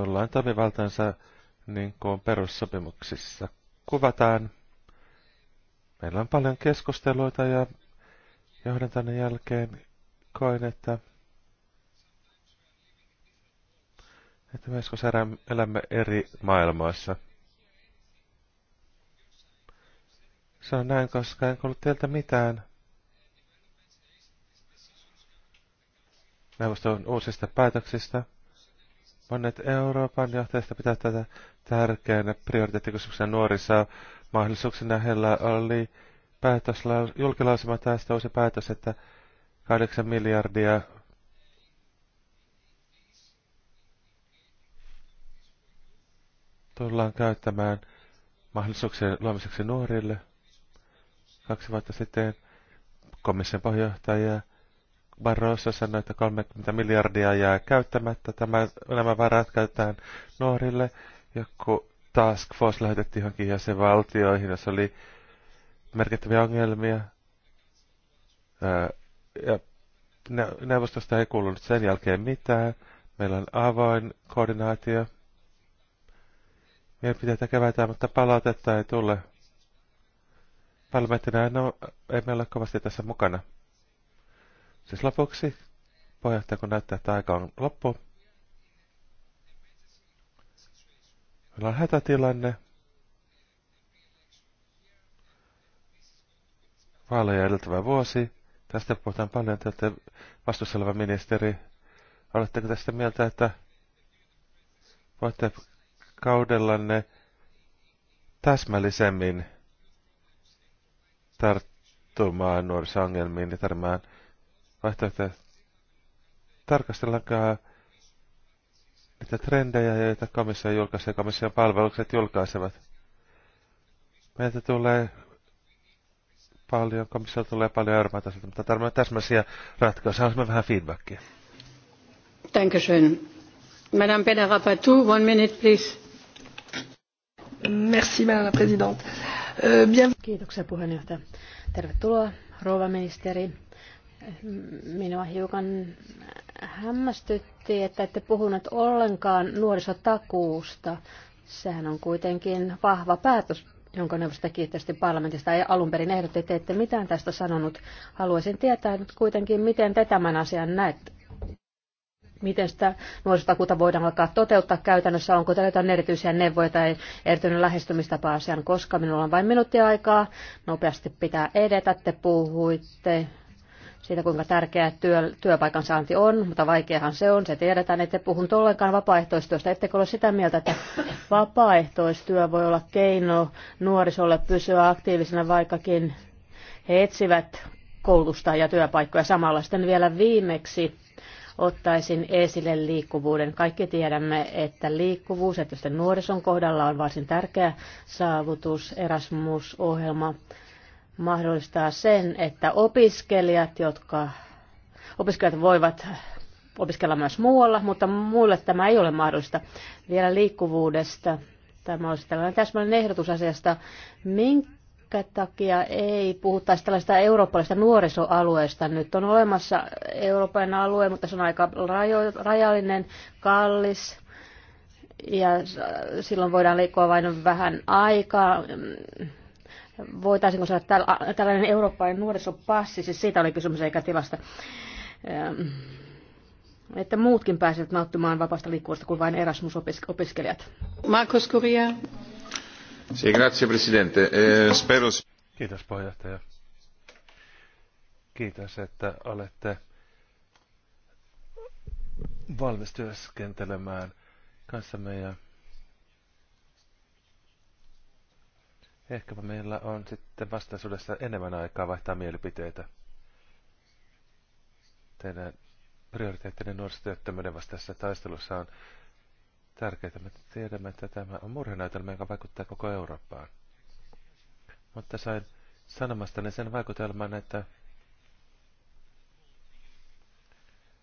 Ollaan e toimivaltansa niin kuin perussopimuksissa kuvataan. Meillä on paljon keskusteluita ja johdantainen jälkeen koen, että että me joskus elämme eri maailmoissa. Se on näin, koska en kuullut teiltä mitään. Neuvoston uusista päätöksistä. Monet Euroopan johtajista pitää tätä tärkeänä prioriteettikysymyksenä nuorissa mahdollisuuksina. Heillä oli päätös, julkilausuma tästä uusi päätös, että 8 miljardia tullaan käyttämään mahdollisuuksien luomiseksi nuorille. Kaksi vuotta sitten komission pohjohtaja Barroso sanoi, että 30 miljardia jää käyttämättä. Tämä, nämä varat käytetään nuorille. Joku task force lähetettiin johonkin jäsenvaltioihin, jossa oli merkittäviä ongelmia. Ja neuvostosta ei kuulunut sen jälkeen mitään. Meillä on avoin koordinaatio mielipiteitä kävätä, mutta palautetta ei tule. Parlamenttina no, emme ole kovasti tässä mukana. Siis lopuksi, puheenjohtaja kun näyttää, että aika on loppu. Meillä on hätätilanne. Vaaleja edeltävä vuosi. Tästä puhutaan paljon. Te olette vastuussa oleva ministeri. Oletteko tästä mieltä, että voitte kaudellanne täsmällisemmin tarttumaan nuorisongelmiin ja tarmaan vaihtoehtoja. Tarkastellaankaa niitä trendejä, joita komissio julkaisee, komission palvelukset julkaisevat. Meiltä tulee paljon, komissio tulee paljon Euroopan tasolta, mutta tarvitaan täsmäisiä ratkaisuja. Haluaisimme vähän feedbackia. Dankeschön. Madame Benarapatou, one minute please. Merci, madame la présidente. Euh, Kiitoksia puheenjohtaja. Tervetuloa, rouva ministeri. Minua hiukan hämmästytti, että ette puhunut ollenkaan nuorisotakuusta. Sehän on kuitenkin vahva päätös, jonka neuvosto teki tietysti parlamentista. Ei alun perin ehdotti, että ette mitään tästä sanonut. Haluaisin tietää nyt kuitenkin, miten te tämän asian näette miten sitä nuorisotakuuta voidaan alkaa toteuttaa käytännössä, onko teillä jotain erityisiä neuvoja tai erityinen lähestymistapa asiaan, koska minulla on vain minuuttia aikaa, nopeasti pitää edetä, te puhuitte siitä, kuinka tärkeää työ, työpaikan saanti on, mutta vaikeahan se on, se tiedetään, ette puhun ollenkaan vapaaehtoistyöstä. Ettekö ole sitä mieltä, että vapaaehtoistyö voi olla keino nuorisolle pysyä aktiivisena, vaikkakin he etsivät koulutusta ja työpaikkoja samalla. Sitten vielä viimeksi ottaisin esille liikkuvuuden. Kaikki tiedämme, että liikkuvuus, että nuorison kohdalla on varsin tärkeä saavutus. Erasmus-ohjelma mahdollistaa sen, että opiskelijat, jotka opiskelijat voivat opiskella myös muualla, mutta muille tämä ei ole mahdollista. Vielä liikkuvuudesta. Tämä olisi tällainen täsmällinen ehdotus asiasta. Minkä minkä takia ei puhuttaisi tällaista eurooppalaista nuorisoalueesta. Nyt on olemassa Euroopan alue, mutta se on aika rajo- rajallinen, kallis ja silloin voidaan liikkua vain vähän aikaa. Voitaisiinko saada tällainen eurooppalainen nuorisopassi, siis siitä oli kysymys eikä tilasta, ähm, että muutkin pääsevät nauttimaan vapaasta liikkuvasta kuin vain Erasmus-opiskelijat. Markus Kuria. Grazie, Presidente. Eh, spero... Kiitos puheenjohtaja. Kiitos, että olette valmis työskentelemään kanssamme ja ehkäpä meillä on sitten vastaisuudessa enemmän aikaa vaihtaa mielipiteitä teidän prioriteettinen nuorisotyöttömyyden vastaisessa taistelussa on tärkeää. Me tiedämme, että tämä on murhenäytelmä, joka vaikuttaa koko Eurooppaan. Mutta sain sanomastani sen vaikutelman, että,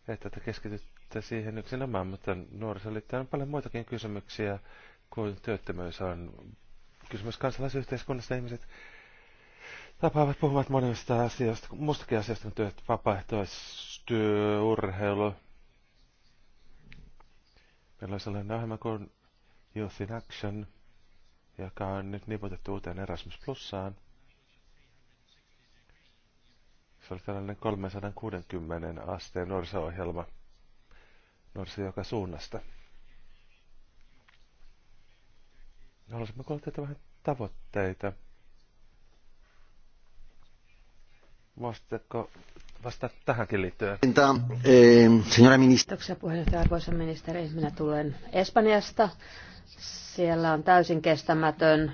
että te keskitytte siihen yksinomaan, mutta nuorisolla on paljon muitakin kysymyksiä kuin työttömyys on. Kysymys kansalaisyhteiskunnasta ihmiset tapaavat, puhuvat monista asioista, mustakin asioista työt, vapaaehtoistyö, urheilu, Meillä on sellainen ohjelma kuin Youth in Action, joka on nyt niputettu uuteen Erasmus Plussaan. Se oli tällainen 360 asteen nuoriso-ohjelma nuoriso joka suunnasta. Haluaisimme kuulla teitä vähän tavoitteita. Voisitteko vastata tähänkin liittyen. Eh, Kiitoksia puheenjohtaja, arvoisa ministeri. Minä tulen Espanjasta. Siellä on täysin kestämätön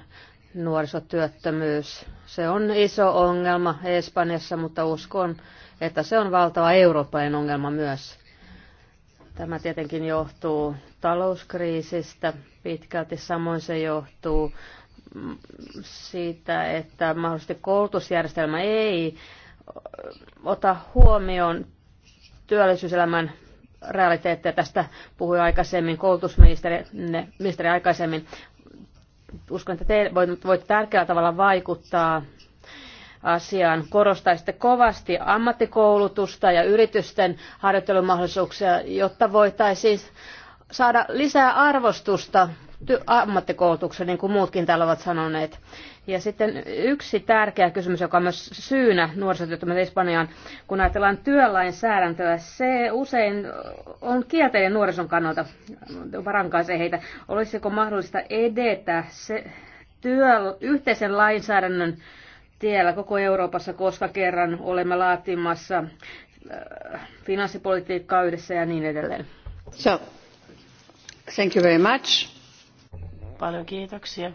nuorisotyöttömyys. Se on iso ongelma Espanjassa, mutta uskon, että se on valtava Euroopan ongelma myös. Tämä tietenkin johtuu talouskriisistä pitkälti, samoin se johtuu siitä, että mahdollisesti koulutusjärjestelmä ei ota huomioon työllisyyselämän realiteetteja. Tästä puhui aikaisemmin koulutusministeri ne, ministeri aikaisemmin. Uskon, että te voitte tärkeällä tavalla vaikuttaa asiaan. Korostaisitte kovasti ammattikoulutusta ja yritysten harjoittelumahdollisuuksia, jotta voitaisiin saada lisää arvostusta ammattikoulutuksen, niin kuin muutkin täällä ovat sanoneet. Ja sitten yksi tärkeä kysymys, joka on myös syynä nuorisotyöttömyyteen Espanjaan, kun ajatellaan työlainsäädäntöä, se usein on kielteinen nuorison kannalta, varankaisee heitä. Olisiko mahdollista edetä se työ, yhteisen lainsäädännön tiellä koko Euroopassa, koska kerran olemme laatimassa äh, finanssipolitiikkaa yhdessä ja niin edelleen. So, thank you very much. Paljon kiitoksia.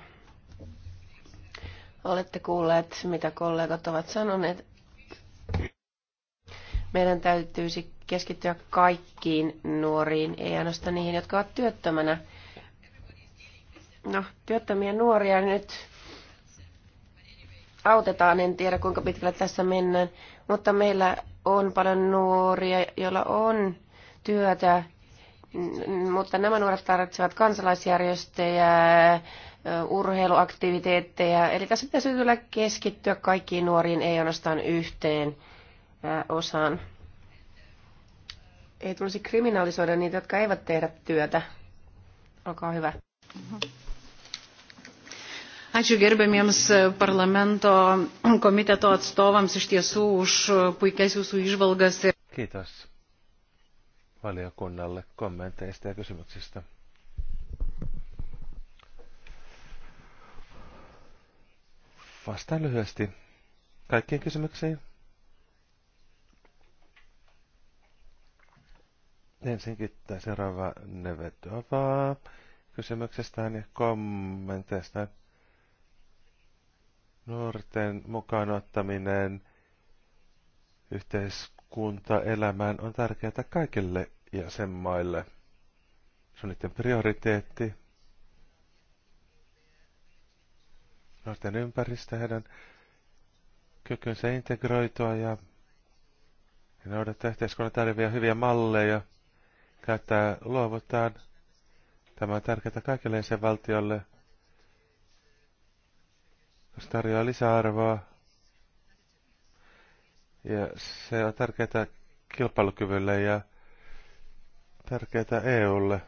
Olette kuulleet, mitä kollegat ovat sanoneet. Meidän täytyisi keskittyä kaikkiin nuoriin, ei ainoastaan niihin, jotka ovat työttömänä. No, työttömiä nuoria nyt autetaan, en tiedä kuinka pitkälle tässä mennään, mutta meillä on paljon nuoria, joilla on työtä Mm, mutta nämä nuoret tarvitsevat kansalaisjärjestöjä, urheiluaktiviteetteja. Eli tässä pitäisi kyllä keskittyä kaikkiin nuoriin, ei ainoastaan yhteen osaan. Ei tulisi kriminalisoida niitä, jotka eivät tehdä työtä. Olkaa hyvä. Ačiū gerbėmiems parlamento komiteto atstovams iš tiesų už puikias jūsų išvalgas. Kiitos valiokunnalle kommenteista ja kysymyksistä. Vastaan lyhyesti kaikkiin kysymyksiin. Ensin tämä seuraava Nevedovaa kysymyksestään ja kommenteista Nuorten mukaan ottaminen yhteis yhteiskuntaelämään on tärkeää kaikille jäsenmaille. Se on niiden prioriteetti. Noiden ympäristö, heidän kykynsä integroitua ja noudattaa yhteiskunnan tarvia hyviä malleja. Käyttää luovutaan. Tämä on tärkeää kaikille sen valtiolle, jos tarjoaa lisäarvoa ja se on tärkeää kilpailukyvylle ja tärkeää EUlle.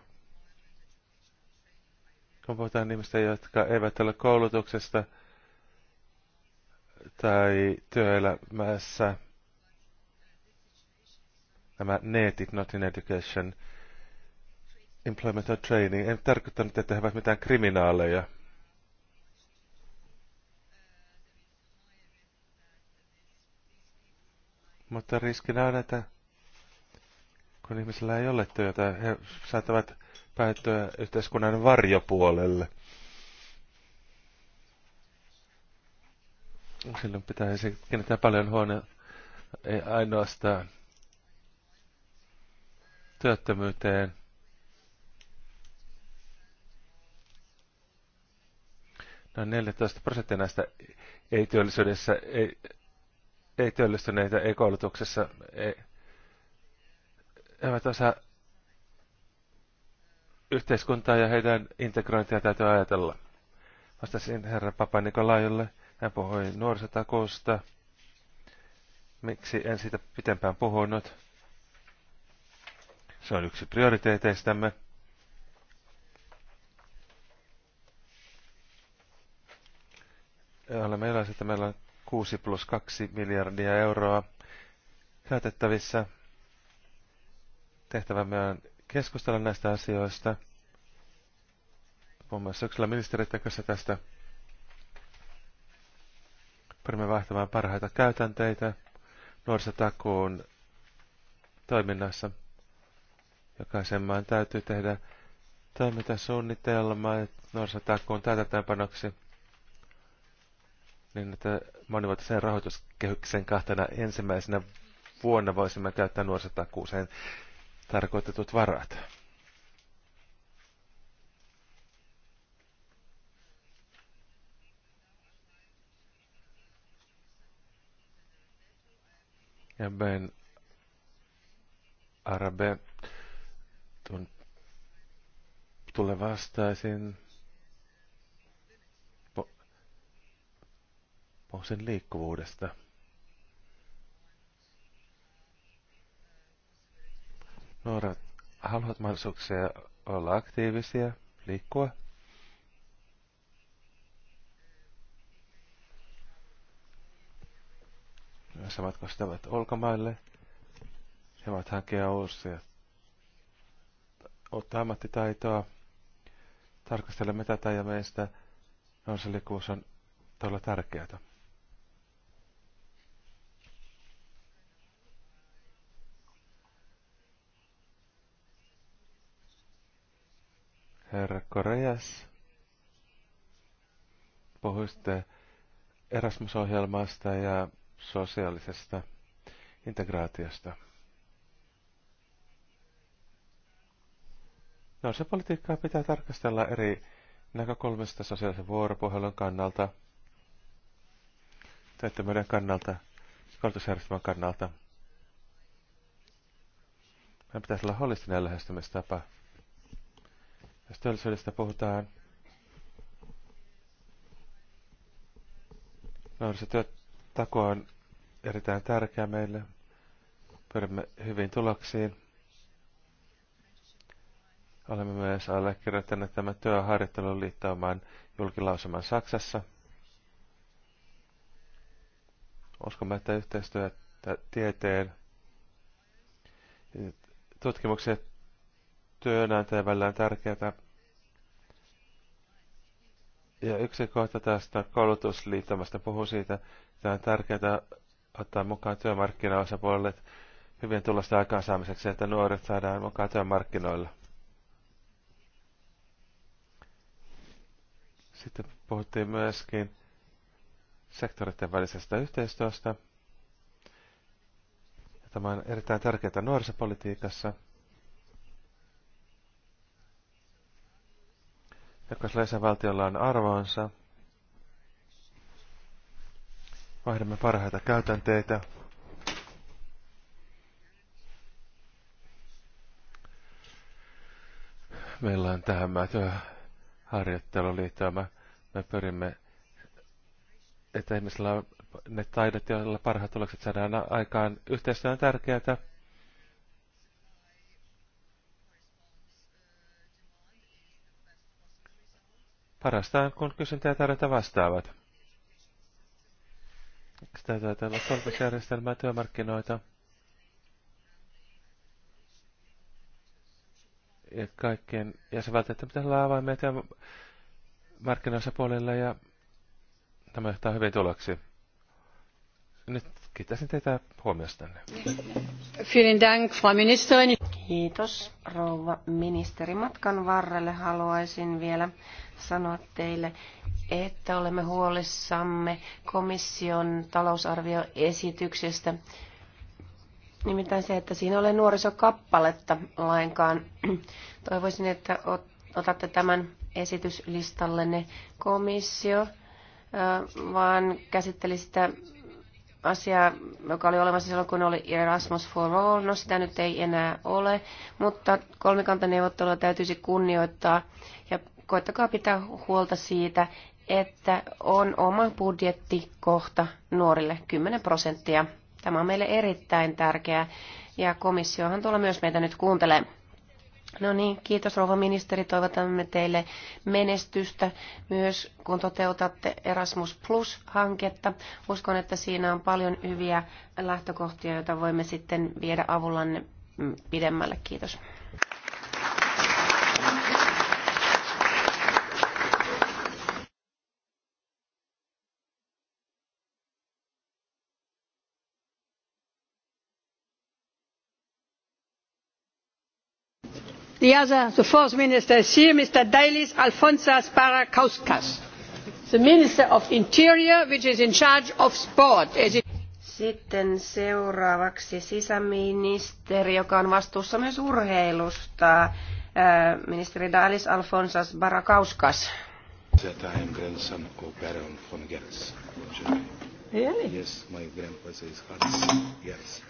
Kun puhutaan ihmistä, jotka eivät ole koulutuksesta tai työelämässä, nämä netit, Not in Education, Employment or Training, en tarkoittanut, että he ovat mitään kriminaaleja. Mutta riskinä on, että kun ihmisellä ei ole työtä, he saattavat päättyä yhteiskunnan varjopuolelle. Silloin pitäisi kiinnittää paljon huone ei ainoastaan työttömyyteen, noin 14 prosenttia näistä ei-työllisyydessä ei, ei työllistyneitä, ei koulutuksessa, ei, eivät osaa yhteiskuntaa ja heidän integrointia täytyy ajatella. Vastasin herra Papa Nikolaiolle. Hän puhui nuorisotakuusta. Miksi en siitä pitempään puhunut? Se on yksi prioriteeteistämme. olemme iloisia, että meillä on 6 plus 2 miljardia euroa käytettävissä. Tehtävämme on keskustella näistä asioista. Muun muassa yksilö ministerit kanssa tästä. Pyrimme vaihtamaan parhaita käytänteitä nuorisotakuun toiminnassa. Jokaisen maan täytyy tehdä toimintasuunnitelma nuorisotakuun täytäntöönpanoksi niin että monivuotisen rahoituskehyksen kahtena ensimmäisenä vuonna voisimme käyttää nuorisotakuuseen tarkoitetut varat. Ja Ben Arabe vastaisin. Puhun sen liikkuvuudesta. Nuoret haluat mahdollisuuksia olla aktiivisia, liikkua. Sä matkustavat ulkomaille. He ovat hankkia uusia uutta ammattitaitoa. Tarkastelemme tätä ja meistä nouseliikkuvuus on todella tärkeää. Herra Koreas, puhuitte Erasmus-ohjelmasta ja sosiaalisesta integraatiosta. No, se politiikkaa pitää tarkastella eri näkökulmista sosiaalisen vuoropuhelun kannalta, työttömyyden kannalta, koulutusjärjestelmän kannalta. Meidän pitäisi olla holistinen lähestymistapa. Jos teollisuudesta puhutaan, nuorisotyötako on erittäin tärkeä meille. Pyrimme hyvin tuloksiin. Olemme myös allekirjoittaneet tämän työharjoittelun liittoumaan julkilausuman Saksassa. Uskomme, että yhteistyö tieteen tutkimukset työnantajan välillä on tärkeää. Ja yksi kohta tästä koulutusliittomasta puhuu siitä, että on tärkeää ottaa mukaan työmarkkinaosapuolelle hyvien tulosta aikaansaamiseksi, että nuoret saadaan mukaan työmarkkinoilla. Sitten puhuttiin myöskin sektoreiden välisestä yhteistyöstä. Tämä on erittäin tärkeää nuorisopolitiikassa. Jokaisella jäsenvaltiolla on arvoonsa. Vaihdamme parhaita käytänteitä. Meillä on harjoittelu liittyvä. Me pyrimme, että ihmisillä on ne taidot, joilla parhaat tulokset saadaan aikaan. Yhteistyö on tärkeää Parasta on, kun kysyntää tarjota tarjonta vastaavat. Sitä täytyy olla koulutusjärjestelmää, työmarkkinoita. Ja kaikkien jäsenvaltioiden pitäisi olla avaimia työmarkkinoissa puolella ja tämä johtaa hyvin tuloksi. Nyt kiitäisin teitä huomiostanne. Vielen Dank, Frau Ministerin. Kiitos, rouva ministeri. Matkan varrelle haluaisin vielä sanoa teille, että olemme huolissamme komission talousarvioesityksestä. Nimittäin se, että siinä ole nuorisokappaletta lainkaan. Toivoisin, että otatte tämän esityslistallenne komissio, vaan käsitteli sitä Asia, joka oli olemassa silloin, kun oli Erasmus for All. No sitä nyt ei enää ole, mutta kolmikantaneuvottelua täytyisi kunnioittaa ja koettakaa pitää huolta siitä, että on oma budjettikohta nuorille 10 prosenttia. Tämä on meille erittäin tärkeää ja komissiohan tuolla myös meitä nyt kuuntelee. No niin, kiitos rouva ministeri. Toivotamme teille menestystä myös, kun toteutatte Erasmus Plus-hanketta. Uskon, että siinä on paljon hyviä lähtökohtia, joita voimme sitten viedä avullanne mm, pidemmälle. Kiitos. the other the fourth minister is here mr dalis alfonsas the minister of interior which is in charge of sport. Sitten seuraavaksi sisäministeri, joka on vastuussa myös urheilusta, äh, ministeri Dalis Alfonsas Barakauskas. Really? Yes, my grandpa says Hans Yes.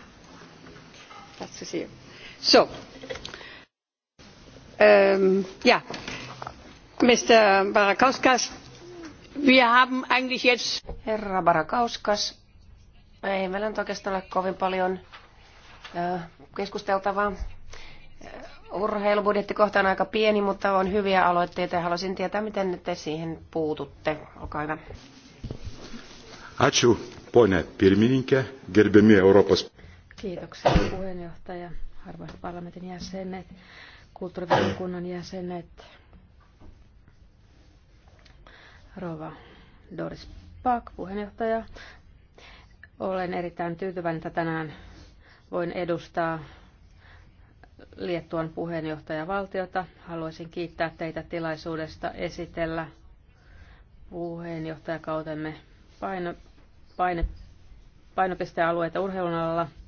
That's to see you. So, Ähm, ja, wir haben eigentlich jetzt... Herra Barakauskas, ei meillä nyt oikeastaan ole kovin paljon keskusteltavaa. Urheilubudjetti kohta on aika pieni, mutta on hyviä aloitteita ja haluaisin tietää, miten te siihen puututte. Olkaa hyvä. Ačiū, ponė pirmininkė, gerbiami Kiitoksia puheenjohtaja, arvoisat parlamentin jäsenet kulttuurivaliokunnan jäsenet, Rova Doris Pak, puheenjohtaja. Olen erittäin tyytyväinen, että tänään voin edustaa Liettuan puheenjohtajavaltiota. Haluaisin kiittää teitä tilaisuudesta esitellä puheenjohtajakautemme paino, paine, painopistealueita urheilun alalla –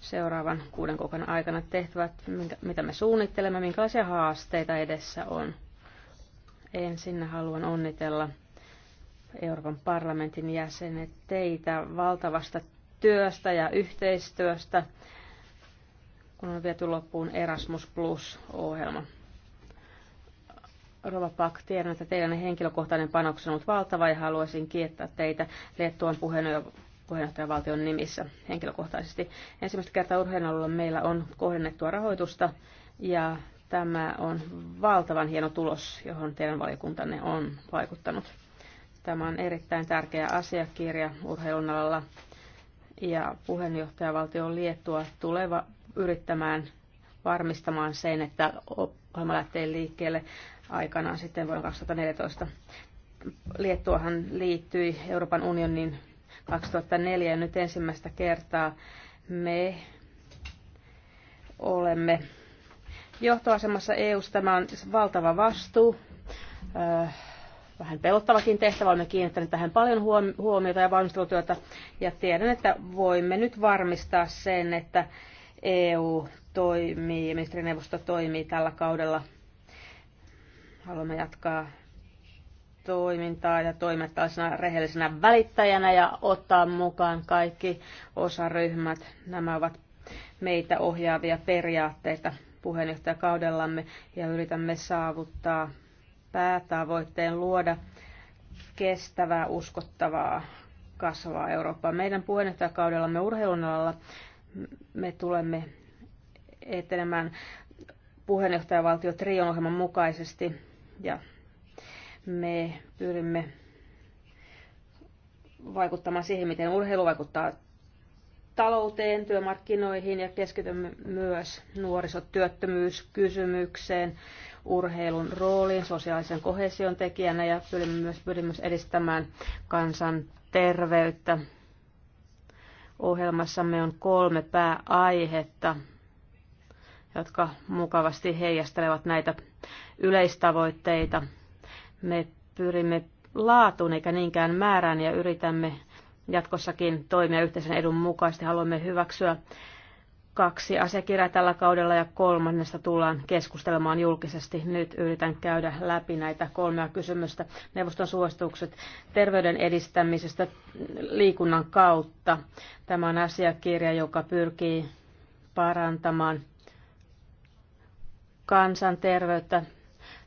seuraavan kuuden kuukauden aikana tehtävät, mitä me suunnittelemme, minkälaisia haasteita edessä on. Ensin haluan onnitella Euroopan parlamentin jäsenet teitä valtavasta työstä ja yhteistyöstä, kun on viety loppuun Erasmus Plus-ohjelma. Rova Pak, tiedän, että teidän henkilökohtainen panoksen on ollut valtava ja haluaisin kiittää teitä Liettuan puheenjohtajavaltion nimissä henkilökohtaisesti. Ensimmäistä kertaa urheilualueella meillä on kohdennettua rahoitusta ja tämä on valtavan hieno tulos, johon teidän valiokuntanne on vaikuttanut. Tämä on erittäin tärkeä asiakirja urheilun alalla ja puheenjohtajavaltio Liettua tuleva yrittämään varmistamaan sen, että ohjelma lähtee liikkeelle aikanaan sitten vuonna 2014. Liettuahan liittyi Euroopan unionin 2004 ja nyt ensimmäistä kertaa me olemme johtoasemassa eu Tämä on valtava vastuu äh, vähän pelottavakin tehtävä. Olemme kiinnittäneet tähän paljon huomiota ja valmistelutyötä ja tiedän, että voimme nyt varmistaa sen, että EU toimii, ministerineuvosto toimii tällä kaudella. Haluamme jatkaa toimintaa ja toimia rehellisenä välittäjänä ja ottaa mukaan kaikki osaryhmät. Nämä ovat meitä ohjaavia periaatteita puheenjohtajakaudellamme ja yritämme saavuttaa päätavoitteen luoda kestävää, uskottavaa, kasvavaa Eurooppaa. Meidän puheenjohtajakaudellamme urheilun alalla me tulemme etenemään puheenjohtajavaltio Trion ohjelman mukaisesti ja me pyrimme vaikuttamaan siihen, miten urheilu vaikuttaa talouteen, työmarkkinoihin ja keskitymme myös nuorisotyöttömyyskysymykseen, urheilun rooliin, sosiaalisen kohesion tekijänä ja pyrimme myös, pyrimme myös edistämään kansan terveyttä. Ohjelmassamme on kolme pääaihetta, jotka mukavasti heijastelevat näitä yleistavoitteita – me pyrimme laatuun eikä niinkään määrään ja yritämme jatkossakin toimia yhteisen edun mukaisesti. Haluamme hyväksyä kaksi asiakirjaa tällä kaudella ja kolmannesta tullaan keskustelemaan julkisesti. Nyt yritän käydä läpi näitä kolmea kysymystä. Neuvoston suositukset terveyden edistämisestä liikunnan kautta. Tämä on asiakirja, joka pyrkii parantamaan kansanterveyttä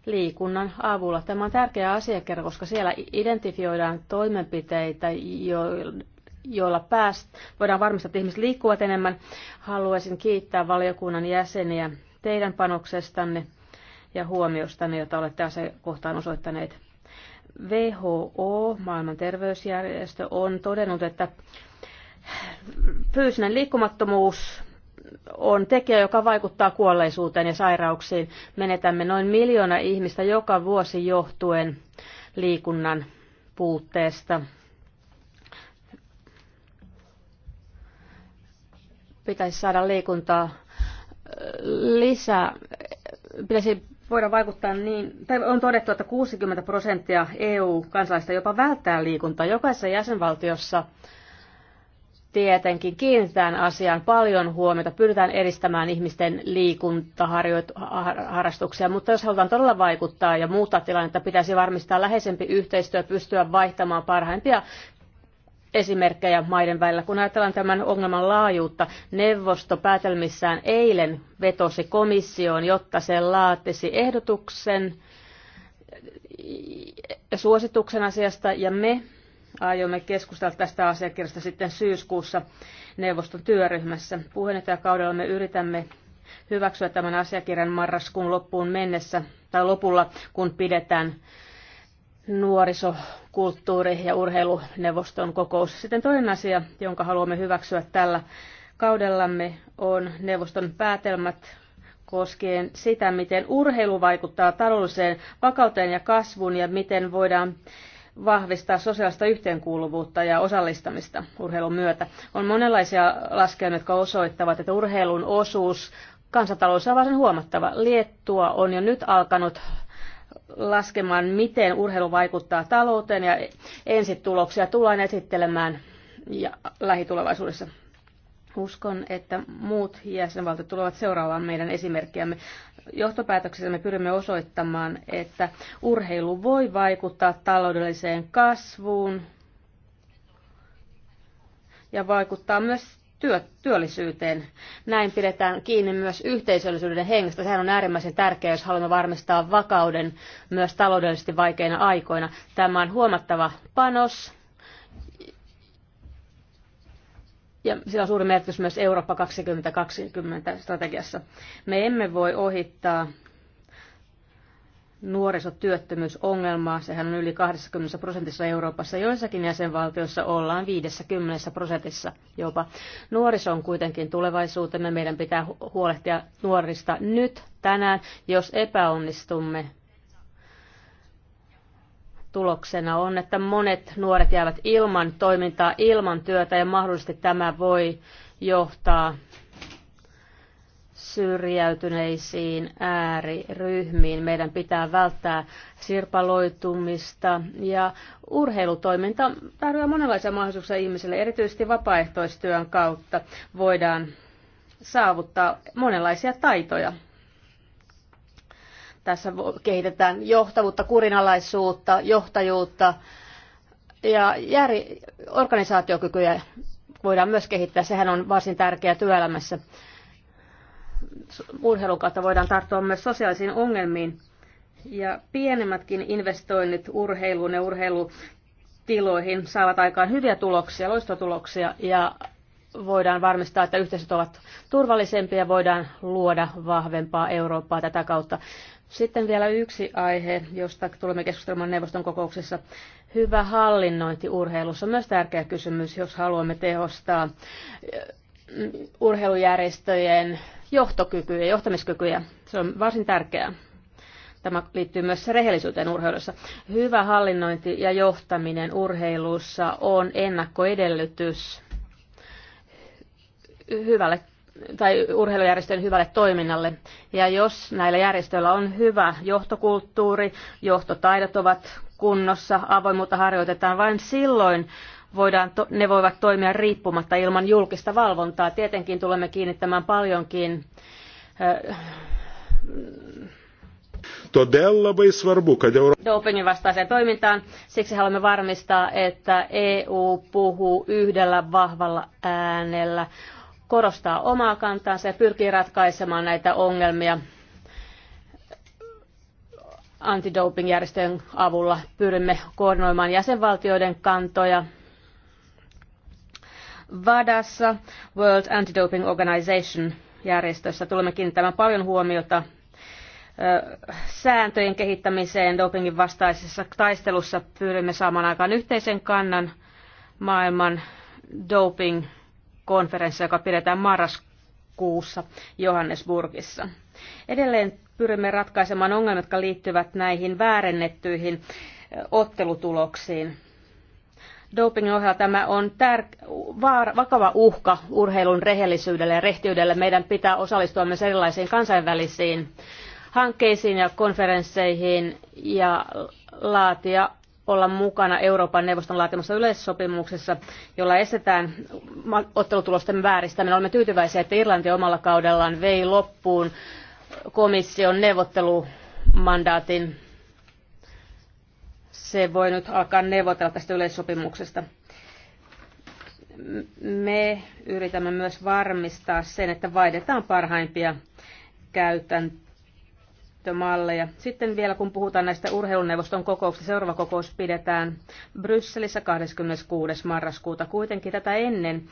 liikunnan avulla. Tämä on tärkeä asiakirja, koska siellä identifioidaan toimenpiteitä, joilla pääst, voidaan varmistaa, että ihmiset liikkuvat enemmän. Haluaisin kiittää valiokunnan jäseniä teidän panoksestanne ja huomiostanne, jota olette kohtaan osoittaneet. WHO, maailman terveysjärjestö, on todennut, että fyysinen liikkumattomuus on tekijä, joka vaikuttaa kuolleisuuteen ja sairauksiin. Menetämme noin miljoona ihmistä joka vuosi johtuen liikunnan puutteesta. Pitäisi saada liikuntaa lisää. Pitäisi voida vaikuttaa niin, tai on todettu, että 60 prosenttia EU-kansalaista jopa välttää liikuntaa. Jokaisessa jäsenvaltiossa tietenkin kiinnitetään asiaan paljon huomiota, pyritään edistämään ihmisten liikuntaharrastuksia, mutta jos halutaan todella vaikuttaa ja muuttaa tilannetta, pitäisi varmistaa läheisempi yhteistyö, pystyä vaihtamaan parhaimpia esimerkkejä maiden välillä. Kun ajatellaan tämän ongelman laajuutta, neuvosto päätelmissään eilen vetosi komissioon, jotta se laatisi ehdotuksen suosituksen asiasta, ja me Aiomme keskustella tästä asiakirjasta sitten syyskuussa neuvoston työryhmässä. Puheenjohtajakaudella me yritämme hyväksyä tämän asiakirjan marraskuun loppuun mennessä tai lopulla, kun pidetään nuoriso, kulttuuri- ja urheiluneuvoston kokous. Sitten toinen asia, jonka haluamme hyväksyä tällä kaudellamme, on neuvoston päätelmät koskien sitä, miten urheilu vaikuttaa taloudelliseen vakauteen ja kasvuun ja miten voidaan vahvistaa sosiaalista yhteenkuuluvuutta ja osallistamista urheilun myötä. On monenlaisia laskelmia, jotka osoittavat, että urheilun osuus kansantalous on varsin huomattava. Liettua on jo nyt alkanut laskemaan, miten urheilu vaikuttaa talouteen ja ensituloksia tullaan esittelemään ja lähitulevaisuudessa. Uskon, että muut jäsenvaltiot tulevat seuraamaan meidän esimerkkiämme johtopäätöksessä me pyrimme osoittamaan, että urheilu voi vaikuttaa taloudelliseen kasvuun ja vaikuttaa myös työ, työllisyyteen. Näin pidetään kiinni myös yhteisöllisyyden hengestä. Sehän on äärimmäisen tärkeää, jos haluamme varmistaa vakauden myös taloudellisesti vaikeina aikoina. Tämä on huomattava panos ja sillä on suuri merkitys myös Eurooppa 2020 strategiassa. Me emme voi ohittaa nuorisotyöttömyysongelmaa. Sehän on yli 20 prosentissa Euroopassa. Joissakin jäsenvaltioissa ollaan 50 prosentissa jopa. Nuoriso on kuitenkin tulevaisuutemme. Meidän pitää huolehtia nuorista nyt, tänään. Jos epäonnistumme, tuloksena on, että monet nuoret jäävät ilman toimintaa, ilman työtä ja mahdollisesti tämä voi johtaa syrjäytyneisiin ääriryhmiin. Meidän pitää välttää sirpaloitumista ja urheilutoiminta tarjoaa monenlaisia mahdollisuuksia ihmisille. Erityisesti vapaaehtoistyön kautta voidaan saavuttaa monenlaisia taitoja. Tässä kehitetään johtavuutta, kurinalaisuutta, johtajuutta ja jär... organisaatiokykyjä voidaan myös kehittää. Sehän on varsin tärkeää työelämässä. Urheilun kautta voidaan tarttua myös sosiaalisiin ongelmiin. Ja pienemmätkin investoinnit urheiluun ja urheilutiloihin saavat aikaan hyviä tuloksia, loistotuloksia ja voidaan varmistaa, että yhteisöt ovat turvallisempia, voidaan luoda vahvempaa Eurooppaa tätä kautta. Sitten vielä yksi aihe, josta tulemme keskustelemaan neuvoston kokouksessa. Hyvä hallinnointi urheilussa on myös tärkeä kysymys, jos haluamme tehostaa eh, urheilujärjestöjen johtokykyä johtamiskykyjä. Se on varsin tärkeää. Tämä liittyy myös rehellisyyteen urheilussa. Hyvä hallinnointi ja johtaminen urheilussa on ennakkoedellytys hyvälle tai urheilujärjestöjen hyvälle toiminnalle. Ja jos näillä järjestöillä on hyvä johtokulttuuri, johtotaidot ovat kunnossa, avoimuutta harjoitetaan, vain silloin voidaan, ne voivat toimia riippumatta ilman julkista valvontaa. Tietenkin tulemme kiinnittämään paljonkin Todėl labai svarbu, kad Euroopan... Dopingin vastaiseen toimintaan. Siksi haluamme varmistaa, että EU puhuu yhdellä vahvalla äänellä korostaa omaa kantaansa ja pyrkii ratkaisemaan näitä ongelmia antidopingjärjestöjen avulla. Pyrimme koordinoimaan jäsenvaltioiden kantoja VADassa, World Anti-Doping Organization järjestössä. Tulemme kiinnittämään paljon huomiota sääntöjen kehittämiseen dopingin vastaisessa taistelussa pyrimme saamaan aikaan yhteisen kannan maailman doping konferenssi, joka pidetään marraskuussa Johannesburgissa. Edelleen pyrimme ratkaisemaan ongelmat, jotka liittyvät näihin väärennettyihin ottelutuloksiin. Dopingin ohella tämä on tär- vaara, vakava uhka urheilun rehellisyydelle ja rehtiydelle. Meidän pitää osallistua myös erilaisiin kansainvälisiin hankkeisiin ja konferensseihin ja laatia olla mukana Euroopan neuvoston laatimassa yleissopimuksessa, jolla estetään ottelutulosten vääristäminen. Olemme tyytyväisiä, että Irlanti omalla kaudellaan vei loppuun komission neuvottelumandaatin. Se voi nyt alkaa neuvotella tästä yleissopimuksesta me yritämme myös varmistaa sen, että vaihdetaan parhaimpia käytäntöjä käyttömalleja. Sitten vielä kun puhutaan näistä urheiluneuvoston kokouksista, seuraava kokous pidetään Brysselissä 26. marraskuuta. Kuitenkin tätä ennen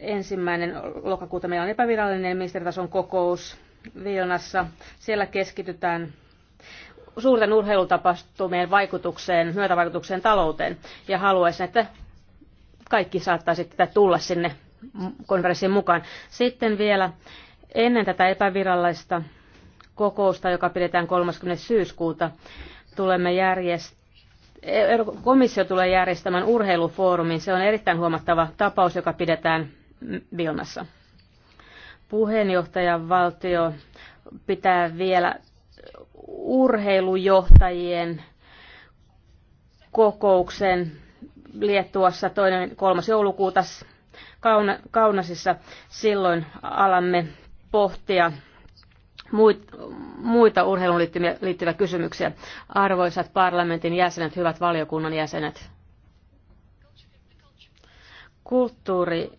ensimmäinen lokakuuta meillä on epävirallinen ministeritason kokous Vilnassa. Siellä keskitytään suurten urheilutapahtumien vaikutukseen, myötävaikutukseen talouteen. Ja haluaisin, että kaikki saattaisi tätä tulla sinne konferenssin mukaan. Sitten vielä ennen tätä epävirallista kokousta, joka pidetään 30. syyskuuta. Tulemme järjest- komissio tulee järjestämään urheilufoorumin. Se on erittäin huomattava tapaus, joka pidetään Vilnassa. Puheenjohtajan valtio pitää vielä urheilujohtajien kokouksen Liettuassa toinen kolmas joulukuuta Kaunasissa. Silloin alamme pohtia muita urheiluun liittyviä kysymyksiä. Arvoisat parlamentin jäsenet, hyvät valiokunnan jäsenet. Kulttuuri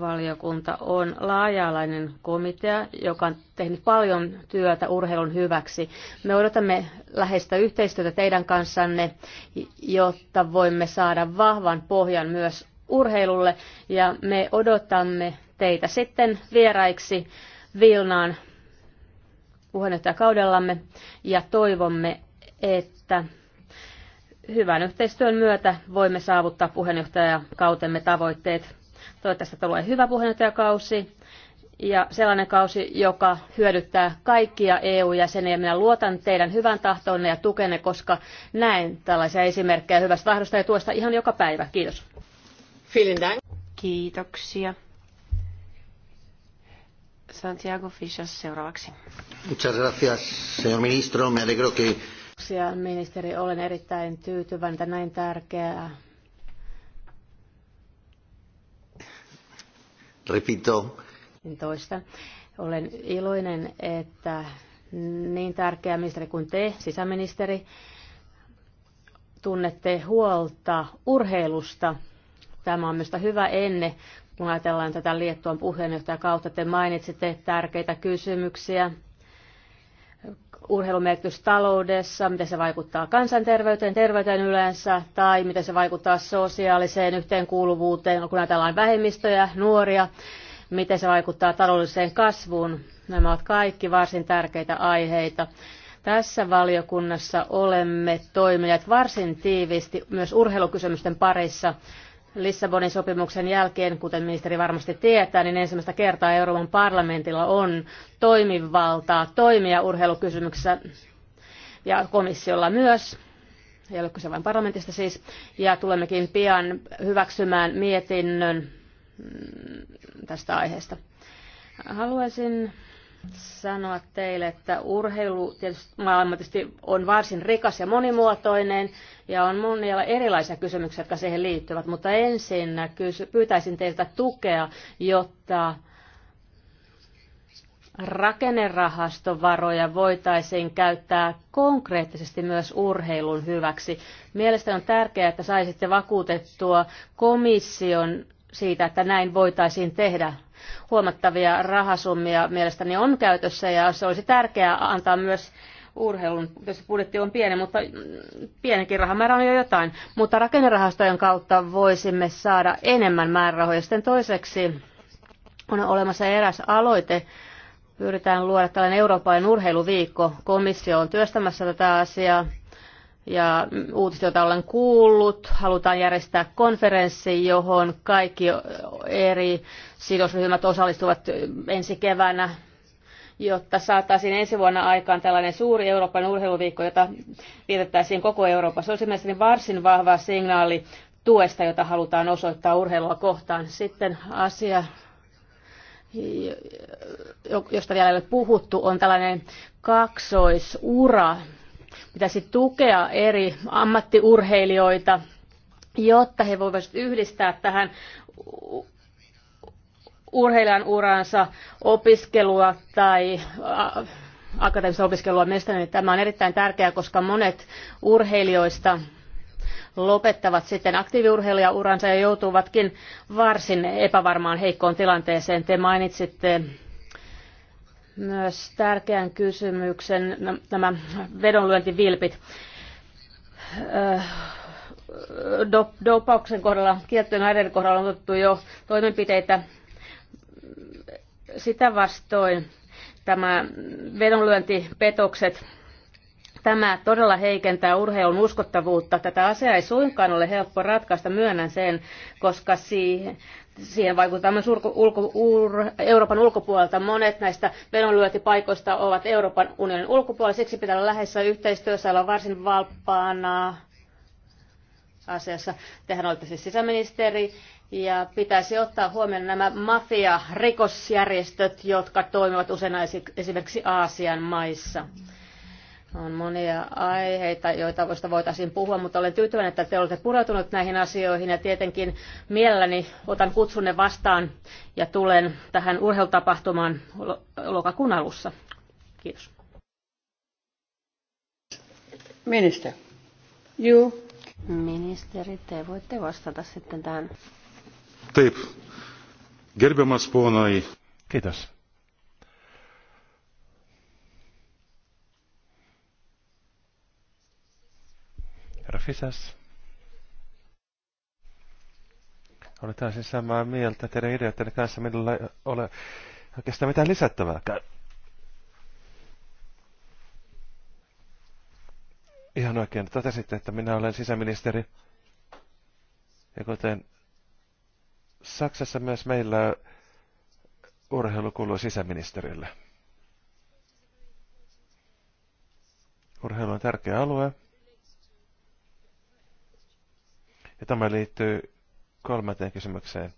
valiokunta on laajalainen komitea, joka on tehnyt paljon työtä urheilun hyväksi. Me odotamme läheistä yhteistyötä teidän kanssanne, jotta voimme saada vahvan pohjan myös urheilulle ja me odotamme teitä sitten vieraiksi Vilnaan puheenjohtajakaudellamme ja toivomme, että hyvän yhteistyön myötä voimme saavuttaa puheenjohtajakautemme tavoitteet. Toivottavasti tulee hyvä puheenjohtajakausi ja sellainen kausi, joka hyödyttää kaikkia EU-jäseniä. Minä luotan teidän hyvän tahtoonne ja tukenne, koska näen tällaisia esimerkkejä hyvästä tahdosta ja tuosta ihan joka päivä. Kiitos. Kiitoksia. Santiago Fisas seuraavaksi. Muchas gracias, señor ministro. Me alegro que... Ministeri, olen erittäin tyytyväinen, että näin tärkeää Repito. Toista. Olen iloinen, että niin tärkeä ministeri kuin te, sisäministeri, tunnette huolta urheilusta. Tämä on minusta hyvä ennen kun ajatellaan tätä Liettuan kautta te mainitsitte tärkeitä kysymyksiä urheilumerkitys taloudessa, miten se vaikuttaa kansanterveyteen, terveyteen yleensä, tai miten se vaikuttaa sosiaaliseen yhteenkuuluvuuteen, kun ajatellaan vähemmistöjä, nuoria, miten se vaikuttaa taloudelliseen kasvuun. Nämä ovat kaikki varsin tärkeitä aiheita. Tässä valiokunnassa olemme toimineet varsin tiiviisti myös urheilukysymysten parissa Lissabonin sopimuksen jälkeen, kuten ministeri varmasti tietää, niin ensimmäistä kertaa Euroopan parlamentilla on toimivaltaa toimia urheilukysymyksessä ja komissiolla myös. Ei ole kyse vain parlamentista siis. Ja tulemmekin pian hyväksymään mietinnön mm, tästä aiheesta. Haluaisin sanoa teille, että urheilu tietysti, maailma tietysti on varsin rikas ja monimuotoinen ja on monia erilaisia kysymyksiä, jotka siihen liittyvät, mutta ensin pyytäisin teiltä tukea, jotta rakennerahastovaroja voitaisiin käyttää konkreettisesti myös urheilun hyväksi. Mielestäni on tärkeää, että saisitte vakuutettua komission siitä, että näin voitaisiin tehdä huomattavia rahasummia mielestäni on käytössä ja se olisi tärkeää antaa myös urheilun, jos budjetti on pieni, mutta pienekin rahamäärä on jo jotain, mutta rakennerahastojen kautta voisimme saada enemmän määrärahoja. Sitten toiseksi on olemassa eräs aloite, pyritään luoda tällainen Euroopan urheiluviikko. Komissio on työstämässä tätä asiaa ja uutiset, joita olen kuullut, halutaan järjestää konferenssi, johon kaikki eri sidosryhmät osallistuvat ensi keväänä, jotta saataisiin ensi vuonna aikaan tällainen suuri Euroopan urheiluviikko, jota vietettäisiin koko Euroopassa. Olisi mielestäni varsin vahva signaali tuesta, jota halutaan osoittaa urheilua kohtaan. Sitten asia, josta vielä ei ole puhuttu, on tällainen kaksoisura pitäisi tukea eri ammattiurheilijoita, jotta he voivat yhdistää tähän urheilijan uransa opiskelua tai akateemista opiskelua mielestäni tämä on erittäin tärkeää, koska monet urheilijoista lopettavat sitten aktiiviurheilijauransa ja joutuvatkin varsin epävarmaan heikkoon tilanteeseen. Te mainitsitte myös tärkeän kysymyksen, no, nämä vedonlyöntivilpit. Dopauksen kohdalla, kiettyjen aineiden kohdalla on otettu jo toimenpiteitä. Sitä vastoin tämä vedonlyöntipetokset, tämä todella heikentää urheilun uskottavuutta. Tätä asiaa ei suinkaan ole helppo ratkaista, myönnän sen, koska siihen siihen vaikuttaa myös ulko, ulko, ur, Euroopan ulkopuolelta. Monet näistä vedonlyöntipaikoista ovat Euroopan unionin ulkopuolella, siksi pitää olla läheisessä yhteistyössä, olla varsin valppaana asiassa. Tehän olette siis sisäministeri ja pitäisi ottaa huomioon nämä mafia-rikosjärjestöt, jotka toimivat usein esimerkiksi Aasian maissa. Mm on monia aiheita, joita voitaisiin puhua, mutta olen tyytyväinen, että te olette pureutuneet näihin asioihin ja tietenkin mielelläni otan kutsunne vastaan ja tulen tähän urheilutapahtumaan lokakuun alussa. Kiitos. Minister. Juu. Ministeri, te voitte vastata sitten tähän. Taip. Gerbiamas ponai. Kiitos. Herra Olen täysin samaa mieltä teidän ideoiden kanssa, minulla ei ole oikeastaan mitään lisättävääkään. Ihan oikein totesitte, että minä olen sisäministeri. Ja kuten Saksassa myös meillä urheilu kuuluu sisäministerille. Urheilu on tärkeä alue. Ja tämä liittyy kolmanteen kysymykseen,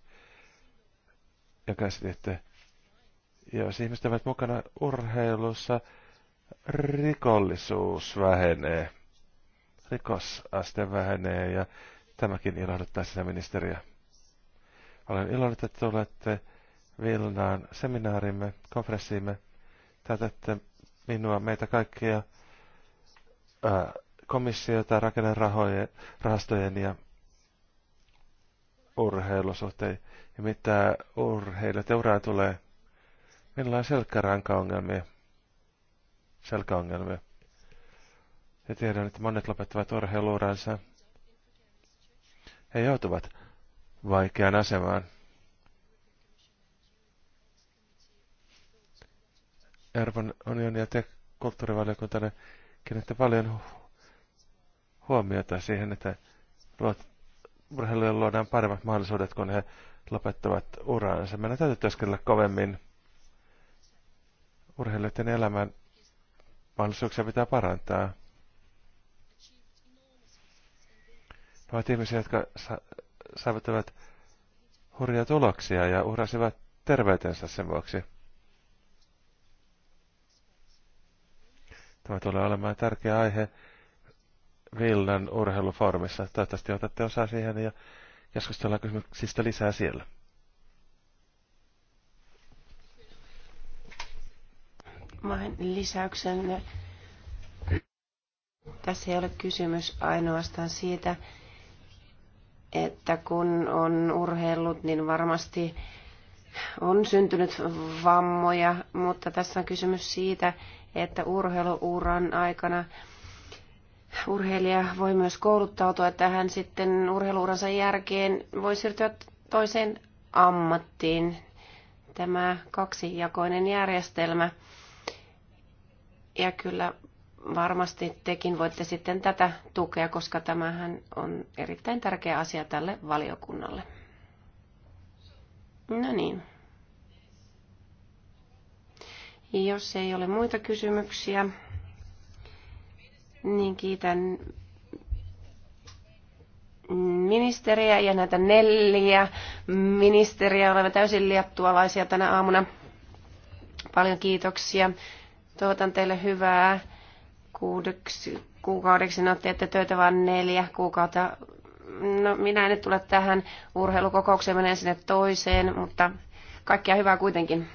joka esititte. Jos ihmiset ovat mukana urheilussa, rikollisuus vähenee. Rikosaste vähenee ja tämäkin ilahduttaa sitä ministeriä. Olen iloinen, että tulette Vilnaan seminaarimme, konferenssiimme. Täytätte minua, meitä kaikkia, ää, komissiota, rakennerahojen, ja urheilusuhteen ja mitä urheilijat uraan tulee. Meillä on selkärankaongelmia. Selkäongelmia. Ja tiedän, että monet lopettavat urheiluuransa. He joutuvat vaikeaan asemaan. Euroopan unionin ja te kulttuurivaliokuntana kiinnitti paljon huomiota siihen, että luot urheilijoille luodaan paremmat mahdollisuudet, kun he lopettavat uraansa. Meidän täytyy työskennellä kovemmin. Urheilijoiden elämän mahdollisuuksia pitää parantaa. Ne ovat ihmisiä, jotka sa- saavuttavat hurjia tuloksia ja uhrasivat terveytensä sen vuoksi. Tämä tulee olemaan tärkeä aihe Villan urheilufoorumissa. Toivottavasti otatte osaa siihen ja keskustellaan kysymyksistä lisää siellä. Vain lisäyksen. Tässä ei ole kysymys ainoastaan siitä, että kun on urheillut, niin varmasti on syntynyt vammoja, mutta tässä on kysymys siitä, että urheiluuran aikana urheilija voi myös kouluttautua hän sitten urheiluuransa jälkeen, voi siirtyä toiseen ammattiin. Tämä kaksijakoinen järjestelmä. Ja kyllä varmasti tekin voitte sitten tätä tukea, koska tämähän on erittäin tärkeä asia tälle valiokunnalle. No niin. Jos ei ole muita kysymyksiä, niin kiitän ministeriä ja näitä neljä ministeriä. Olemme täysin liattualaisia tänä aamuna. Paljon kiitoksia. Toivotan teille hyvää kuudeksi, kuukaudeksi. No, teette töitä vain neljä kuukautta. No, minä en nyt tule tähän urheilukokoukseen, menen sinne toiseen, mutta kaikkia hyvää kuitenkin.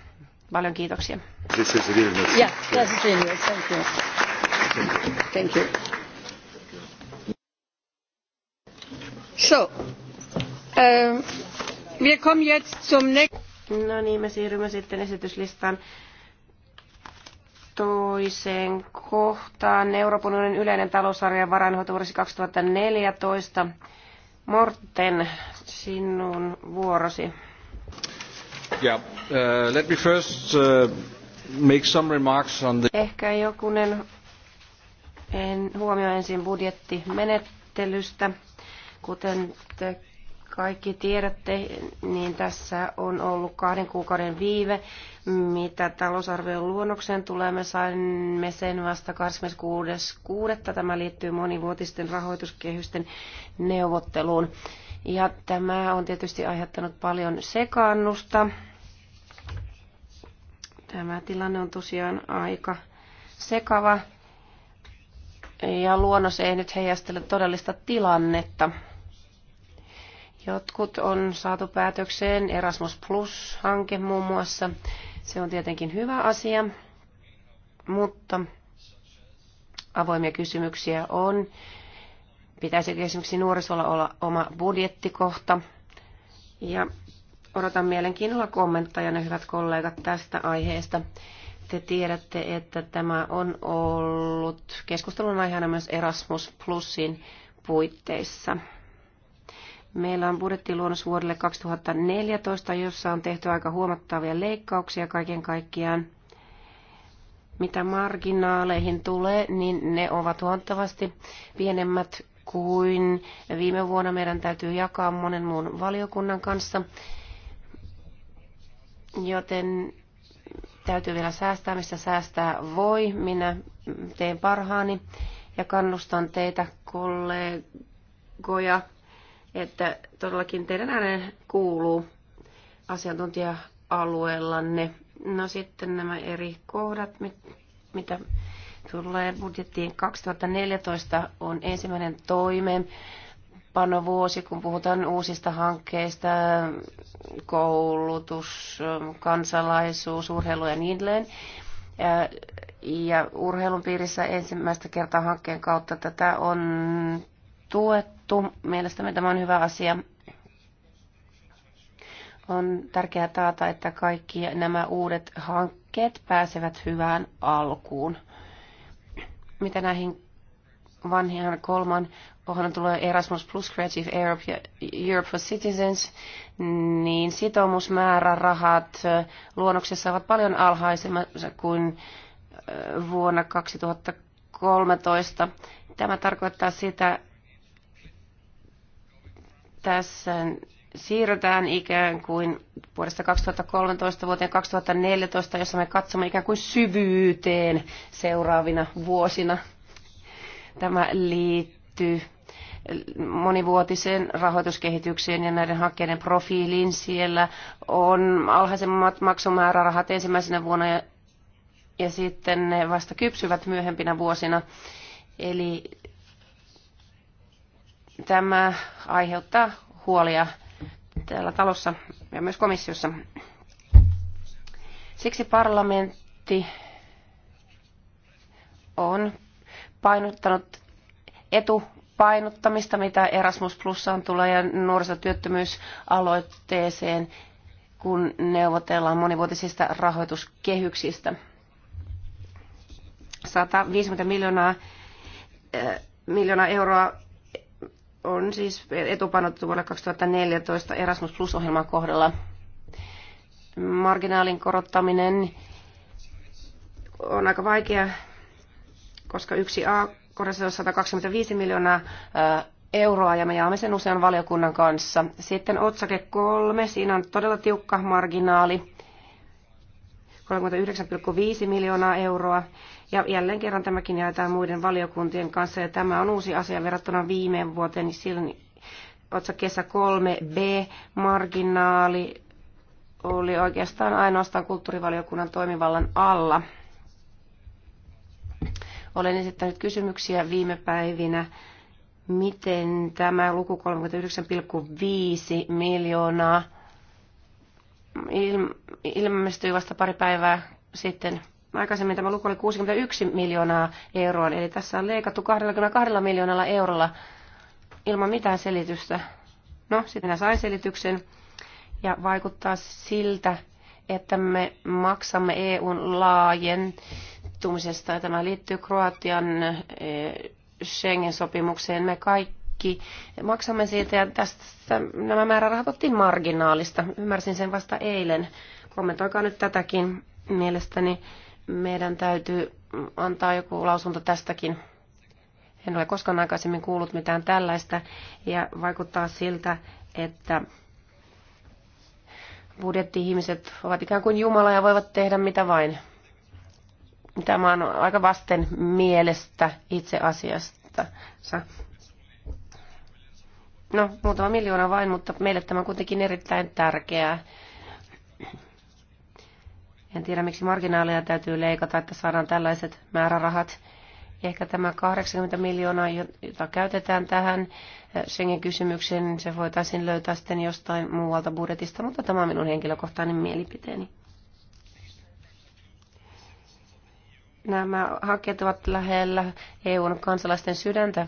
Paljon kiitoksia. This is yeah, that's Thank you. Thank you. So, äh, wir kommen jetzt zum nächsten. No niin, me siirrymme sitten esityslistan toiseen kohtaan. Euroopan unionin yleinen talousarvio varainhoitovuosi 2014. Morten, sinun vuorosi. Yeah, uh, let me first uh, make some remarks on the... Ehkä jokunen en huomioi ensin budjettimenettelystä. Kuten te kaikki tiedätte, niin tässä on ollut kahden kuukauden viive, mitä talousarvion luonnokseen tulee. Me saimme sen vasta 26.6. Tämä liittyy monivuotisten rahoituskehysten neuvotteluun. Ja tämä on tietysti aiheuttanut paljon sekaannusta. Tämä tilanne on tosiaan aika sekava. Ja luonnos ei nyt heijastele todellista tilannetta. Jotkut on saatu päätökseen, Erasmus Plus-hanke muun muassa. Se on tietenkin hyvä asia, mutta avoimia kysymyksiä on. Pitäisikö esimerkiksi nuorisolla olla oma budjettikohta? Ja odotan mielenkiinnolla kommentteja, ne hyvät kollegat, tästä aiheesta te tiedätte, että tämä on ollut keskustelun aiheena myös Erasmus Plusin puitteissa. Meillä on budjettiluonnos vuodelle 2014, jossa on tehty aika huomattavia leikkauksia kaiken kaikkiaan. Mitä marginaaleihin tulee, niin ne ovat huomattavasti pienemmät kuin viime vuonna. Meidän täytyy jakaa monen muun valiokunnan kanssa, joten täytyy vielä säästää, missä säästää voi. Minä teen parhaani ja kannustan teitä kollegoja, että todellakin teidän äänen kuuluu asiantuntija-alueellanne. No sitten nämä eri kohdat, mitä tulee budjettiin 2014 on ensimmäinen toimeen panovuosi, kun puhutaan uusista hankkeista, koulutus, kansalaisuus, urheilu ja niin edelleen. Ja urheilun piirissä ensimmäistä kertaa hankkeen kautta tätä on tuettu. Mielestäni tämä on hyvä asia. On tärkeää taata, että kaikki nämä uudet hankkeet pääsevät hyvään alkuun. Mitä näihin vanhan kolman on tulee Erasmus plus Creative Europe, ja Europe for Citizens, niin sitoumusmäärärahat luonnoksessa ovat paljon alhaisemmat kuin vuonna 2013. Tämä tarkoittaa sitä, tässä siirrytään ikään kuin vuodesta 2013 vuoteen 2014, jossa me katsomme ikään kuin syvyyteen seuraavina vuosina. Tämä liittyy monivuotiseen rahoituskehitykseen ja näiden hakkeiden profiiliin. Siellä on alhaisemmat maksumäärärahat ensimmäisenä vuonna ja, ja sitten ne vasta kypsyvät myöhempinä vuosina. Eli tämä aiheuttaa huolia täällä talossa ja myös komissiossa. Siksi parlamentti on painottanut etupainottamista, mitä Erasmus on tulee ja nuorisotyöttömyysaloitteeseen, kun neuvotellaan monivuotisista rahoituskehyksistä. 150 miljoonaa, äh, miljoonaa euroa on siis etupainotettu vuonna 2014 Erasmus Plus-ohjelman kohdalla. Marginaalin korottaminen on aika vaikea koska yksi a korjaus on 125 miljoonaa euroa ja me jaamme sen usean valiokunnan kanssa. Sitten otsake kolme, siinä on todella tiukka marginaali, 39,5 miljoonaa euroa. Ja jälleen kerran tämäkin jaetaan muiden valiokuntien kanssa ja tämä on uusi asia verrattuna viime vuoteen, niin silloin otsakkeessa 3b marginaali oli oikeastaan ainoastaan kulttuurivaliokunnan toimivallan alla. Olen esittänyt kysymyksiä viime päivinä, miten tämä luku 39,5 miljoonaa ilmestyi vasta pari päivää sitten. Aikaisemmin tämä luku oli 61 miljoonaa euroa, eli tässä on leikattu 22 miljoonalla eurolla ilman mitään selitystä. No, sitten minä sain selityksen ja vaikuttaa siltä, että me maksamme EUn laajen liittymisestä. Tämä liittyy Kroatian eh, Schengen-sopimukseen. Me kaikki maksamme siitä ja tästä nämä määrärahat ottiin marginaalista. Ymmärsin sen vasta eilen. Kommentoikaa nyt tätäkin. Mielestäni meidän täytyy antaa joku lausunto tästäkin. En ole koskaan aikaisemmin kuullut mitään tällaista ja vaikuttaa siltä, että budjetti-ihmiset ovat ikään kuin Jumala ja voivat tehdä mitä vain. Tämä on aika vasten mielestä itse asiasta. No, muutama miljoona vain, mutta meille tämä on kuitenkin erittäin tärkeää. En tiedä, miksi marginaaleja täytyy leikata, että saadaan tällaiset määrärahat. Ehkä tämä 80 miljoonaa, jota käytetään tähän Schengen-kysymykseen, se voitaisiin löytää sitten jostain muualta budjetista, mutta tämä on minun henkilökohtainen mielipiteeni. Nämä hakijat ovat lähellä EUn kansalaisten sydäntä.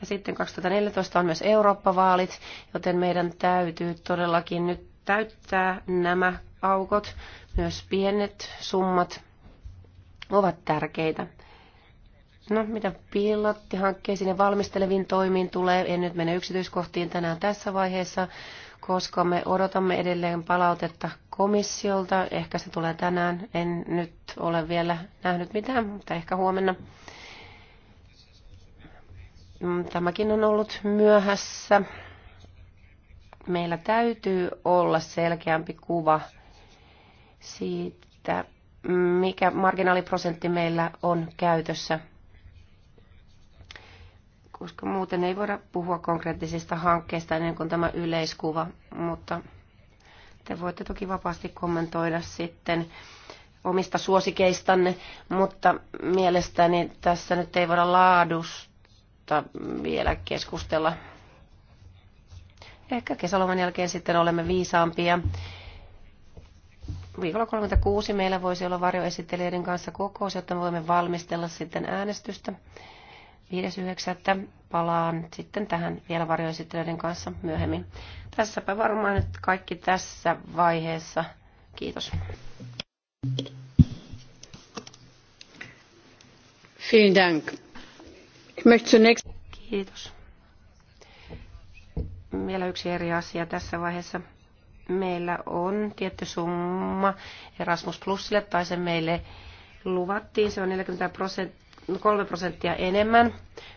Ja sitten 2014 on myös Eurooppa-vaalit, joten meidän täytyy todellakin nyt täyttää nämä aukot. Myös pienet summat ovat tärkeitä. No, mitä pilottihankkeisiin ja valmisteleviin toimiin tulee, en nyt mene yksityiskohtiin tänään tässä vaiheessa, koska me odotamme edelleen palautetta komissiolta. Ehkä se tulee tänään. En nyt ole vielä nähnyt mitään, mutta ehkä huomenna. Tämäkin on ollut myöhässä. Meillä täytyy olla selkeämpi kuva siitä, mikä marginaaliprosentti meillä on käytössä koska muuten ei voida puhua konkreettisista hankkeista ennen kuin tämä yleiskuva, mutta te voitte toki vapaasti kommentoida sitten omista suosikeistanne, mutta mielestäni tässä nyt ei voida laadusta vielä keskustella. Ehkä kesäloman jälkeen sitten olemme viisaampia. Viikolla 36 meillä voisi olla varjoesittelijöiden kanssa kokous, jotta me voimme valmistella sitten äänestystä. 5.9. Palaan sitten tähän vielä varjoesittelyiden kanssa myöhemmin. Tässäpä varmaan nyt kaikki tässä vaiheessa. Kiitos. Vielen Dank. Ich möchte zunächst... Kiitos. Vielä yksi eri asia tässä vaiheessa. Meillä on tietty summa Erasmus Plusille, tai se meille luvattiin. Se on 40 prosenttia 3 prosenttia enemmän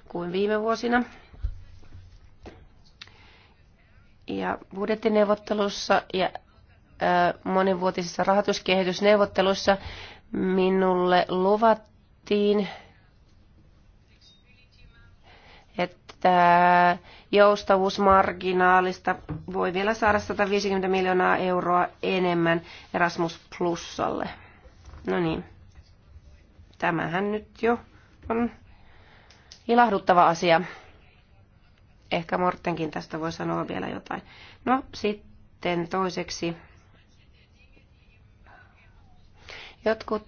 kuin viime vuosina. Ja budjettineuvottelussa ja monivuotisissa rahoituskehitysneuvottelussa minulle luvattiin, että joustavuusmarginaalista voi vielä saada 150 miljoonaa euroa enemmän Erasmus Plusalle. No niin, tämähän nyt jo on ilahduttava asia. Ehkä Mortenkin tästä voi sanoa vielä jotain. No sitten toiseksi. Jotkut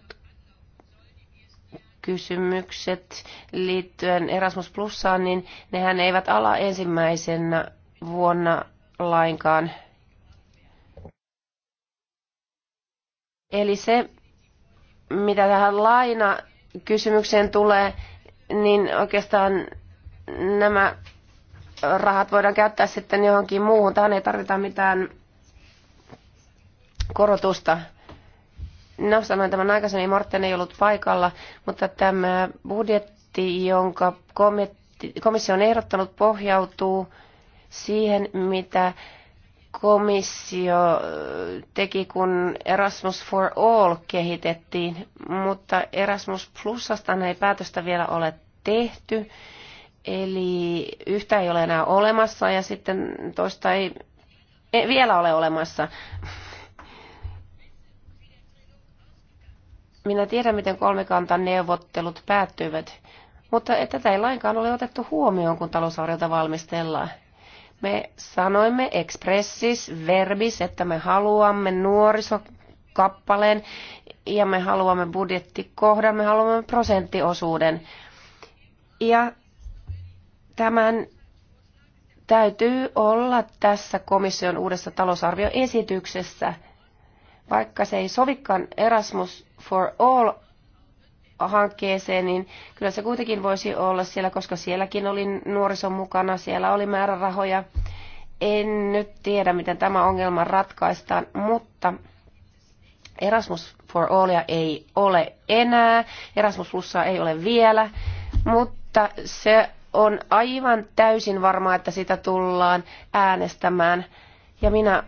kysymykset liittyen Erasmus Plusaan, niin nehän eivät ala ensimmäisenä vuonna lainkaan. Eli se, mitä tähän laina kysymykseen tulee, niin oikeastaan nämä rahat voidaan käyttää sitten johonkin muuhun. Tähän ei tarvita mitään korotusta. No, sanoin tämän aikaisemmin, Morten ei ollut paikalla, mutta tämä budjetti, jonka komissio on ehdottanut, pohjautuu siihen, mitä komissio teki, kun Erasmus for All kehitettiin, mutta Erasmus Plusasta ei päätöstä vielä ole tehty. Eli yhtä ei ole enää olemassa ja sitten toista ei, ei vielä ole olemassa. Minä tiedän, miten kolmikantan neuvottelut päättyivät, mutta tätä ei lainkaan ole otettu huomioon, kun talousarviota valmistellaan. Me sanoimme expressis verbis, että me haluamme nuorisokappaleen ja me haluamme budjettikohdan, me haluamme prosenttiosuuden. Ja tämän täytyy olla tässä komission uudessa talousarvioesityksessä, vaikka se ei sovikaan Erasmus for All hankkeeseen, niin kyllä se kuitenkin voisi olla siellä, koska sielläkin oli nuorison mukana, siellä oli määrärahoja. En nyt tiedä, miten tämä ongelma ratkaistaan, mutta Erasmus for Allia ei ole enää, Erasmus Plusa ei ole vielä, mutta se on aivan täysin varmaa, että sitä tullaan äänestämään. Ja minä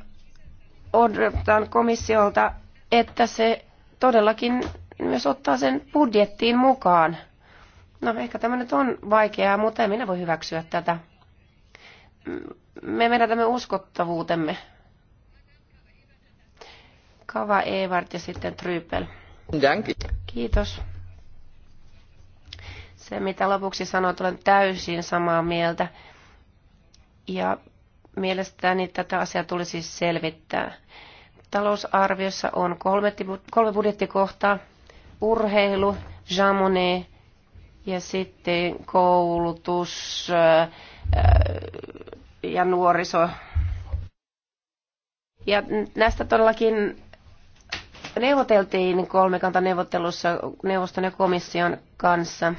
odotan komissiolta, että se todellakin myös ottaa sen budjettiin mukaan. No ehkä tämä nyt on vaikeaa, mutta en minä voi hyväksyä tätä. Me menetämme uskottavuutemme. Kava Evart ja sitten Trypel. Kiitos. Se mitä lopuksi sanoit, olen täysin samaa mieltä. Ja mielestäni tätä asiaa tulisi selvittää. Talousarviossa on kolme, kolme budjettikohtaa, urheilu, jamone ja sitten koulutus ja nuoriso. Ja näistä todellakin neuvoteltiin kolmikantaneuvottelussa neuvoston ja komission kanssa.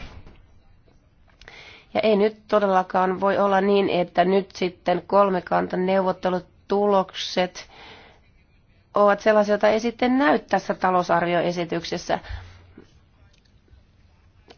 Ja ei nyt todellakaan voi olla niin, että nyt sitten kolmikantaneuvottelutulokset ovat sellaisia, joita ei sitten näy tässä talousarvioesityksessä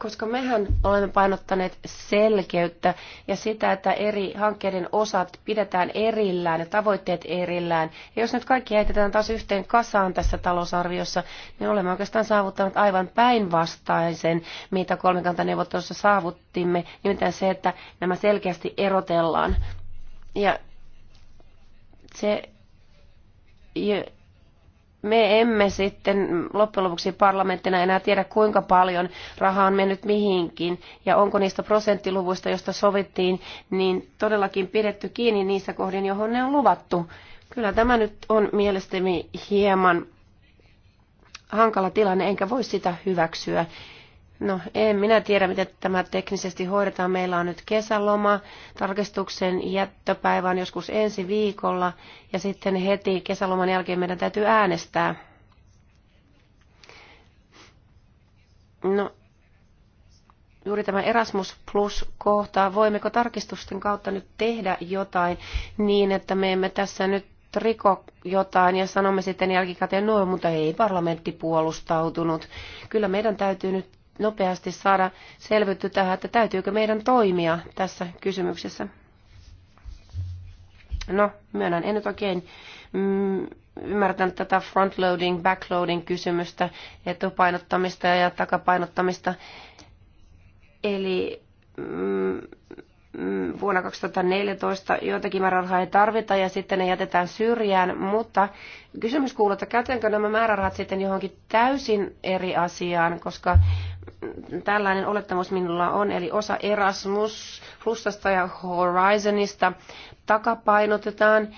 koska mehän olemme painottaneet selkeyttä ja sitä, että eri hankkeiden osat pidetään erillään ja tavoitteet erillään. Ja jos nyt kaikki heitetään taas yhteen kasaan tässä talousarviossa, niin olemme oikeastaan saavuttaneet aivan päinvastaisen, mitä kolmikantaneuvottelussa saavuttimme, nimittäin se, että nämä selkeästi erotellaan. Ja se me emme sitten loppujen lopuksi parlamenttina enää tiedä, kuinka paljon rahaa on mennyt mihinkin ja onko niistä prosenttiluvuista, joista sovittiin, niin todellakin pidetty kiinni niissä kohdin, johon ne on luvattu. Kyllä tämä nyt on mielestäni hieman hankala tilanne, enkä voi sitä hyväksyä. No, en minä tiedä, miten tämä teknisesti hoidetaan. Meillä on nyt kesäloma, tarkistuksen jättöpäivä on joskus ensi viikolla ja sitten heti kesäloman jälkeen meidän täytyy äänestää. No, juuri tämä Erasmus Plus-kohta, voimmeko tarkistusten kautta nyt tehdä jotain niin, että me emme tässä nyt riko jotain ja sanomme sitten jälkikäteen, no mutta ei parlamentti puolustautunut. Kyllä meidän täytyy nyt nopeasti saada selvyyttä tähän, että täytyykö meidän toimia tässä kysymyksessä. No, myönnän, en nyt oikein mm, ymmärtänyt tätä frontloading, backloading kysymystä, etupainottamista ja takapainottamista. Eli mm, mm vuonna 2014 joitakin määrärahaa ei tarvita ja sitten ne jätetään syrjään, mutta kysymys kuuluu, että käytetäänkö nämä määrärahat sitten johonkin täysin eri asiaan, koska tällainen olettamus minulla on, eli osa Erasmus Plusasta ja Horizonista takapainotetaan,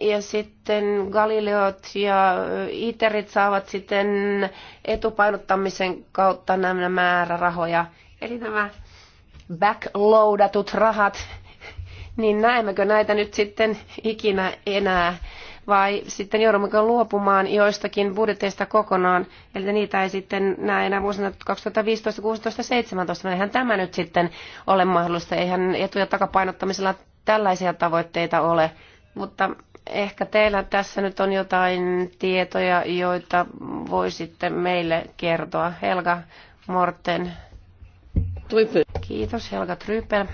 ja sitten Galileot ja ITERit saavat sitten etupainottamisen kautta nämä määrärahoja. Eli nämä backloadatut rahat, niin näemmekö näitä nyt sitten ikinä enää? vai sitten joudummeko luopumaan joistakin budjeteista kokonaan, eli niitä ei sitten näe enää vuosina 2015, 16, 17. Eihän tämä nyt sitten ole mahdollista, eihän etu- ja takapainottamisella tällaisia tavoitteita ole, mutta ehkä teillä tässä nyt on jotain tietoja, joita voisitte meille kertoa. Helga Morten. Trypel. Kiitos Helga Trypel.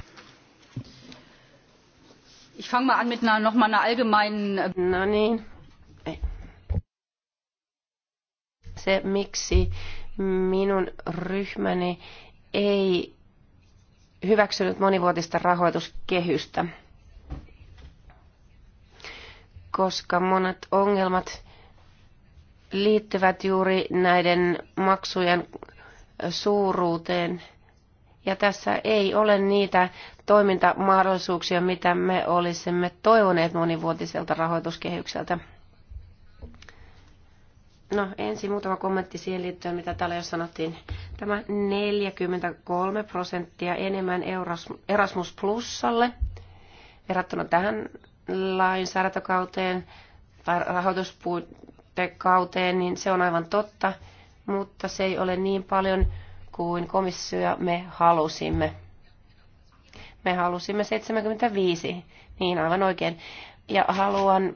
Ich fange mal an mit einer, noch mal einer allgemeinen... Äh, no niin. Se, miksi minun ryhmäni ei hyväksynyt monivuotista rahoituskehystä, koska monet ongelmat liittyvät juuri näiden maksujen suuruuteen. Ja tässä ei ole niitä toimintamahdollisuuksia, mitä me olisimme toivoneet monivuotiselta rahoituskehykseltä. No ensin muutama kommentti siihen liittyen, mitä täällä jo sanottiin. Tämä 43 prosenttia enemmän Erasmus Plusalle verrattuna tähän lainsäädäntökauteen tai rahoituspuutekauteen, niin se on aivan totta, mutta se ei ole niin paljon kuin komissio ja me halusimme. Me halusimme 75, niin aivan oikein. Ja haluan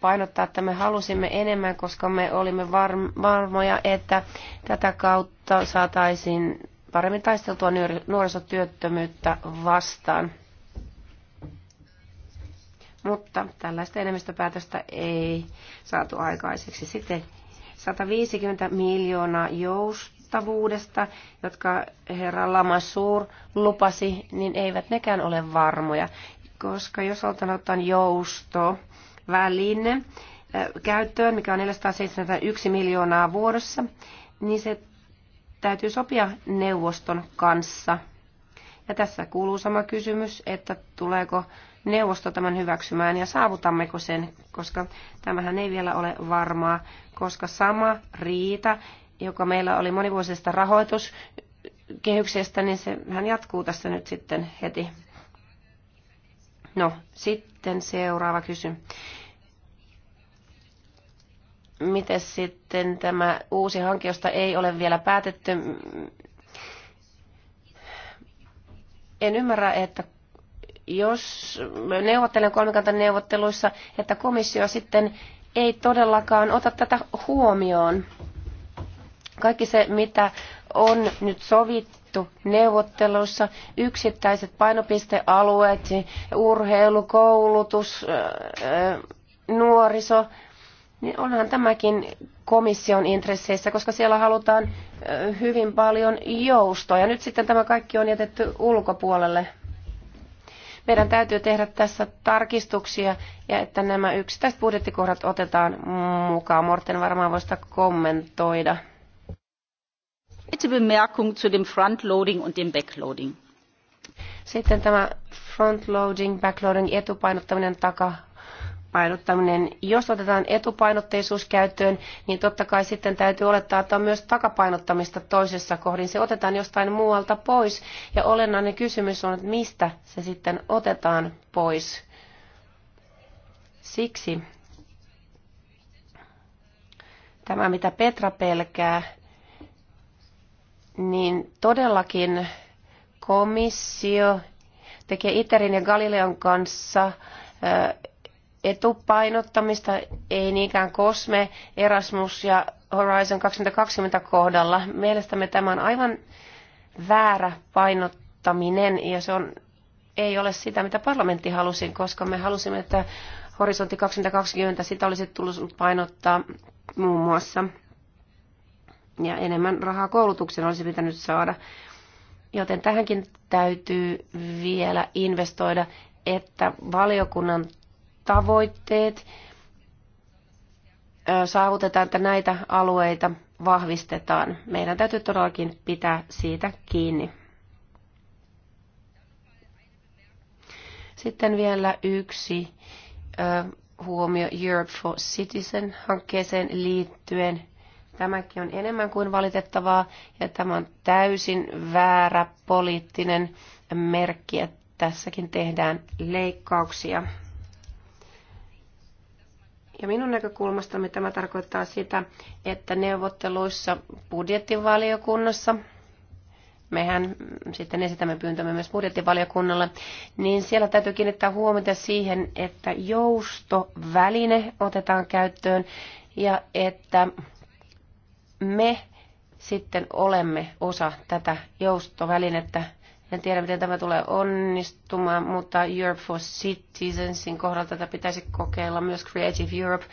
painottaa, että me halusimme enemmän, koska me olimme varmoja, että tätä kautta saataisiin paremmin taisteltua nuorisotyöttömyyttä vastaan. Mutta tällaista enemmistöpäätöstä ei saatu aikaiseksi. Sitten 150 miljoonaa joust kattavuudesta, jotka herra Lamassur lupasi, niin eivät nekään ole varmoja. Koska jos ottaa jousto väline käyttöön, mikä on 471 miljoonaa vuodessa, niin se täytyy sopia neuvoston kanssa. Ja tässä kuuluu sama kysymys, että tuleeko neuvosto tämän hyväksymään ja saavutammeko sen, koska tämähän ei vielä ole varmaa, koska sama riita joka meillä oli monivuosista rahoituskehyksestä, niin sehän jatkuu tässä nyt sitten heti. No, sitten seuraava kysymys. Miten sitten tämä uusi hanke, josta ei ole vielä päätetty? En ymmärrä, että jos neuvottelen kolmikantaneuvotteluissa, että komissio sitten ei todellakaan ota tätä huomioon. Kaikki se, mitä on nyt sovittu neuvotteluissa, yksittäiset painopistealueet, urheilu, koulutus, äh, nuoriso, niin onhan tämäkin komission intresseissä, koska siellä halutaan äh, hyvin paljon joustoa. Ja nyt sitten tämä kaikki on jätetty ulkopuolelle. Meidän täytyy tehdä tässä tarkistuksia ja että nämä yksittäiset budjettikohdat otetaan mukaan. Morten varmaan voi sitä kommentoida. Letzte Bemerkung zu dem Frontloading und dem Backloading. Sitten tämä frontloading, backloading, etupainottaminen, takapainottaminen. Jos otetaan etupainotteisuus käyttöön, niin totta kai sitten täytyy olettaa, että on myös takapainottamista toisessa kohdin. Se otetaan jostain muualta pois ja olennainen kysymys on, että mistä se sitten otetaan pois. Siksi tämä, mitä Petra pelkää, niin todellakin komissio tekee ITERin ja Galileon kanssa etupainottamista, ei niinkään kosme Erasmus ja Horizon 2020 kohdalla. Mielestämme tämä on aivan väärä painottaminen ja se on, ei ole sitä, mitä parlamentti halusi, koska me halusimme, että horisontti 2020 sitä olisi tullut painottaa muun muassa ja enemmän rahaa koulutukseen olisi pitänyt saada. Joten tähänkin täytyy vielä investoida, että valiokunnan tavoitteet saavutetaan, että näitä alueita vahvistetaan. Meidän täytyy todellakin pitää siitä kiinni. Sitten vielä yksi huomio Europe for Citizen-hankkeeseen liittyen. Tämäkin on enemmän kuin valitettavaa ja tämä on täysin väärä poliittinen merkki, että tässäkin tehdään leikkauksia. Ja minun näkökulmastani tämä tarkoittaa sitä, että neuvotteluissa budjettivaliokunnassa, mehän sitten esitämme pyyntömme myös budjettivaliokunnalle, niin siellä täytyy kiinnittää huomiota siihen, että joustoväline otetaan käyttöön ja että me sitten olemme osa tätä joustovälinettä. En tiedä, miten tämä tulee onnistumaan, mutta Europe for Citizensin kohdalla tätä pitäisi kokeilla myös Creative Europe.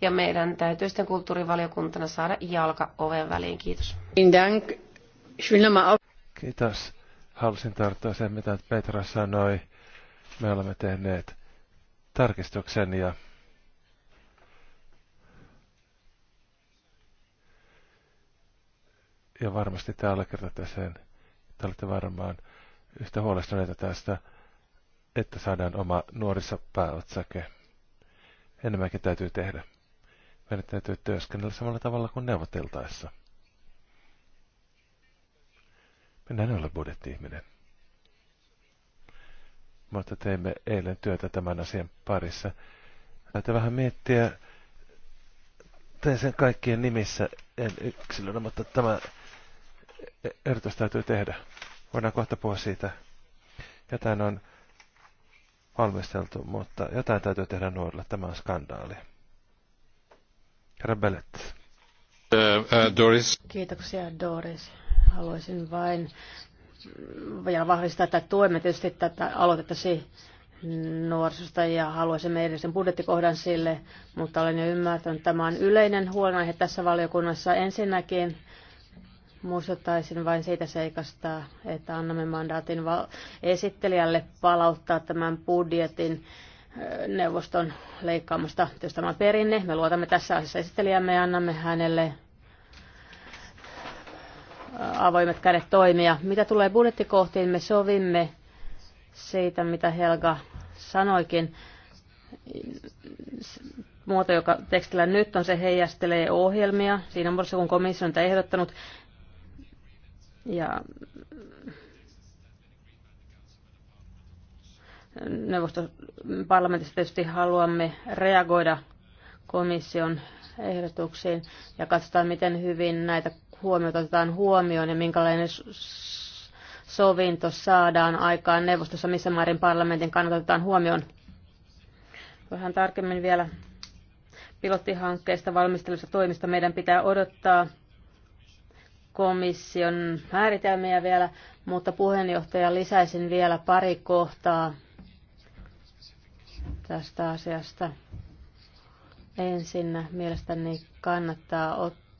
Ja meidän täytyy sitten kulttuurivaliokuntana saada jalka oven väliin. Kiitos. Kiitos. Halusin tarttua sen, mitä Petra sanoi. Me olemme tehneet tarkistuksen ja ja varmasti te allekirjoitatte sen, te olette varmaan yhtä huolestuneita tästä, että saadaan oma nuorissa pääotsake. Enemmänkin täytyy tehdä. Meidän täytyy työskennellä samalla tavalla kuin neuvoteltaessa. Minä en ole budjetti-ihminen. Mutta teimme eilen työtä tämän asian parissa. Täytyy vähän miettiä, Tein sen kaikkien nimissä, en yksilönä, mutta tämä erotus täytyy tehdä. Voidaan kohta puhua siitä. Jotain on valmisteltu, mutta jotain täytyy tehdä nuorille. Tämä on skandaali. Herra eh, eh, Doris. Kiitoksia Doris. Haluaisin vain vielä vahvistaa, että tuemme tietysti tätä aloitetta nuorisosta ja haluaisimme edellisen budjettikohdan sille, mutta olen jo ymmärtänyt, että tämä on yleinen huolenaihe tässä valiokunnassa. Ensinnäkin Muistuttaisin vain siitä seikasta, että annamme mandaatin esittelijälle palauttaa tämän budjetin neuvoston leikkaamasta, jos tämä on perinne. Me luotamme tässä asiassa esittelijämme ja annamme hänelle avoimet kädet toimia. Mitä tulee budjettikohtiin, me sovimme siitä, mitä Helga sanoikin. Muoto, joka tekstillä nyt on, se heijastelee ohjelmia siinä muodossa, kun komissio on ehdottanut, ja neuvosto parlamentissa tietysti haluamme reagoida komission ehdotuksiin ja katsotaan, miten hyvin näitä huomioita otetaan huomioon ja minkälainen sovinto saadaan aikaan neuvostossa, missä määrin parlamentin kannat otetaan huomioon. Vähän tarkemmin vielä pilottihankkeesta valmistelusta toimista meidän pitää odottaa – komission määritelmiä vielä, mutta puheenjohtaja lisäisin vielä pari kohtaa tästä asiasta. Ensin mielestäni kannattaa ottaa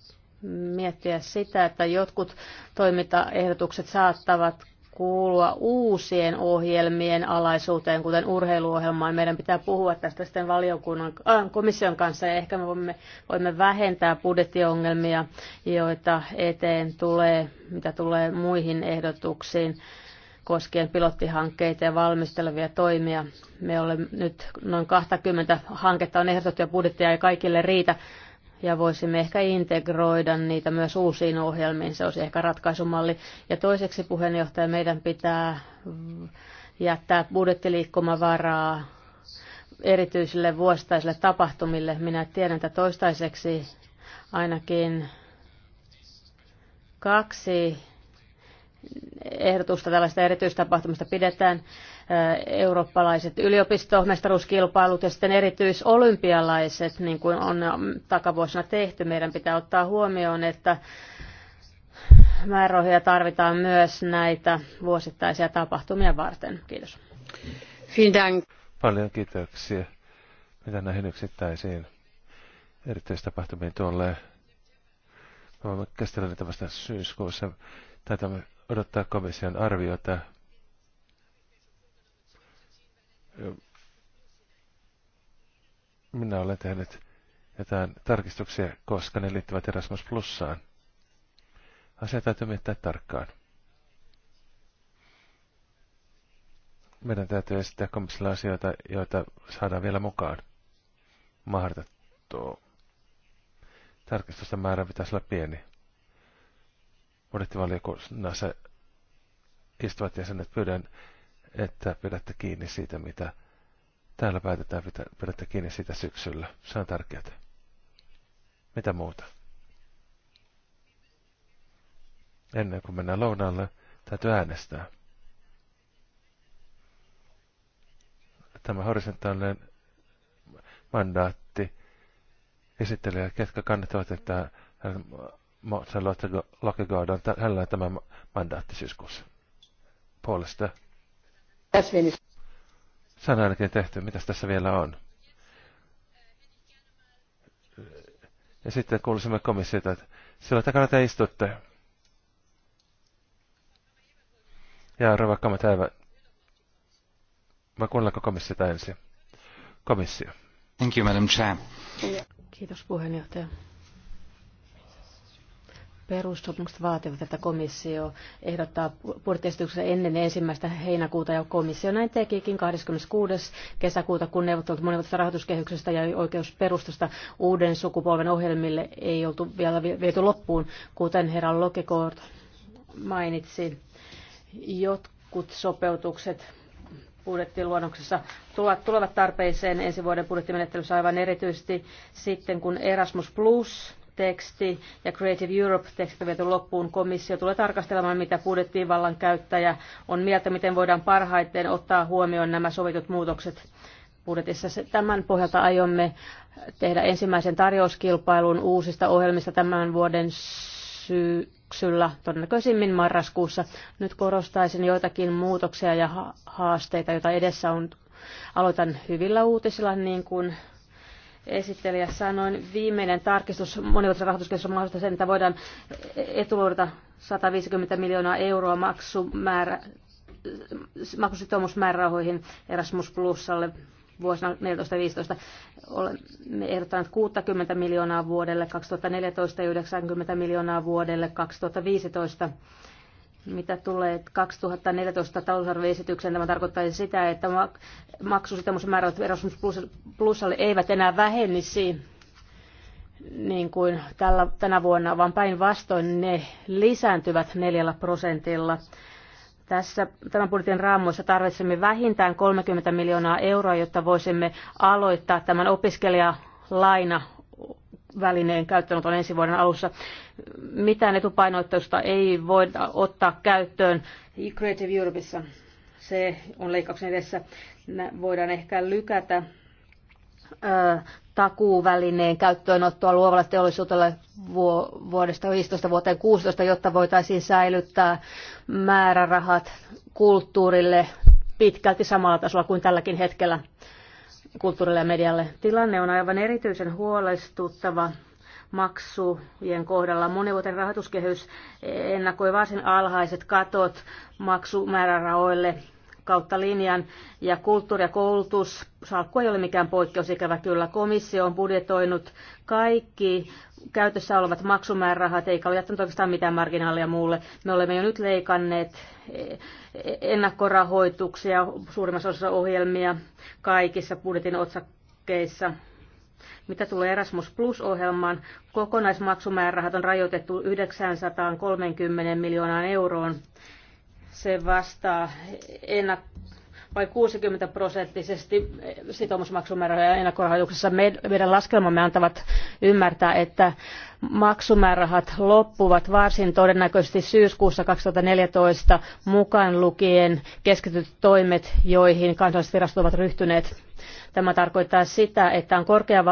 miettiä sitä, että jotkut toimintaehdotukset saattavat kuulua uusien ohjelmien alaisuuteen, kuten urheiluohjelmaan. Meidän pitää puhua tästä sitten valiokunnan, äh, komission kanssa ja ehkä me voimme, voimme vähentää budjettiongelmia, joita eteen tulee, mitä tulee muihin ehdotuksiin koskien pilottihankkeita ja valmistelevia toimia. Me olemme nyt noin 20 hanketta on ehdotettu ja budjettia ei kaikille riitä ja voisimme ehkä integroida niitä myös uusiin ohjelmiin. Se olisi ehkä ratkaisumalli. Ja toiseksi puheenjohtaja, meidän pitää jättää budjettiliikkumavaraa erityisille vuosittaisille tapahtumille. Minä tiedän, että toistaiseksi ainakin kaksi ehdotusta tällaista erityistapahtumista pidetään eurooppalaiset yliopistomestaruuskilpailut ja sitten erityisolympialaiset, niin kuin on takavuosina tehty. Meidän pitää ottaa huomioon, että määrärahoja tarvitaan myös näitä vuosittaisia tapahtumia varten. Kiitos. Vielen Paljon kiitoksia. Mitä näihin yksittäisiin erityistapahtumiin tuolle? voimme käsitellä niitä vasta syyskuussa. Taitamme odottaa komission arviota minä olen tehnyt jotain tarkistuksia, koska ne liittyvät Erasmus Plussaan. Asia täytyy miettiä tarkkaan. Meidän täytyy esittää komissiolla asioita, joita saadaan vielä mukaan. Mahdotettua. Tarkistusten määrä pitäisi olla pieni. Budjettivaliokunnassa istuvat jäsenet pyydän että pidätte kiinni siitä, mitä täällä päätetään, pidätte kiinni siitä syksyllä. Se on tärkeää. Mitä muuta? Ennen kuin mennään lounaalle, täytyy äänestää. Tämä horisontaalinen mandaatti esittelee, ketkä kannattavat, että Martin Lokegaard on tällä tämä mandaatti syyskuussa puolesta se on ainakin tehty. Mitäs tässä vielä on? Ja sitten kuulisimme komissiota, että sillä takana te istutte. Ja mä täällä. Mä kuunnellaanko komissiota ensin? Komissio. Thank you, Madam Chair. Kiitos puheenjohtaja. Perussopimukset vaativat, että komissio ehdottaa budjettiesityksen ennen ensimmäistä heinäkuuta ja komissio näin tekikin 26. kesäkuuta, kun neuvottelut monivuotisesta rahoituskehyksestä ja oikeusperustasta uuden sukupolven ohjelmille ei oltu vielä viety loppuun, kuten herra Lokekort mainitsi. Jotkut sopeutukset budjettiluonnoksessa tulevat tarpeeseen ensi vuoden budjettimenettelyssä aivan erityisesti sitten, kun Erasmus Plus teksti ja Creative Europe-teksti viety loppuun. Komissio tulee tarkastelemaan, mitä vallan käyttäjä on mieltä, miten voidaan parhaiten ottaa huomioon nämä sovitut muutokset budjetissa. Tämän pohjalta aiomme tehdä ensimmäisen tarjouskilpailun uusista ohjelmista tämän vuoden syksyllä, todennäköisimmin marraskuussa. Nyt korostaisin joitakin muutoksia ja haasteita, joita edessä on. Aloitan hyvillä uutisilla, niin kuin esittelijä sanoin, viimeinen tarkistus monivuotisen on mahdollista sen, että voidaan etuluodata 150 miljoonaa euroa maksumäärä, maksusitoumusmäärärahoihin Erasmus Plusalle vuosina 2014-2015. Olemme ehdottaneet 60 miljoonaa vuodelle 2014 ja 90 miljoonaa vuodelle 2015 mitä tulee 2014 talousarvioesitykseen, tämä tarkoittaisi sitä, että maksusitoumuksen määrät Erasmus plussalle eivät enää vähennisi niin kuin tällä, tänä vuonna, vaan päinvastoin ne lisääntyvät neljällä prosentilla. Tässä tämän budjetin raamoissa tarvitsemme vähintään 30 miljoonaa euroa, jotta voisimme aloittaa tämän opiskelijalaina välineen on ensi vuoden alussa. Mitään etupainoitusta ei voida ottaa käyttöön Creative Europeissa. Se on leikkauksen edessä. Voidaan ehkä lykätä takuuvälineen käyttöönottoa luovalle teollisuudelle vuodesta 15 vuoteen 16, jotta voitaisiin säilyttää määrärahat kulttuurille pitkälti samalla tasolla kuin tälläkin hetkellä kulttuurille ja medialle. Tilanne on aivan erityisen huolestuttava maksujen kohdalla. Monivuotinen rahoituskehys ennakoi varsin alhaiset katot maksumäärärahoille kautta linjan, ja kulttuuri- ja koulutussalkku ei ole mikään poikkeus, ikävä kyllä. Komissio on budjetoinut kaikki käytössä olevat maksumäärärahat, eikä ole jättänyt oikeastaan mitään marginaalia muulle. Me olemme jo nyt leikanneet ennakkorahoituksia suurimmassa osassa ohjelmia kaikissa budjetin otsakkeissa. Mitä tulee Erasmus Plus-ohjelmaan, kokonaismaksumäärärahat on rajoitettu 930 miljoonaan euroon. Se vastaa ennakkorahoituksia vain 60 prosenttisesti sitoumusmaksumäärärahoja ennakkorahoituksessa. Meidän laskelmamme antavat ymmärtää, että maksumäärärahat loppuvat varsin todennäköisesti syyskuussa 2014 mukaan lukien keskityt toimet, joihin kansalliset virastot ovat ryhtyneet. Tämä tarkoittaa sitä, että on korkea,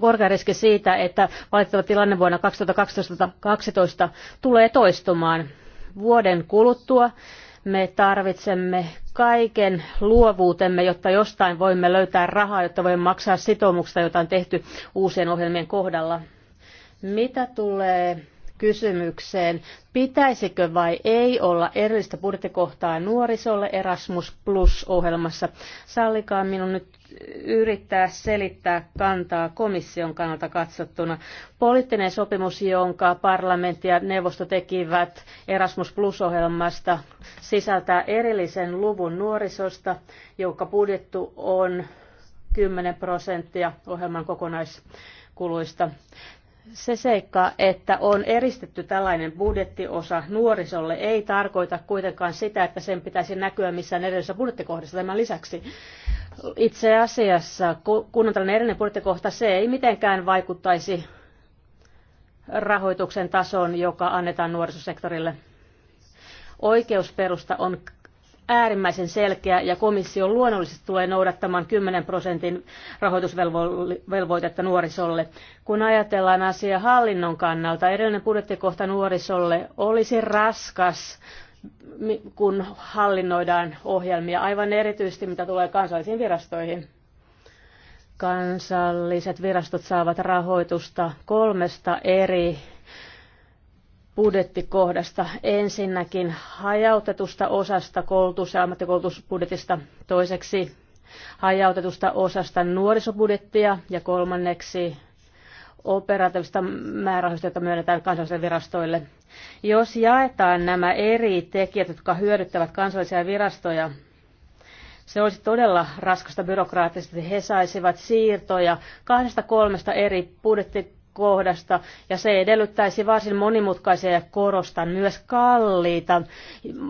korkea riski siitä, että valitettava tilanne vuonna 2012 tulee toistumaan vuoden kuluttua me tarvitsemme kaiken luovuutemme, jotta jostain voimme löytää rahaa, jotta voimme maksaa sitoumuksista, joita on tehty uusien ohjelmien kohdalla. Mitä tulee kysymykseen, pitäisikö vai ei olla erillistä budjettikohtaa nuorisolle Erasmus Plus-ohjelmassa. Sallikaa minun nyt yrittää selittää kantaa komission kannalta katsottuna. Poliittinen sopimus, jonka parlamentti ja neuvosto tekivät Erasmus Plus-ohjelmasta, sisältää erillisen luvun nuorisosta, joka budjettu on 10 prosenttia ohjelman kokonaiskuluista. Se seikka, että on eristetty tällainen budjettiosa nuorisolle, ei tarkoita kuitenkaan sitä, että sen pitäisi näkyä missään edellisessä budjettikohdassa tämän lisäksi itse asiassa, kun erillinen budjettikohta, se ei mitenkään vaikuttaisi rahoituksen tasoon, joka annetaan nuorisosektorille. Oikeusperusta on äärimmäisen selkeä ja komissio luonnollisesti tulee noudattamaan 10 prosentin rahoitusvelvoitetta nuorisolle. Kun ajatellaan asiaa hallinnon kannalta, edellinen budjettikohta nuorisolle olisi raskas kun hallinnoidaan ohjelmia, aivan erityisesti mitä tulee kansallisiin virastoihin. Kansalliset virastot saavat rahoitusta kolmesta eri budjettikohdasta. Ensinnäkin hajautetusta osasta koulutus- ja ammattikoulutusbudjetista, toiseksi hajautetusta osasta nuorisobudjettia ja kolmanneksi operatiivista määrärahoista, joita myönnetään kansallisille virastoille. Jos jaetaan nämä eri tekijät, jotka hyödyttävät kansallisia virastoja, se olisi todella raskasta byrokraattisesti. He saisivat siirtoja kahdesta kolmesta eri budjetti kohdasta, ja se edellyttäisi varsin monimutkaisia ja korostan myös kalliita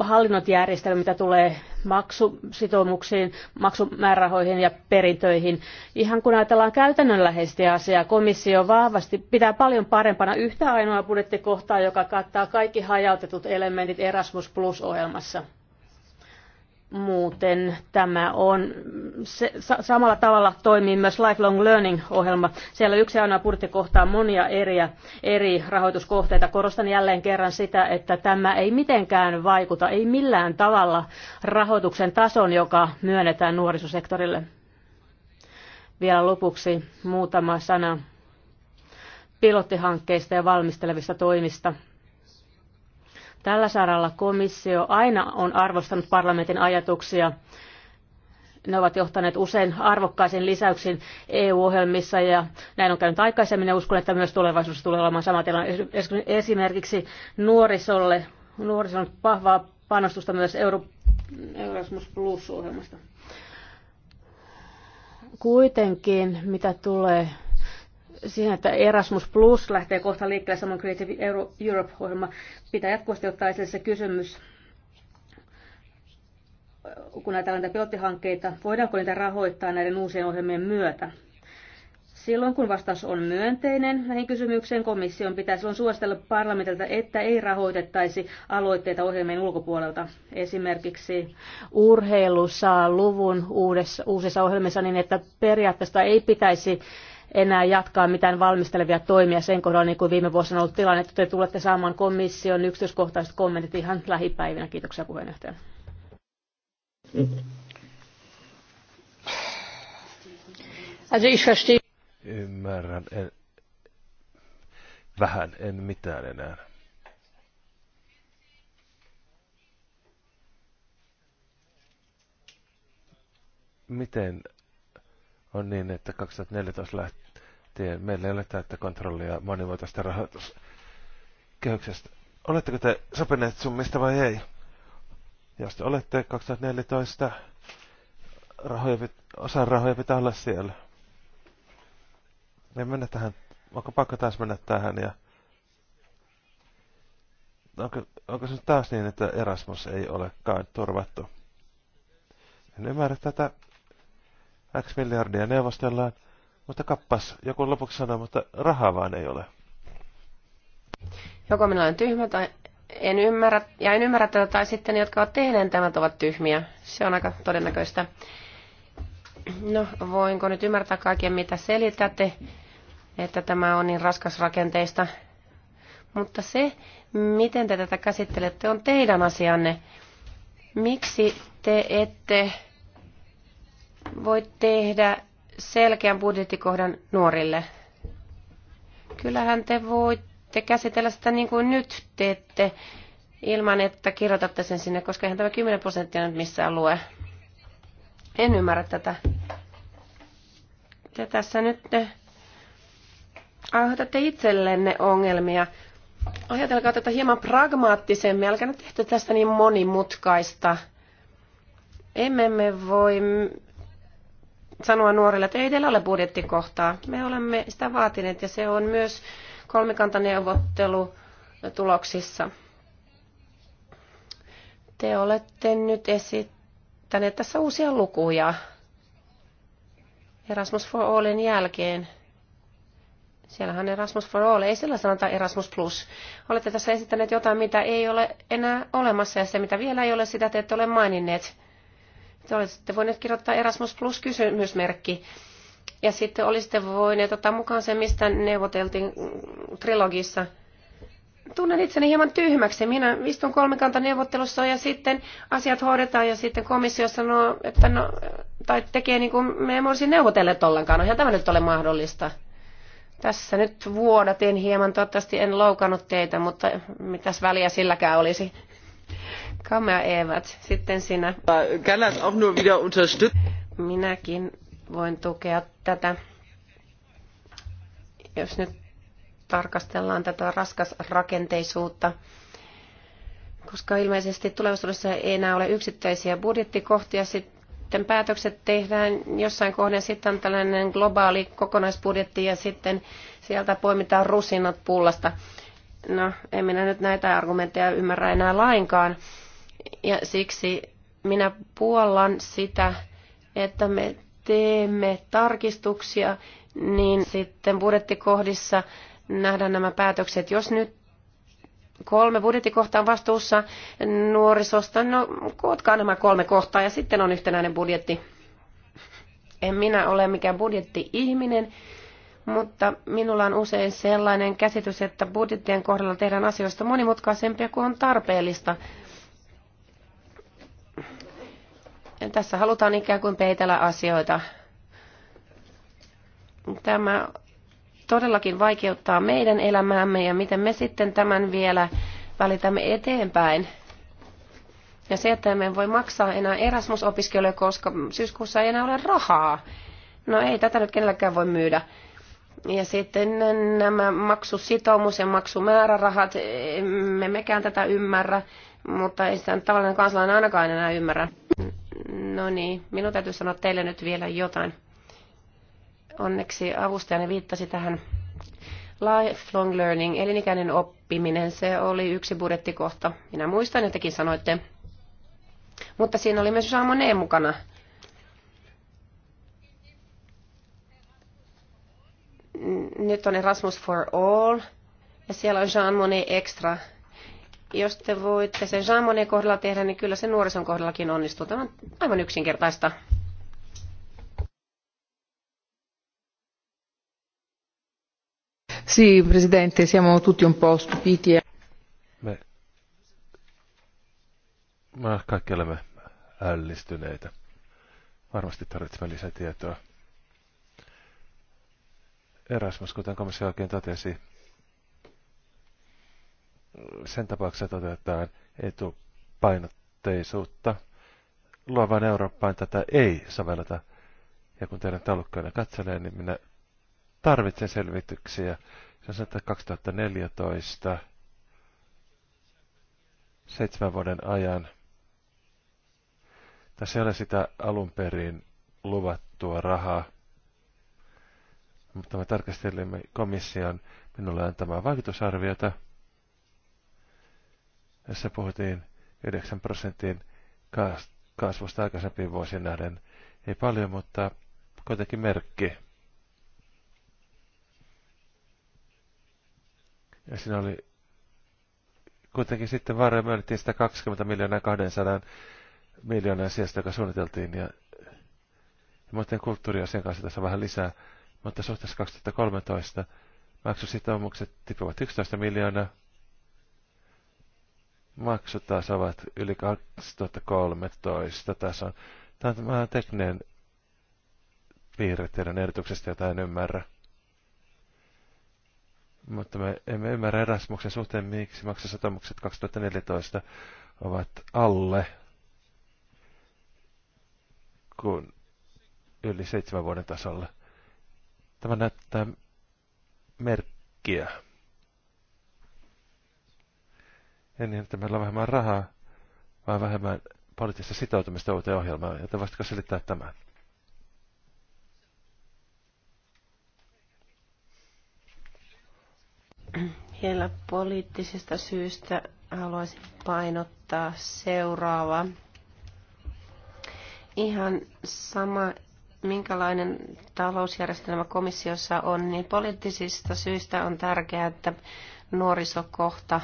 hallinnotjärjestelmiä, mitä tulee maksusitoumuksiin, maksumäärärahoihin ja perintöihin. Ihan kun ajatellaan käytännönläheisesti asiaa, komissio vahvasti pitää paljon parempana yhtä ainoaa budjettikohtaa, joka kattaa kaikki hajautetut elementit Erasmus Plus-ohjelmassa. Muuten tämä on, se, sa- samalla tavalla toimii myös Lifelong Learning-ohjelma. Siellä yksi aina purtti kohtaa monia eri, eri rahoituskohteita. Korostan jälleen kerran sitä, että tämä ei mitenkään vaikuta, ei millään tavalla rahoituksen tason, joka myönnetään nuorisosektorille. Vielä lopuksi muutama sana pilottihankkeista ja valmistelevista toimista. Tällä saralla komissio aina on arvostanut parlamentin ajatuksia. Ne ovat johtaneet usein arvokkaisiin lisäyksiin EU-ohjelmissa ja näin on käynyt aikaisemmin ja uskon, että myös tulevaisuudessa tulee olemaan sama tilanne. Esimerkiksi nuorisolle, nuorison vahvaa panostusta myös Euro, Erasmus Plus-ohjelmasta. Kuitenkin, mitä tulee siihen, että Erasmus Plus lähtee kohta liikkeelle samoin Creative Europe-ohjelma, pitää jatkuvasti ottaa esille se kysymys, kun näitä on pilottihankkeita, voidaanko niitä rahoittaa näiden uusien ohjelmien myötä? Silloin kun vastaus on myönteinen näihin kysymykseen, komission pitää silloin suositella parlamentilta, että ei rahoitettaisi aloitteita ohjelmien ulkopuolelta. Esimerkiksi urheilu saa luvun uudessa, uusissa ohjelmissa niin, että periaatteessa ei pitäisi enää jatkaa mitään valmistelevia toimia sen kohdalla, niin kuin viime vuosina on ollut tilanne, että te tulette saamaan komission yksityiskohtaiset kommentit ihan lähipäivinä. Kiitoksia puheenjohtaja. Ymmärrän. En, vähän, en mitään enää. Miten on niin, että 2014 lähti tie. Meillä ei ole täyttä kontrollia monimuotoista rahoituskehyksestä. Oletteko te sopineet summista vai ei? Jos te olette 2014, rahoja, osa rahoja pitää olla siellä. Me mennä tähän, onko pakko taas mennä tähän ja onko, onko se taas niin, että Erasmus ei olekaan turvattu? En ymmärrä tätä. X miljardia neuvostellaan. Mutta kappas, joku lopuksi sanoo, mutta rahaa vaan ei ole. Joko minä olen tyhmä tai en ymmärrä, ja en ymmärrä tätä, tai sitten ne, jotka ovat tehneet tämän, ovat tyhmiä. Se on aika todennäköistä. No, voinko nyt ymmärtää kaiken, mitä selitätte, että tämä on niin raskas rakenteista. Mutta se, miten te tätä käsittelette, on teidän asianne. Miksi te ette voi tehdä selkeän budjettikohdan nuorille. Kyllähän te voitte käsitellä sitä niin kuin nyt teette ilman, että kirjoitatte sen sinne, koska eihän tämä 10 prosenttia nyt missään lue. En ymmärrä tätä. Te tässä nyt ne eh, aiheutatte itsellenne ongelmia. Ajatelkaa tätä hieman pragmaattisemmin, älkää nyt tehtä tästä niin monimutkaista. Emme me voi sanoa nuorille, että ei teillä ole budjettikohtaa. Me olemme sitä vaatineet ja se on myös kolmikantaneuvottelu tuloksissa. Te olette nyt esittäneet tässä uusia lukuja Erasmus for Allin jälkeen. Siellähän Erasmus for All, ei sillä sanota Erasmus Plus. Olette tässä esittäneet jotain, mitä ei ole enää olemassa ja se, mitä vielä ei ole, sitä te ette ole maininneet. Te olisitte voineet kirjoittaa Erasmus Plus kysymysmerkki. Ja sitten olisitte voineet ottaa mukaan se, mistä neuvoteltiin trilogissa. Tunnen itseni hieman tyhmäksi. Minä istun neuvottelussa ja sitten asiat hoidetaan ja sitten komissio sanoo, että no, tai tekee niin kuin me emme olisi neuvotelleet ollenkaan. No, eihän tämä nyt ole mahdollista. Tässä nyt vuodatin hieman, toivottavasti en loukannut teitä, mutta mitäs väliä silläkään olisi. Komm, Herr Evert, sitten sinä. Kann das auch nur wieder unterstützen. Minäkin voin tukea tätä. Jos nyt tarkastellaan tätä raskasrakenteisuutta, koska ilmeisesti tulevaisuudessa ei enää ole yksittäisiä budjettikohtia, sitten päätökset tehdään jossain kohden, sitten on tällainen globaali kokonaisbudjetti ja sitten sieltä poimitaan rusinat pullasta. No, en minä nyt näitä argumentteja ymmärrä enää lainkaan. Ja siksi minä puollan sitä, että me teemme tarkistuksia, niin sitten budjettikohdissa nähdään nämä päätökset. Jos nyt kolme budjettikohtaa on vastuussa nuorisosta, no kootkaa nämä kolme kohtaa ja sitten on yhtenäinen budjetti. En minä ole mikään budjetti-ihminen, mutta minulla on usein sellainen käsitys, että budjettien kohdalla tehdään asioista monimutkaisempia kuin on tarpeellista. tässä halutaan ikään kuin peitellä asioita. Tämä todellakin vaikeuttaa meidän elämäämme ja miten me sitten tämän vielä välitämme eteenpäin. Ja se, että me voi maksaa enää Erasmus-opiskelijoille, koska syyskuussa ei enää ole rahaa. No ei tätä nyt kenelläkään voi myydä. Ja sitten nämä maksusitoumus ja maksumäärärahat, emme mekään tätä ymmärrä mutta ei sitä nyt tavallinen kansalainen ainakaan enää ymmärrä. No niin, minun täytyy sanoa teille nyt vielä jotain. Onneksi avustajani viittasi tähän lifelong learning, elinikäinen oppiminen, se oli yksi budjettikohta. Minä muistan, että tekin sanoitte. Mutta siinä oli myös Jean Monnet mukana. Nyt on Erasmus for All, ja siellä on Jean Monnet Extra – jos te voitte sen Jamonen kohdalla tehdä, niin kyllä se nuorison kohdallakin onnistuu. Tämä on aivan yksinkertaista. Sì, Presidente, siamo tutti un po' stupiti. Me, me kaikki olemme ällistyneitä. Varmasti tarvitsemme lisätietoa. Erasmus, kuten komissio oikein totesi, sen tapauksessa toteutetaan etupainotteisuutta. Luovaan Eurooppaan tätä ei sovelleta. Ja kun teidän taulukkoina katselee, niin minä tarvitsen selvityksiä. Se on että 2014 seitsemän vuoden ajan. Tässä ei ole sitä alun perin luvattua rahaa, mutta me tarkastelimme komission minulle antamaa vaikutusarviota – tässä puhuttiin 9 prosentin kasvusta aikaisempiin vuosiin nähden. Ei paljon, mutta kuitenkin merkki. Ja siinä oli kuitenkin sitten varoja myönnettiin sitä 20 miljoonaa 200 miljoonaa sijasta, joka suunniteltiin. Ja, ja kulttuuria kulttuuriasian kanssa tässä vähän lisää. Mutta suhteessa 2013 maksusitoumukset tippuvat 11 miljoonaa maksut ovat yli 2013 tason. Tämä on tekninen piirre teidän erityksestä, jota en ymmärrä. Mutta me emme ymmärrä Erasmuksen suhteen, miksi maksasatomukset 2014 ovat alle, kun yli seitsemän vuoden tasolla. Tämä näyttää merkkiä. en niin, että meillä on vähemmän rahaa, vaan vähemmän poliittista sitoutumista uuteen ohjelmaan, joten voisitko selittää tämän? Vielä poliittisista syistä haluaisin painottaa seuraavaa. Ihan sama, minkälainen talousjärjestelmä komissiossa on, niin poliittisista syistä on tärkeää, että nuorisokohta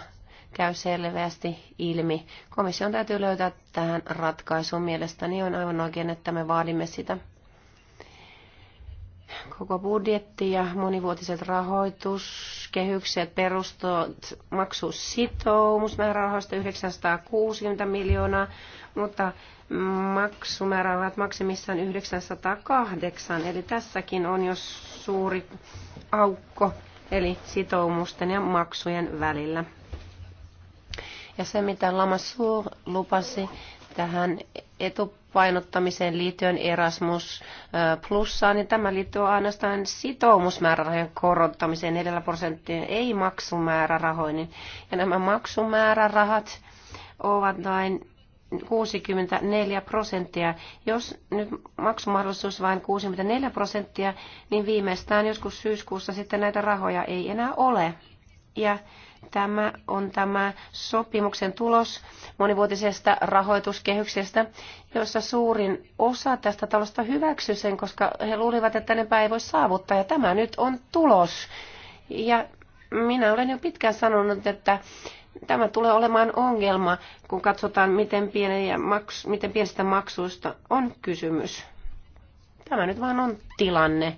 käy selvästi ilmi. Komission täytyy löytää tähän ratkaisuun. Mielestäni on aivan oikein, että me vaadimme sitä. Koko budjetti ja monivuotiset rahoituskehykset maksusitoumus maksusitoumusmäärärahoista 960 miljoonaa, mutta ovat maksimissaan 908, eli tässäkin on jo suuri aukko, eli sitoumusten ja maksujen välillä. Ja se, mitä Suur lupasi tähän etupainottamiseen liittyen Erasmus plussaan, niin tämä liittyy ainoastaan sitoumusmäärärahojen korottamiseen 4 prosenttiin, ei maksumäärärahoihin. Ja nämä maksumäärärahat ovat vain 64 prosenttia. Jos nyt maksumahdollisuus vain 64 prosenttia, niin viimeistään joskus syyskuussa sitten näitä rahoja ei enää ole. Ja Tämä on tämä sopimuksen tulos monivuotisesta rahoituskehyksestä, jossa suurin osa tästä talosta hyväksyi sen, koska he luulivat, että ne ei voi saavuttaa. Ja tämä nyt on tulos. Ja minä olen jo pitkään sanonut, että tämä tulee olemaan ongelma, kun katsotaan, miten, pieniä maks, miten pienistä maksuista on kysymys. Tämä nyt vaan on tilanne.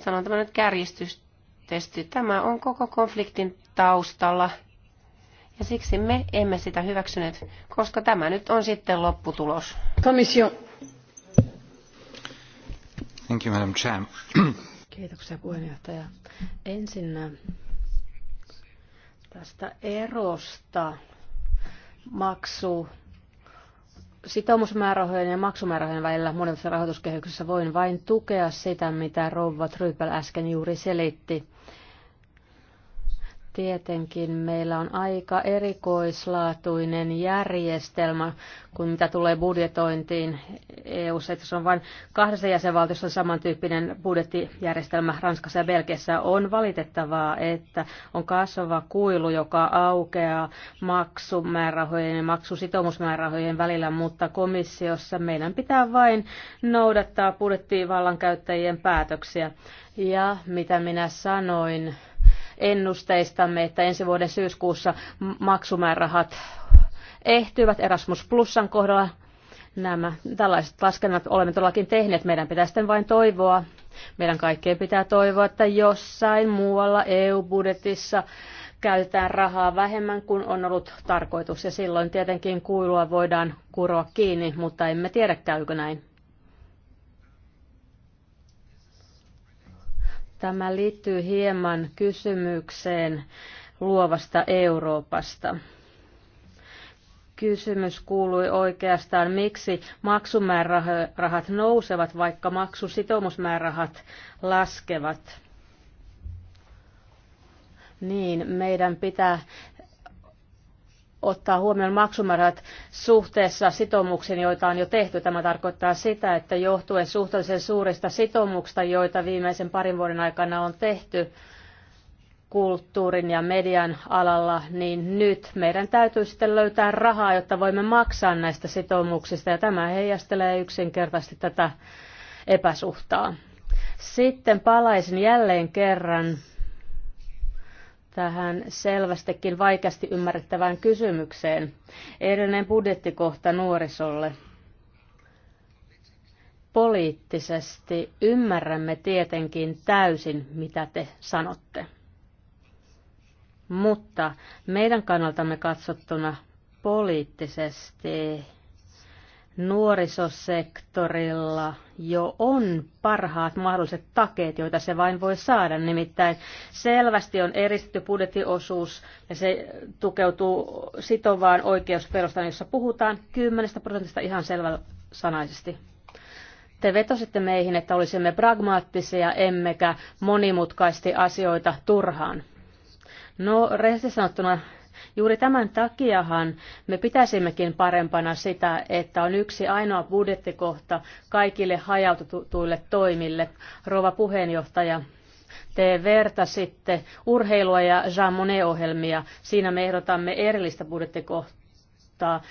Sanon tämä nyt kärjistystesti. Tämä on koko konfliktin taustalla. Ja siksi me emme sitä hyväksyneet, koska tämä nyt on sitten lopputulos. Komissio. Thank you, Madam Chair. Kiitoksia puheenjohtaja. Ensin äh, tästä erosta maksu sitoumusmäärärahojen ja maksumäärärahojen välillä monessa rahoituskehyksessä voin vain tukea sitä, mitä Rouva Trypel äsken juuri selitti. Tietenkin meillä on aika erikoislaatuinen järjestelmä, kun mitä tulee budjetointiin eu Se on vain kahdessa jäsenvaltiossa samantyyppinen budjettijärjestelmä Ranskassa ja Belgiassa. On valitettavaa, että on kasvava kuilu, joka aukeaa maksumäärärahojen ja maksusitoumusmäärärahojen välillä, mutta komissiossa meidän pitää vain noudattaa budjettivallankäyttäjien päätöksiä. Ja mitä minä sanoin, ennusteistamme, että ensi vuoden syyskuussa maksumäärärahat ehtyvät Erasmus Plusan kohdalla. Nämä tällaiset laskennat olemme todellakin tehneet. Meidän pitää sitten vain toivoa. Meidän kaikkien pitää toivoa, että jossain muualla EU-budjetissa käytetään rahaa vähemmän kuin on ollut tarkoitus. Ja silloin tietenkin kuilua voidaan kuroa kiinni, mutta emme tiedä käykö näin. Tämä liittyy hieman kysymykseen luovasta Euroopasta. Kysymys kuului oikeastaan, miksi maksumäärärahat nousevat, vaikka maksusitoumusmäärärahat laskevat. Niin, meidän pitää ottaa huomioon maksumäärät suhteessa sitoumuksiin, joita on jo tehty. Tämä tarkoittaa sitä, että johtuen suhteellisen suurista sitoumuksista, joita viimeisen parin vuoden aikana on tehty kulttuurin ja median alalla, niin nyt meidän täytyy sitten löytää rahaa, jotta voimme maksaa näistä sitoumuksista, ja tämä heijastelee yksinkertaisesti tätä epäsuhtaa. Sitten palaisin jälleen kerran tähän selvästikin vaikeasti ymmärrettävään kysymykseen. Erinen budjettikohta nuorisolle. Poliittisesti ymmärrämme tietenkin täysin, mitä te sanotte. Mutta meidän kannaltamme katsottuna poliittisesti nuorisosektorilla jo on parhaat mahdolliset takeet, joita se vain voi saada. Nimittäin selvästi on eristetty budjettiosuus ja se tukeutuu sitovaan oikeusperustaan, jossa puhutaan 10 prosentista ihan selvällä sanaisesti. Te vetositte meihin, että olisimme pragmaattisia emmekä monimutkaisti asioita turhaan. No, rehellisesti sanottuna Juuri tämän takiahan me pitäisimmekin parempana sitä, että on yksi ainoa budjettikohta kaikille hajautetuille toimille. Rova puheenjohtaja, te vertasitte urheilua ja Jean Monnet-ohjelmia. Siinä me ehdotamme erillistä budjettikohtaa.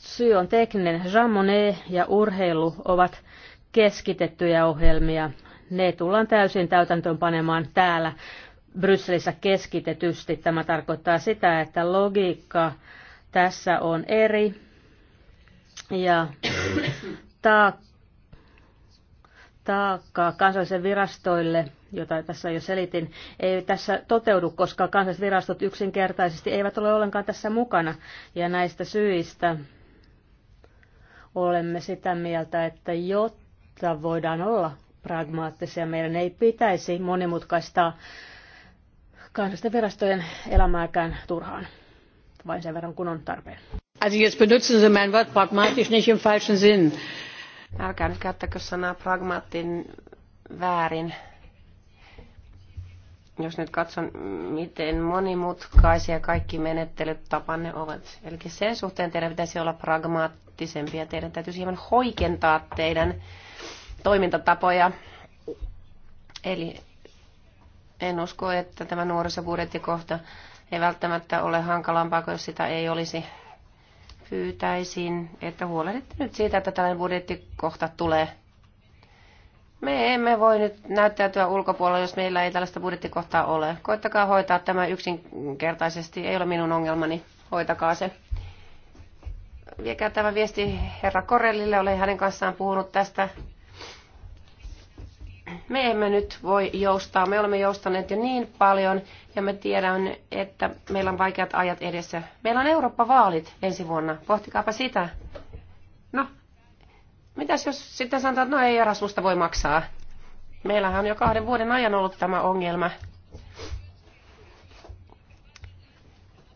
Syy on tekninen. Jean Monnet ja urheilu ovat keskitettyjä ohjelmia. Ne tullaan täysin täytäntöön panemaan täällä Brysselissä keskitetysti. Tämä tarkoittaa sitä, että logiikka tässä on eri ja taakkaa kansallisen virastoille, jota tässä jo selitin, ei tässä toteudu, koska kansalliset virastot yksinkertaisesti eivät ole ollenkaan tässä mukana. Ja näistä syistä olemme sitä mieltä, että jotta voidaan olla pragmaattisia, meidän ei pitäisi monimutkaistaa kansallisten virastojen elämääkään turhaan, vain sen verran kun on tarpeen. Also jetzt benutzen Sie mein Wort pragmatisch nicht im falschen Sinn. Älkää nyt käyttäkö sanaa pragmaattin väärin. Jos nyt katson, miten monimutkaisia kaikki menettelyt tapanne ovat. Eli sen suhteen teidän pitäisi olla pragmaattisempia. Teidän täytyisi hieman hoikentaa teidän toimintatapoja. Eli en usko, että tämä nuorisobudjettikohta ei välttämättä ole hankalampaa kun jos sitä ei olisi. Pyytäisin, että huolehditte nyt siitä, että tällainen budjettikohta tulee. Me emme voi nyt näyttäytyä ulkopuolella, jos meillä ei tällaista budjettikohtaa ole. Koittakaa hoitaa tämä yksinkertaisesti, ei ole minun ongelmani. Hoitakaa se. Viekää tämä viesti herra Korellille, olen hänen kanssaan puhunut tästä me emme nyt voi joustaa. Me olemme joustaneet jo niin paljon ja me tiedän, että meillä on vaikeat ajat edessä. Meillä on Eurooppa-vaalit ensi vuonna. Pohtikaapa sitä. No, mitäs jos sitten sanotaan, että no ei Erasmusta voi maksaa? Meillähän on jo kahden vuoden ajan ollut tämä ongelma.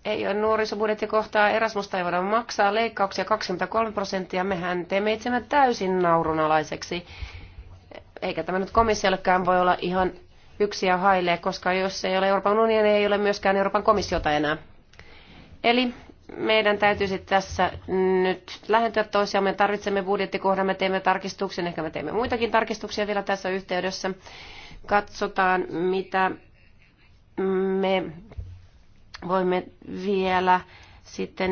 Ei ole nuorisobudjettikohtaa, Erasmusta ei voida maksaa, leikkauksia 23 prosenttia, mehän teemme itsemme täysin naurunalaiseksi eikä tämä nyt komissiollekään voi olla ihan yksi ja hailee, koska jos ei ole Euroopan unioni, niin ei ole myöskään Euroopan komissiota enää. Eli meidän täytyisi tässä nyt lähentyä toisiaan. Me tarvitsemme budjettikohdan, me teemme tarkistuksen, ehkä me teemme muitakin tarkistuksia vielä tässä yhteydessä. Katsotaan, mitä me voimme vielä sitten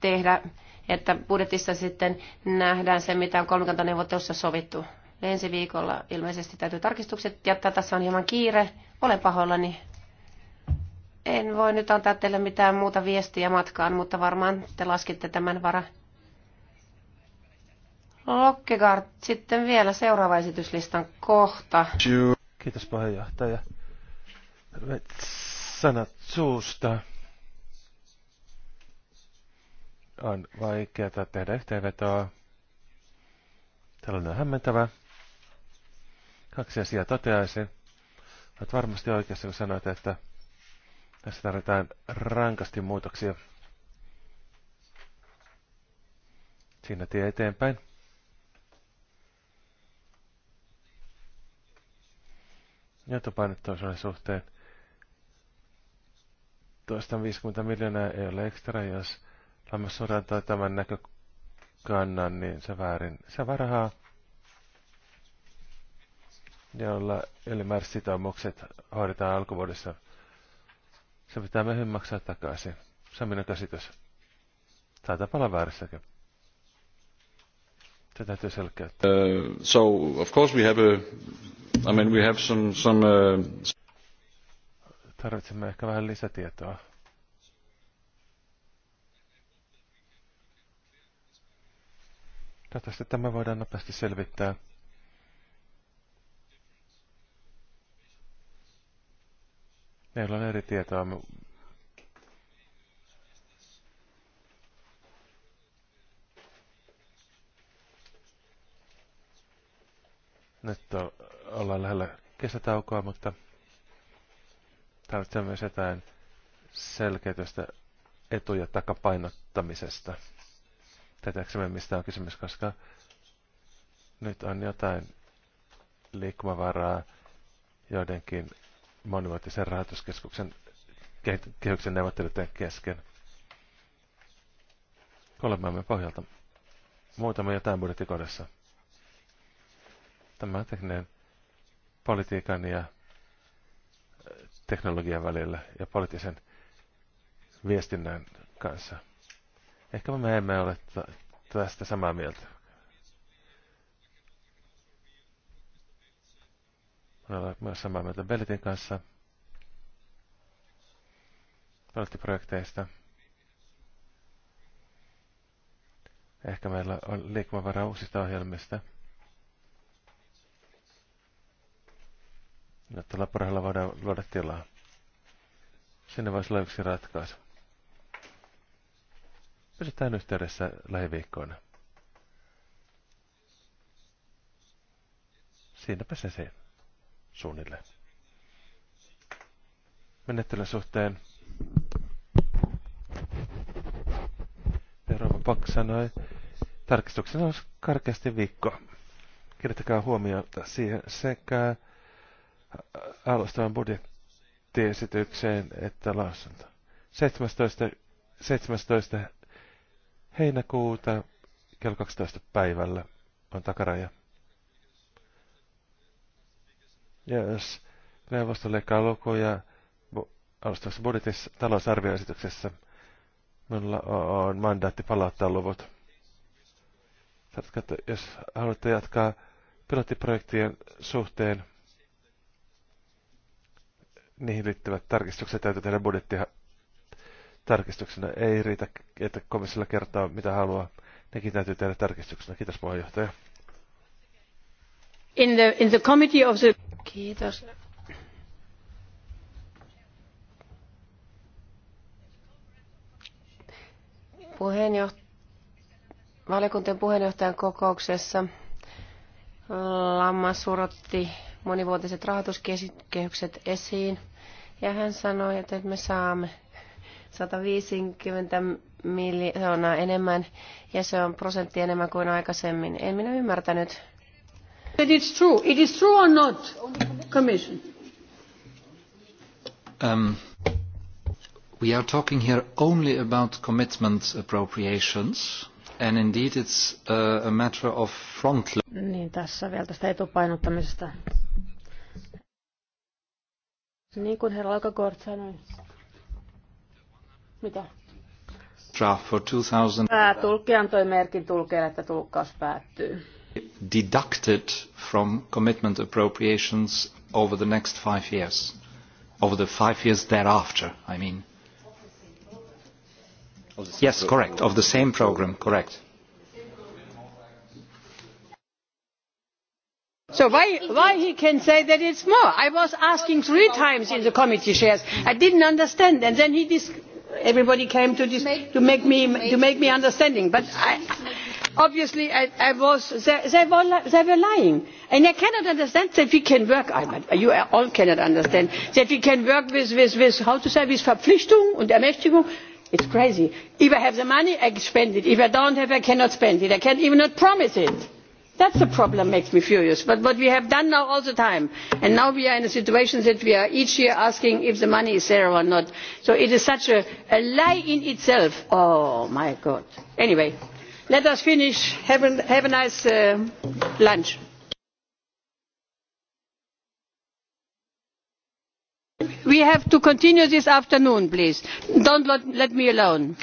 tehdä, että budjetissa sitten nähdään se, mitä on kolmikantaneuvottelussa sovittu ensi viikolla ilmeisesti täytyy tarkistukset jättää. Tässä on hieman kiire. Olen pahoillani. En voi nyt antaa teille mitään muuta viestiä matkaan, mutta varmaan te laskitte tämän vara. Lokkegaard, sitten vielä seuraava esityslistan kohta. Kiitos puheenjohtaja. Sanat suusta. On vaikeaa tehdä yhteenvetoa. Tällainen on hämmentävä. Kaksi asiaa toteaisin. Olet varmasti oikeassa, kun sanoit, että tässä tarvitaan rankasti muutoksia. Siinä tie eteenpäin. Jotopainottoisuuden suhteen toista 50 miljoonaa ei ole ekstra, jos Lammas tämän näkökannan, niin se väärin. Se varahaa jolla ylimääräiset sitoumukset hoidetaan alkuvuodessa. Se pitää myöhemmin maksaa takaisin. Se on minun käsitys. Taitaa palaa väärässäkin. Se täytyy selkeyttää. Uh, so, of course we have a, I mean we have some, some uh... Tarvitsemme ehkä vähän lisätietoa. Toivottavasti tämä voidaan nopeasti selvittää. Meillä on eri tietoa. Nyt ollaan lähellä kesätaukoa, mutta tarvitsemme myös jotain selkeytystä etu- ja takapainottamisesta. Tätäksemme mistä on kysymys, koska nyt on jotain liikkumavaraa joidenkin sen rahoituskeskuksen kehyksen neuvotteluiden kesken. Kolmaamme pohjalta muutamme jotain budjettikodessa. Tämä tekninen politiikan ja eh, teknologian välillä ja poliittisen viestinnän kanssa. Ehkä me emme ole tästä samaa mieltä. Olen myös samaa mieltä Belletin kanssa pilottiprojekteista. Ehkä meillä on liikkumavaraa uusista ohjelmista. Jotta laborahalla voidaan luoda tilaa. Sinne voisi olla yksi ratkaisu. Pysytään yhteydessä lähiviikkoina. Siinäpä se siinä suunnilleen. Menettelyn suhteen Euroopan Pak sanoi, tarkistuksena olisi karkeasti viikko. Kiinnittäkää huomiota siihen sekä alustavan budjettiesitykseen että lausunto. 17, 17 heinäkuuta kello 12 päivällä on takaraja. Jos neuvosto leikkaa lukuja alustavassa budjetissa talousarvioesityksessä, minulla on mandaatti palauttaa luvut. Jos haluatte jatkaa pilottiprojektien suhteen, niihin liittyvät tarkistukset täytyy tehdä budjettia tarkistuksena. Ei riitä, että komissiolla kertoo mitä haluaa. Nekin täytyy tehdä tarkistuksena. Kiitos puheenjohtaja in the, committee of the... valiokuntien puheenjohtajan kokouksessa Lamma surotti monivuotiset rahoituskehykset esiin. Ja hän sanoi, että me saamme 150 miljoonaa enemmän ja se on prosentti enemmän kuin aikaisemmin. En minä ymmärtänyt, But it's true. It is true or not, Commission? Um, we are talking here only about commitment appropriations. And indeed it's uh, a matter of front niin, tässä vielä tästä etupainottamisesta. Niin kuin herra Alkagort sanoi. Mitä? Draft for 2000. Päätulkki antoi merkin tulkijalle, että tulkkaus päättyy deducted from commitment appropriations over the next five years, over the five years thereafter, I mean. Yes, correct, of the same program, correct. So why, why he can say that it's more? I was asking three times in the committee chairs. I didn't understand, and then he dis everybody came to, dis to, make me, to make me understanding. But I, obviously I, was, they, were, lying. And I cannot understand that we can work, you all cannot understand, that we can work with, with, with how to say, with Verpflichtung und Ermächtigung. It's crazy. If I have the money, I spend it. If I don't have, I cannot spend it. I can even not promise it that's the problem that makes me furious but what we have done now all the time and now we are in a situation that we are each year asking if the money is there or not so it is such a lie in itself oh my god anyway let us finish have a, have a nice uh, lunch. we have to continue this afternoon please Don't let me alone.